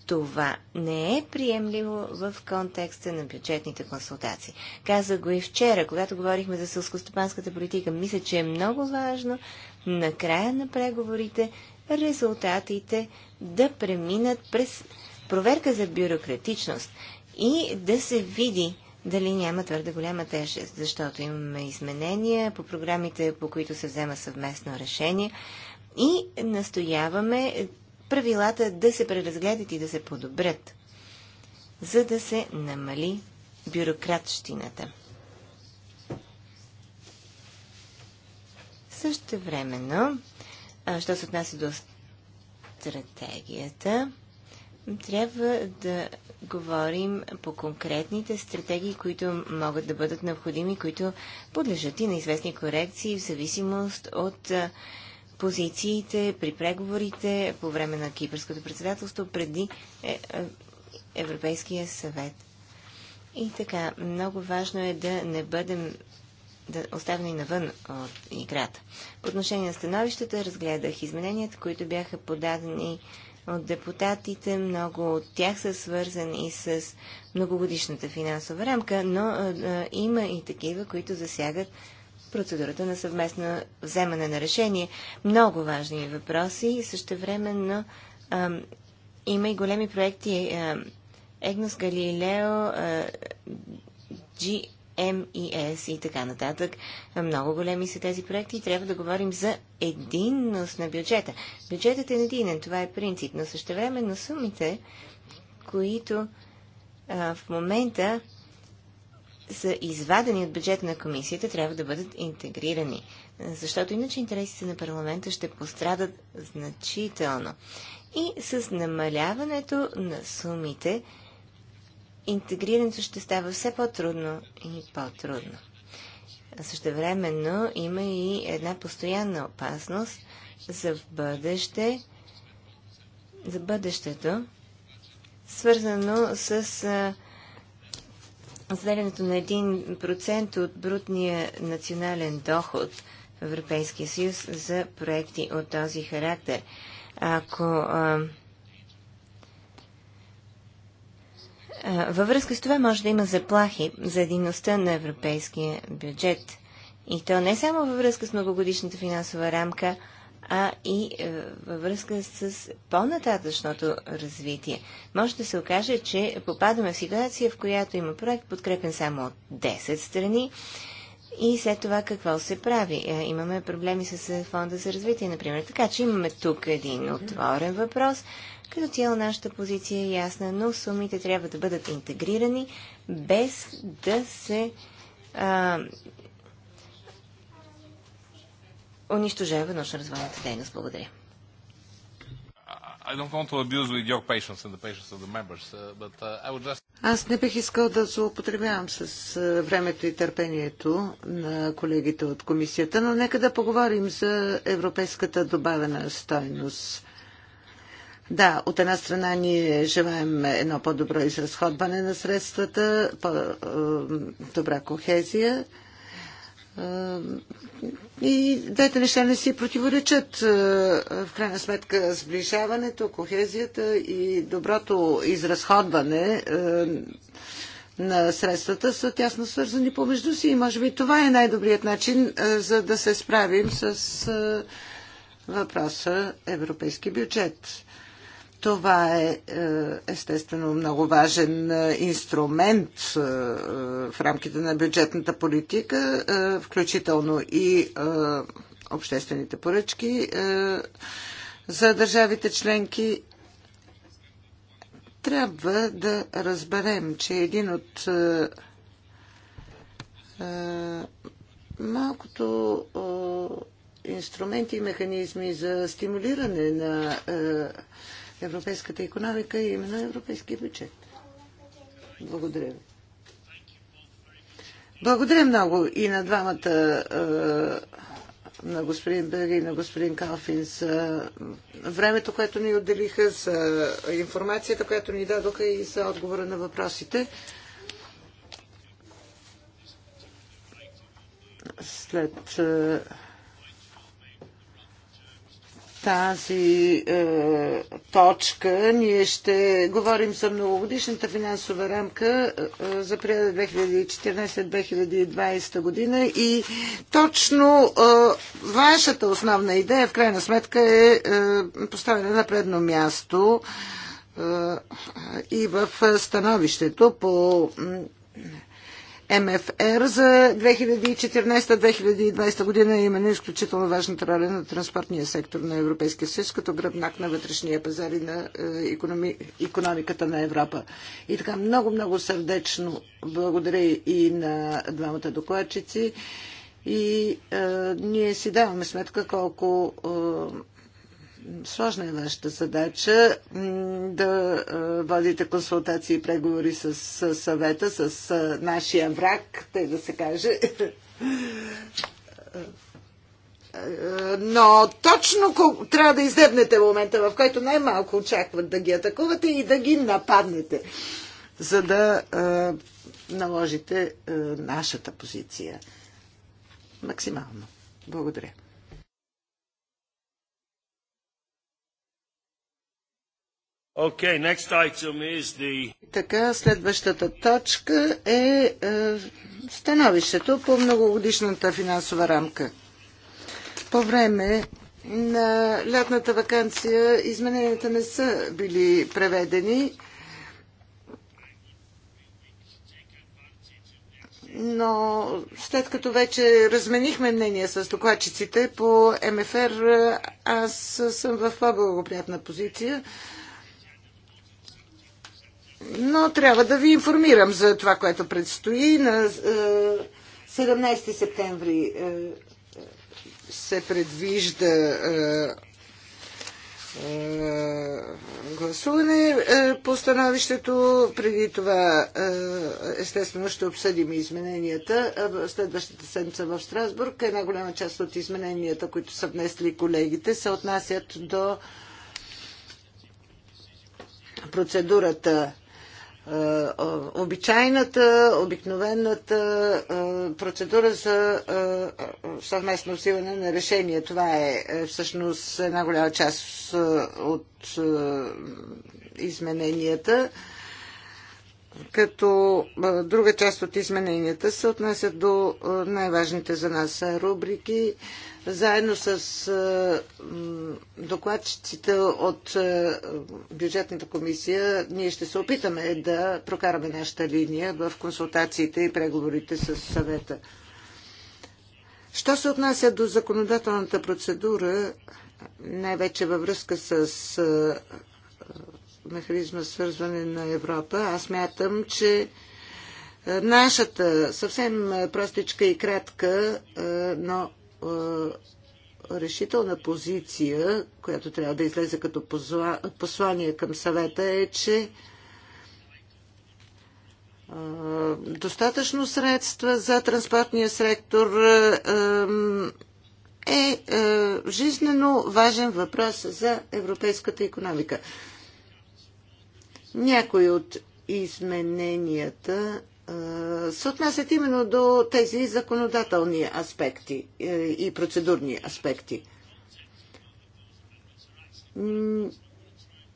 Това не е приемливо в контекста на бюджетните консултации. Каза го и вчера, когато говорихме за сълскостопанската политика. Мисля, че е много важно на края на преговорите резултатите да преминат през проверка за бюрократичност и да се види дали няма твърде голяма тежест, защото имаме изменения по програмите, по които се взема съвместно решение и настояваме правилата да се преразгледат и да се подобрят, за да се намали бюрократщината. Също времено а, що се отнася до стратегията, трябва да говорим по конкретните стратегии, които могат да бъдат необходими, които подлежат и на известни корекции в зависимост от позициите при преговорите по време на кипърското председателство преди е, Европейския съвет. И така, много важно е да не бъдем да и навън от играта. По отношение на становищата разгледах измененията, които бяха подадени от депутатите. Много от тях са свързани с многогодишната финансова рамка, но а, а, има и такива, които засягат процедурата на съвместно вземане на решение. Много важни въпроси и същевременно а, има и големи проекти а, Егнос Галилео, а, МИС и така нататък. Много големи са тези проекти и трябва да говорим за единност на бюджета. Бюджетът е единен, това е принцип, но на сумите, които а, в момента са извадени от бюджета на комисията, трябва да бъдат интегрирани. Защото иначе интересите на парламента ще пострадат значително. И с намаляването на сумите, интегрирането ще става все по-трудно и по-трудно. Същевременно има и една постоянна опасност за бъдеще, за бъдещето, свързано с заделянето на 1% от брутния национален доход в Европейския съюз за проекти от този характер. Ако а, Във връзка с това може да има заплахи за единността на европейския бюджет. И то не само във връзка с многогодишната финансова рамка, а и е, във връзка с по-нататъчното развитие. Може да се окаже, че попадаме в ситуация, в която има проект подкрепен само от 10 страни и след това какво се прави. Е, имаме проблеми с е, фонда за развитие, например. Така че имаме тук един отворен въпрос – като цяло нашата позиция е ясна, но сумите трябва да бъдат интегрирани, без да се а, унищожава външно развойната дейност. Благодаря. Uh, uh, Аз не бих искал да злоупотребявам с времето и търпението на колегите от комисията, но нека да поговорим за европейската добавена стойност. Да, от една страна ние желаем едно по-добро изразходване на средствата, по-добра кохезия. Е, и двете неща не си противоречат. Е, в крайна сметка сближаването, кохезията и доброто изразходване е, на средствата са тясно свързани помежду си и може би това е най-добрият начин за да се справим с въпроса европейски бюджет. Това е, е естествено много важен е, инструмент е, в рамките на бюджетната политика, включително и обществените поръчки за държавите членки. Трябва да разберем, че един от малкото инструменти и механизми за стимулиране на европейската економика и именно европейския бюджет. Благодаря ви. Благодаря много и на двамата е, на господин Берги и на господин Калфин за времето, което ни отделиха, за информацията, която ни дадоха и за отговора на въпросите. След е, тази е, точка ние ще говорим за многогодишната финансова рамка е, е за периода 2014-2020 година и точно е, вашата основна идея в крайна сметка е, е поставена на предно място е, и в становището по МФР за 2014-2020 година е именно изключително важната роля на транспортния сектор на Европейския съюз като гръбнак на вътрешния пазар и на економи... економиката на Европа. И така много-много сърдечно благодаря и на двамата докладчици. И е, ние си даваме сметка колко е, сложна е вашата задача да водите консултации и преговори с съвета, с нашия враг, тъй да се каже. *laughs* Но точно трябва да издебнете момента, в който най-малко очакват да ги атакувате и да ги нападнете, за да наложите нашата позиция максимално. Благодаря. Okay, next item is the... Така, следващата точка е, е становището по многогодишната финансова рамка. По време на лятната вакансия измененията не са били преведени, но след като вече разменихме мнение с докладчиците по МФР, аз съм в по-благоприятна позиция но трябва да ви информирам за това, което предстои. На 17 е, септември е, се предвижда е, гласуване по становището. Преди това, естествено, ще обсъдим измененията. Следващата седмица в Страсбург една голяма част от измененията, които са внесли колегите, се отнасят до процедурата е, обичайната, обикновената е, процедура за е, съвместно усилване на решение. Това е всъщност една голяма част от измененията. Като друга част от измененията се отнасят до най-важните за нас рубрики заедно с докладчиците от бюджетната комисия, ние ще се опитаме да прокараме нашата линия в консултациите и преговорите с съвета. Що се отнася до законодателната процедура, най-вече във връзка с механизма свързване на Европа, аз мятам, че нашата съвсем простичка и кратка, но е, решителна позиция, която трябва да излезе като послание към съвета е, че е, достатъчно средства за транспортния сектор е, е жизнено важен въпрос за европейската економика. Някои от измененията се отнасят именно до тези законодателни аспекти е, и процедурни аспекти.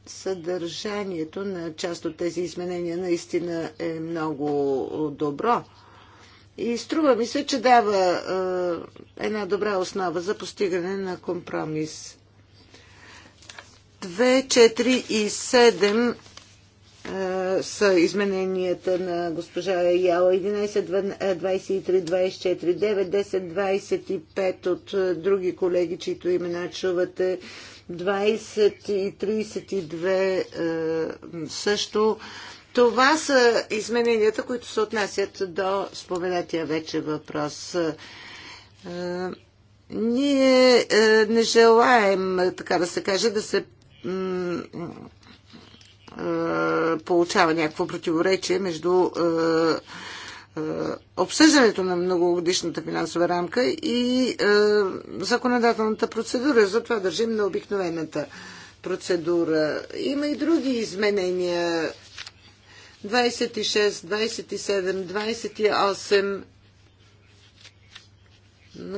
Съдържанието на част от тези изменения наистина е много добро. И струва ми се, че дава е, една добра основа за постигане на компромис. 2, 4 и 7 са измененията на госпожа Яла 11, 23, 24, 9, 10, 25 от други колеги, чието имена чувате. 20 32 също. Това са измененията, които се отнасят до споменатия вече въпрос. Ние не желаем, така да се каже, да се е, получава някакво противоречие между е, е, обсъждането на многогодишната финансова рамка и законодателната процедура. Затова държим на обикновената процедура. Има и други изменения. 26, 27, 28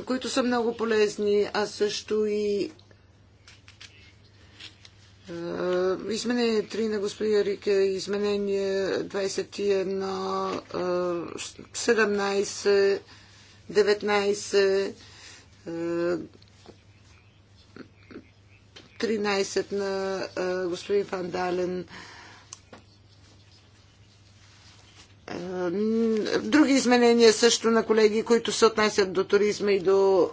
които са много полезни, а също и е, изменение 3 на господин Рике, изменение 21, 17, 19, 13 на е, господин Фандален. Е, други изменения също на колеги, които се отнасят до туризма и до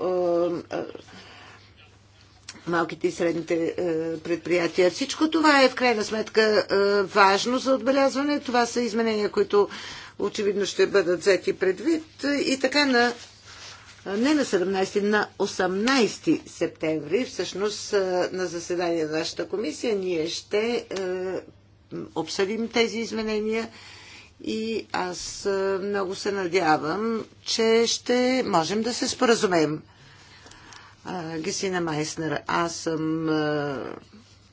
малките и средните е, предприятия. Всичко това е в крайна сметка е, важно за отбелязване. Това са изменения, които очевидно ще бъдат взети предвид. И така на не на 17, на 18 септември, всъщност е, на заседание на нашата комисия, ние ще обсъдим тези изменения и аз много се надявам, че ще можем да се споразумеем. Гесина Майснер, аз съм.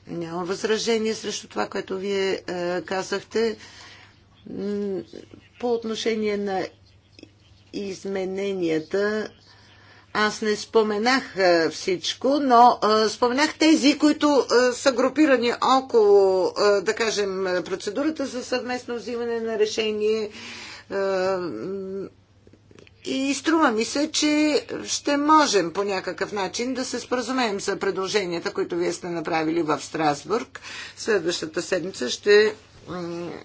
Нямам възражение срещу това, което вие казахте. По отношение на измененията, аз не споменах всичко, но споменах тези, които са групирани около, да кажем, процедурата за съвместно взимане на решение и струва ми се, че ще можем по някакъв начин да се споразумеем за предложенията, които вие сте направили в Страсбург. Следващата седмица ще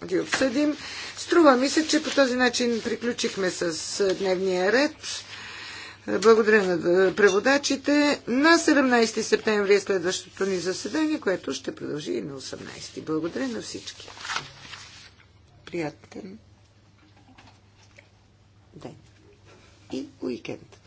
ги обсъдим. Струва ми се, че по този начин приключихме с дневния ред. Благодаря на преводачите. На 17 септември е следващото ни заседание, което ще продължи и на 18. Благодаря на всички. Приятен. и уикенд.